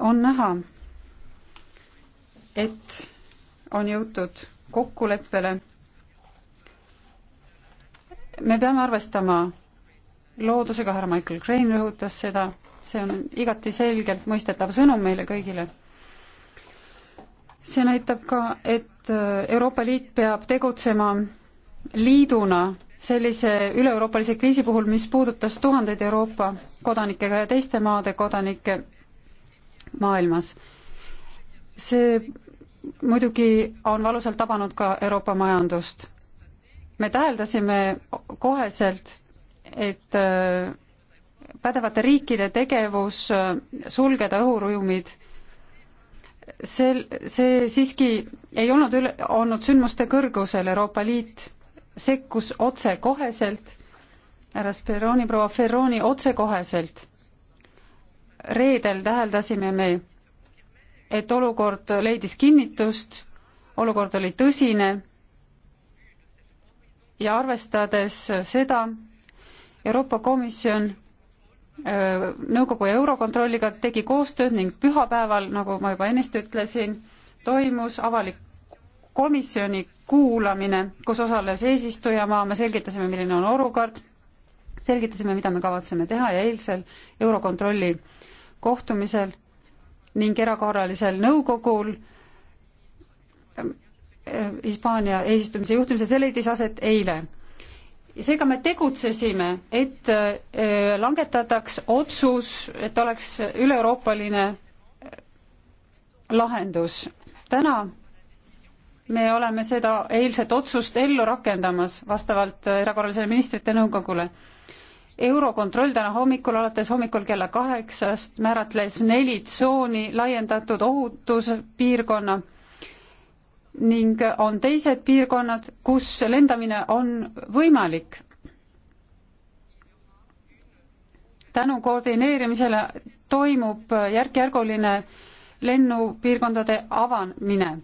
[SPEAKER 4] on näha, et on jõutud kokkuleppele. me peame arvestama loodusega, härra Michael Crane rõhutas seda, see on igati selgelt mõistetav sõnum meile kõigile see näitab ka, et Euroopa Liit peab tegutsema liiduna sellise üle-euroopalise kriisi puhul, mis puudutas tuhandeid Euroopa kodanikega ja teiste maade kodanikke maailmas. see muidugi on valusalt tabanud ka Euroopa majandust. me täheldasime koheselt, et äh, pädevate riikide tegevus äh, sulgeda õhuruumid, sel, see siiski ei olnud üle, olnud sündmuste kõrgusel, Euroopa Liit sekkus otsekoheselt, härra Speroni, proua Ferroni otsekoheselt. reedel täheldasime me et olukord leidis kinnitust, olukord oli tõsine ja arvestades seda, Euroopa Komisjon nõukogu ja Eurokontrolliga tegi koostööd ning pühapäeval, nagu ma juba ennist ütlesin, toimus avalik komisjoni kuulamine, kus osales eesistujamaa, me selgitasime, milline on olukord, selgitasime, mida me kavatseme teha ja eilsel Eurokontrolli kohtumisel ning erakorralisel nõukogul Hispaania eesistumise juhtimisel, see leidis aset eile. seega me tegutsesime, et äh, langetataks otsus, et oleks üle-euroopaline äh, lahendus. täna me oleme seda eilset otsust ellu rakendamas vastavalt äh, erakorralisele ministrite nõukogule eurokontroll täna hommikul, alates hommikul kella kaheksast, määratles neli tsooni laiendatud ohutuspiirkonna ning on teised piirkonnad, kus lendamine on võimalik. tänu koordineerimisele toimub järk-järguline lennupiirkondade avamine.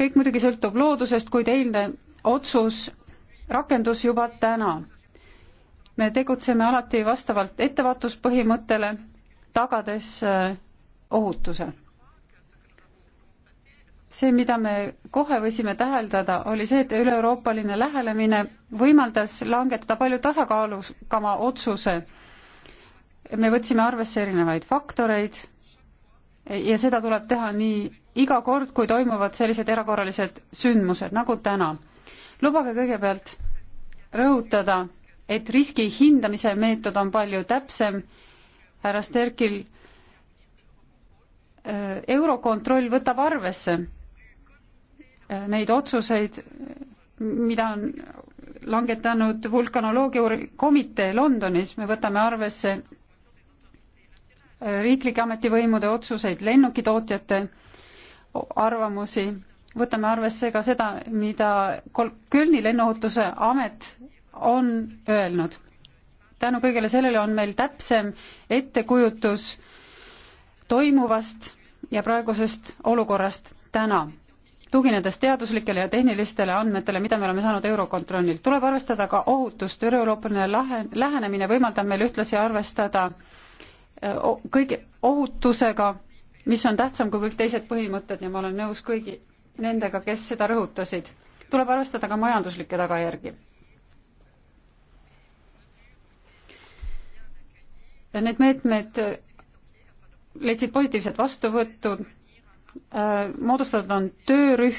[SPEAKER 4] kõik muidugi sõltub loodusest, kuid eilne otsus rakendus juba täna me tegutseme alati vastavalt ettevaatuspõhimõttele, tagades äh, ohutuse. see, mida me kohe võisime täheldada, oli see, et üle-euroopaline lähenemine võimaldas langetada palju tasakaalukama otsuse. me võtsime arvesse erinevaid faktoreid ja seda tuleb teha nii iga kord, kui toimuvad sellised erakorralised sündmused nagu täna. lubage kõigepealt rõhutada et riski hindamise meetod on palju täpsem. härra Sterkil, äh, eurokontroll võtab arvesse äh, neid otsuseid, mida on langetanud vulkanoloogia komitee Londonis, me võtame arvesse äh, riiklike ametivõimude otsuseid, lennukitootjate arvamusi, võtame arvesse ka seda, mida Kölni lennuohutuse amet on öelnud. tänu kõigele sellele on meil täpsem ettekujutus toimuvast ja praegusest olukorrast täna tuginedes teaduslikele ja tehnilistele andmetele, mida me oleme saanud Eurokontrollilt. tuleb arvestada ka ohutust, üle-euroopaline lahe, lähenemine võimaldab meil ühtlasi arvestada kõige ohutusega, mis on tähtsam kui kõik teised põhimõtted ja ma olen nõus kõigi nendega, kes seda rõhutasid. tuleb arvestada ka majanduslikke tagajärgi Need meetmed leidsid positiivset vastuvõttu, äh, moodustatud on töörühm,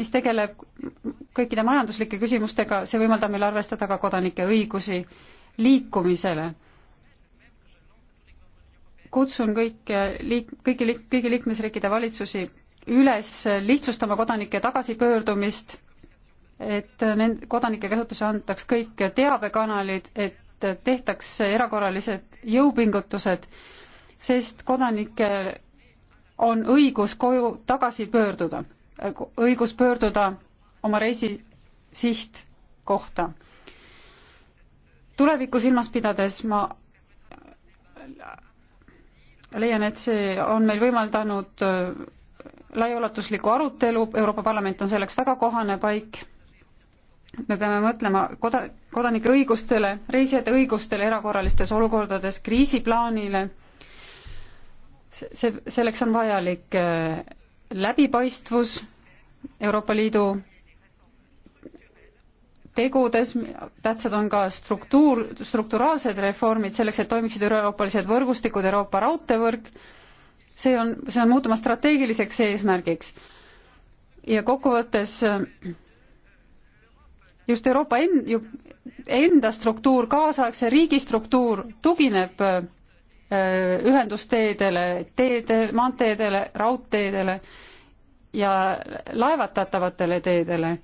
[SPEAKER 4] mis tegeleb kõikide majanduslike küsimustega, see võimaldab meil arvestada ka kodanike õigusi liikumisele. kutsun kõike äh, liik-, kõiki liik-, kõigi liikmesriikide valitsusi üles lihtsustama kodanike tagasipöördumist, et nend-, kodanike käsutusse antaks kõik teabekanalid, et et tehtaks erakorralised jõupingutused, sest kodanikel on õigus koju tagasi pöörduda, õigus pöörduda oma reisi sihtkohta. tulevikku silmas pidades ma leian, et see on meil võimaldanud laiaulatuslikku arutelu, Euroopa Parlament on selleks väga kohane paik me peame mõtlema koda-, kodanike õigustele, reisijate õigustele erakorralistes olukordades, kriisiplaanile, see, selleks on vajalik äh, läbipaistvus Euroopa Liidu tegudes, tähtsad on ka struktuur, strukturaalsed reformid selleks, et toimiksid üle-euroopalised võrgustikud, Euroopa raudteevõrk, see on, see on muutuma strateegiliseks eesmärgiks. ja kokkuvõttes äh, just Euroopa en-, enda struktuur, kaasaegse riigi struktuur tugineb äh, ühendusteedele, teede, maanteedele, raudteedele ja laevatatavatele teedele.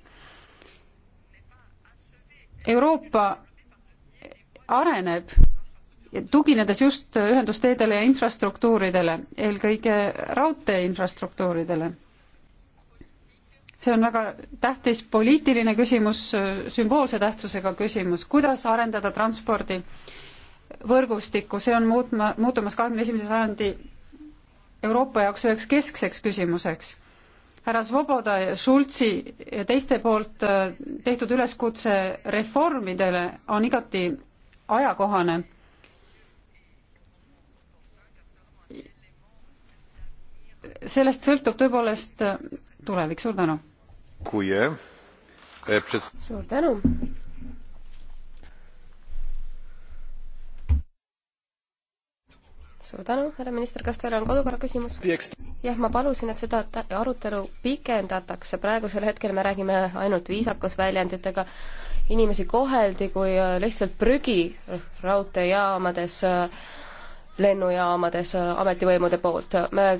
[SPEAKER 4] Euroopa areneb tuginedes just ühendusteedele ja infrastruktuuridele, eelkõige raudtee infrastruktuuridele see on väga tähtis poliitiline küsimus, sümboolse tähtsusega küsimus, kuidas arendada transpordi võrgustikku, see on muutma, muutumas kahekümne esimese sajandi Euroopa jaoks üheks keskseks küsimuseks. härra Svoboda ja Schulzi ja teiste poolt äh, tehtud üleskutse reformidele on igati ajakohane. sellest sõltub tõepoolest äh, tulevik, suur tänu!
[SPEAKER 1] E,
[SPEAKER 4] suur tänu.
[SPEAKER 5] suur tänu, härra minister, kas teil on kodukorra küsimus? jah, ma palusin, et seda arutelu pikendatakse, praegusel hetkel me räägime ainult viisakusväljenditega, inimesi koheldi kui äh, lihtsalt prügi raudteejaamades, äh, lennujaamades äh, ametivõimude poolt. me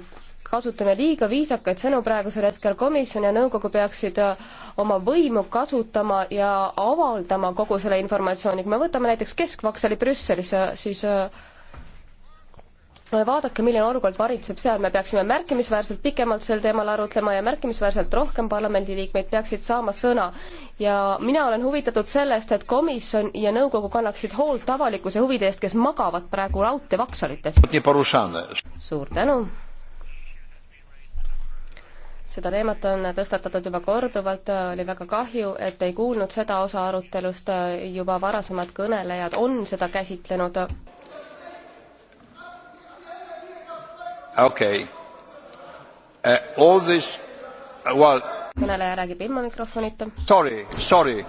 [SPEAKER 5] kasutame liiga viisakaid sõnu praegusel hetkel, komisjon ja nõukogu peaksid äh, oma võimu kasutama ja avaldama kogu selle informatsiooni, kui me võtame näiteks keskvaksali Brüsselis, äh, siis äh, vaadake, milline olukord varitseb seal, me peaksime märkimisväärselt pikemalt sel teemal arutlema ja märkimisväärselt rohkem parlamendiliikmeid peaksid saama sõna. ja mina olen huvitatud sellest, et komisjon ja nõukogu kannaksid hoolt avalikkuse huvide eest, kes magavad praegu raudteevaksalites. suur tänu! seda teemat on tõstatatud juba korduvalt, oli väga kahju, et ei kuulnud seda osa arutelust, juba varasemad kõnelejad on seda käsitlenud.
[SPEAKER 1] okei okay. uh,. Eh, all this uh,, well
[SPEAKER 5] kõneleja räägib ilma mikrofonita.
[SPEAKER 1] Sorry, sorry,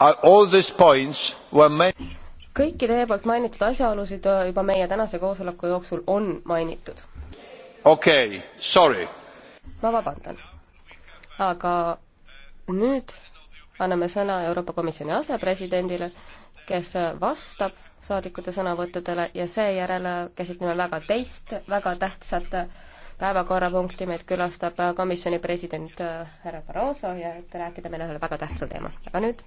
[SPEAKER 1] all these points were made
[SPEAKER 5] kõiki teie poolt mainitud asjaolusid juba meie tänase koosoleku jooksul on mainitud.
[SPEAKER 1] okei okay,, sorry
[SPEAKER 5] ma vabandan. aga nüüd anname sõna Euroopa Komisjoni asepresidendile, kes vastab saadikute sõnavõttudele ja seejärel käsitleme väga teist, väga tähtsat päevakorrapunkti, meid külastab komisjoni president äh, härra Barroso ja et rääkida meile ühel väga tähtsal teemal. aga nüüd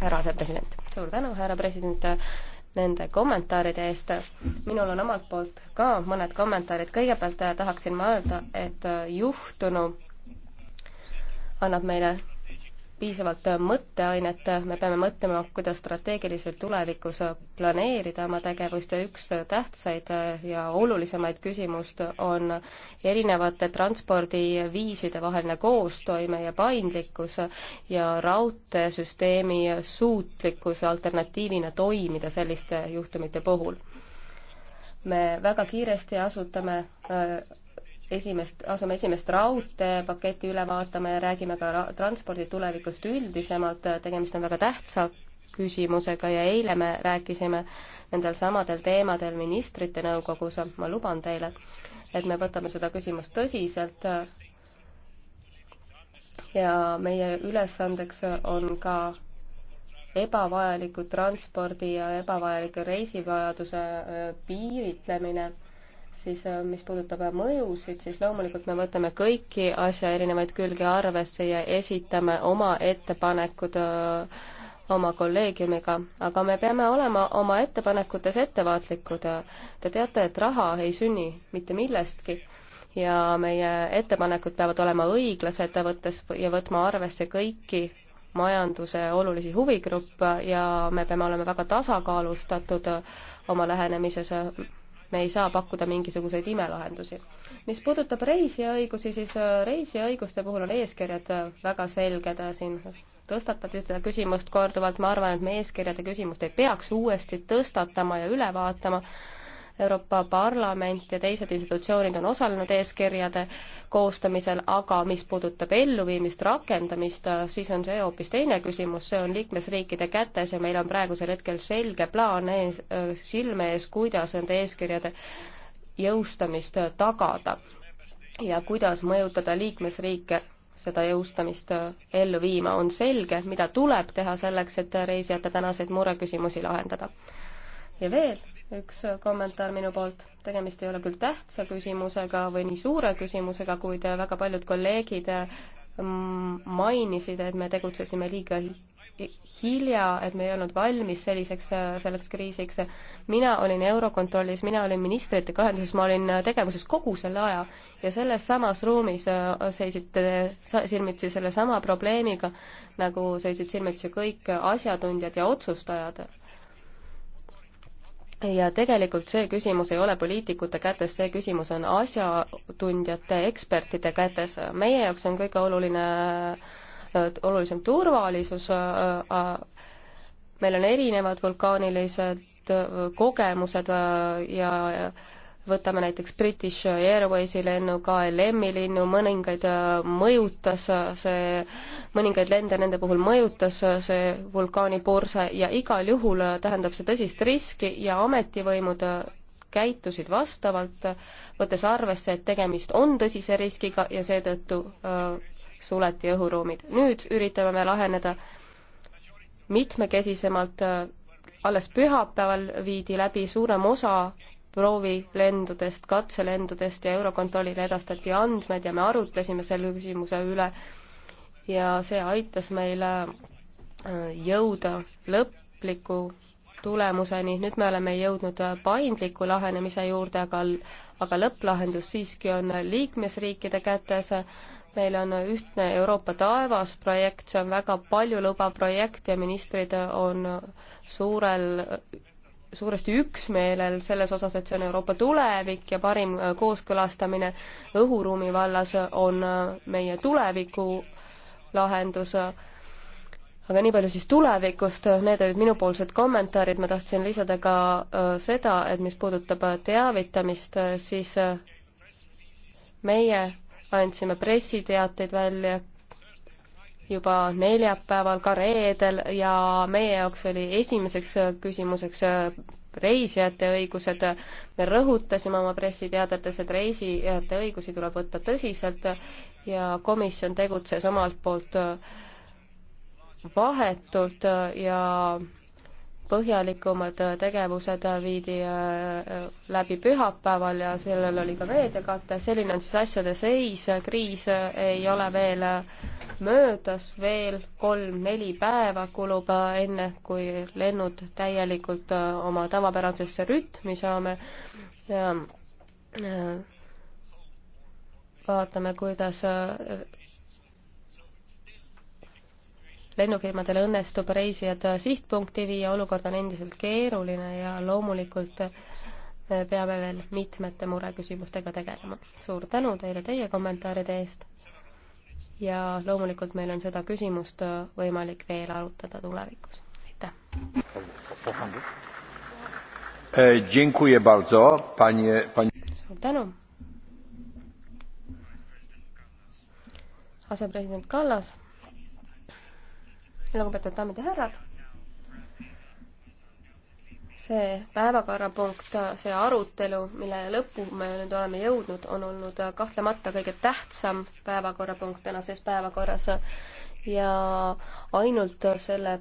[SPEAKER 5] härra asepresident. suur tänu, härra president nende kommentaaride eest. minul on omalt poolt ka mõned kommentaarid. kõigepealt tahaksin ma öelda, et juhtunu annab meile piisavalt mõtteainet, me peame mõtlema, kuidas strateegiliselt tulevikus planeerida oma tegevust ja üks tähtsaid ja olulisemaid küsimust on erinevate transpordiviiside vaheline koostoime ja paindlikkus ja raudteesüsteemi suutlikkus alternatiivina toimida selliste juhtumite puhul. me väga kiiresti asutame esimest, asume esimest raudteepaketti üle vaatama ja räägime ka transpordi tulevikust üldisemalt, tegemist on väga tähtsa küsimusega ja eile me rääkisime nendel samadel teemadel ministrite nõukogus, ma luban teile, et me võtame seda küsimust tõsiselt ja meie ülesandeks on ka ebavajaliku transpordi ja ebavajaliku reisivajaduse äh, piiritlemine siis äh, mis puudutab äh, mõjusid, siis loomulikult me võtame kõiki asja erinevaid külgi arvesse ja esitame oma ettepanekud äh, oma kolleegiumiga, aga me peame olema oma ettepanekutes ettevaatlikud. Te teate, et raha ei sünni mitte millestki ja meie ettepanekud peavad olema õiglased, võttes ja võtma arvesse kõiki majanduse olulisi huvigruppe ja me peame olema väga tasakaalustatud oma lähenemises me ei saa pakkuda mingisuguseid imelahendusi. mis puudutab reisijaõigusi, siis äh, reisijaõiguste puhul on eeskirjad äh, väga selged äh, siin tõstatati seda küsimust korduvalt, ma arvan, et me eeskirjade küsimust ei peaks uuesti tõstatama ja üle vaatama, Euroopa Parlament ja teised institutsioonid on osalenud eeskirjade koostamisel, aga mis puudutab elluviimist, rakendamist, siis on see hoopis teine küsimus, see on liikmesriikide kätes ja meil on praegusel hetkel selge plaan ees, silme ees, kuidas nende eeskirjade jõustamist tagada ja kuidas mõjutada liikmesriike seda jõustamist ellu viima, on selge, mida tuleb teha selleks, et reisijate tänaseid mureküsimusi lahendada. ja veel üks kommentaar minu poolt. tegemist ei ole küll tähtsa küsimusega või nii suure küsimusega, kuid väga paljud kolleegid mm, mainisid, et me tegutsesime liiga hilja, et me ei olnud valmis selliseks, selleks kriisiks. mina olin Eurokontrollis, mina olin ministritega ühenduses, ma olin tegevuses kogu selle aja ja selles samas ruumis äh, seisite silmitsi sellesama probleemiga, nagu seisid silmitsi kõik asjatundjad ja otsustajad ja tegelikult see küsimus ei ole poliitikute kätes, see küsimus on asjatundjate, ekspertide kätes. meie jaoks on kõige oluline, olulisem turvalisus, meil on erinevad vulkaanilised kogemused ja, ja võtame näiteks British Airwaysi lennu, KLM-i linnu, mõningaid äh, mõjutas äh, see, mõningaid lende nende puhul mõjutas äh, see vulkaanipurse ja igal juhul tähendab see tõsist riski ja ametivõimud käitusid vastavalt, võttes arvesse, et tegemist on tõsise riskiga ja seetõttu äh, suleti õhuruumid. nüüd üritame me laheneda mitmekesisemalt äh, alles pühapäeval viidi läbi suurem osa proovilendudest, katselendudest ja Eurokontrollile edastati andmed ja me arutlesime selle küsimuse üle ja see aitas meile äh, jõuda lõpliku tulemuseni, nüüd me oleme jõudnud äh, paindliku lahenemise juurde, aga aga lõpplahendus siiski on liikmesriikide kätes, meil on ühtne Euroopa taevas projekt, see on väga paljulubav projekt ja ministrid on suurel suuresti üksmeelel selles osas, et see on Euroopa tulevik ja parim äh, kooskõlastamine õhuruumi vallas on äh, meie tuleviku lahendus. aga nii palju siis tulevikust, need olid minupoolsed kommentaarid, ma tahtsin lisada ka äh, seda, et mis puudutab teavitamist, siis meie andsime pressiteateid välja juba neljapäeval, ka reedel ja meie jaoks oli esimeseks äh, küsimuseks äh, reisijate õigused. me rõhutasime oma pressiteadetes, et reisijate õigusi tuleb võtta tõsiselt ja komisjon tegutses omalt poolt äh, vahetult ja põhjalikumad äh, tegevused äh, viidi äh, läbi pühapäeval ja sellel oli ka veedekate, selline on siis asjade seis, kriis ei ole veel möödas, veel kolm-neli päeva kulub enne, kui lennud täielikult oma tavapärasesse rütmi saame ja vaatame, kuidas lennufirmadel õnnestub reisijad sihtpunkti viia, olukord on endiselt keeruline ja loomulikult äh, peame veel mitmete mureküsimustega tegelema. suur tänu teile teie kommentaaride eest ja loomulikult meil on seda küsimust äh, võimalik veel arutada tulevikus. aitäh! Äh, suur tänu! asepresident Kallas lugupeetud daamid ja härrad. see päevakorrapunkt, see arutelu, mille lõppu me nüüd oleme jõudnud, on olnud kahtlemata kõige tähtsam päevakorrapunkt tänases päevakorras ja ainult selle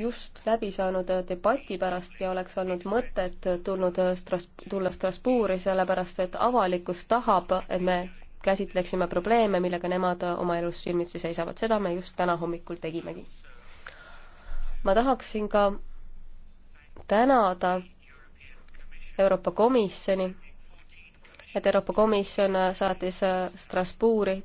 [SPEAKER 5] just läbi saanud debati pärastki oleks olnud mõtet tulnud Stras-, tulla Strasbourgi, sellepärast et avalikkus tahab, et me käsitleksime probleeme, millega nemad oma elus silmitsi seisavad. seda me just täna hommikul tegimegi ma tahaksin ka tänada Euroopa Komisjoni, et Euroopa Komisjon saatis Strasbourgi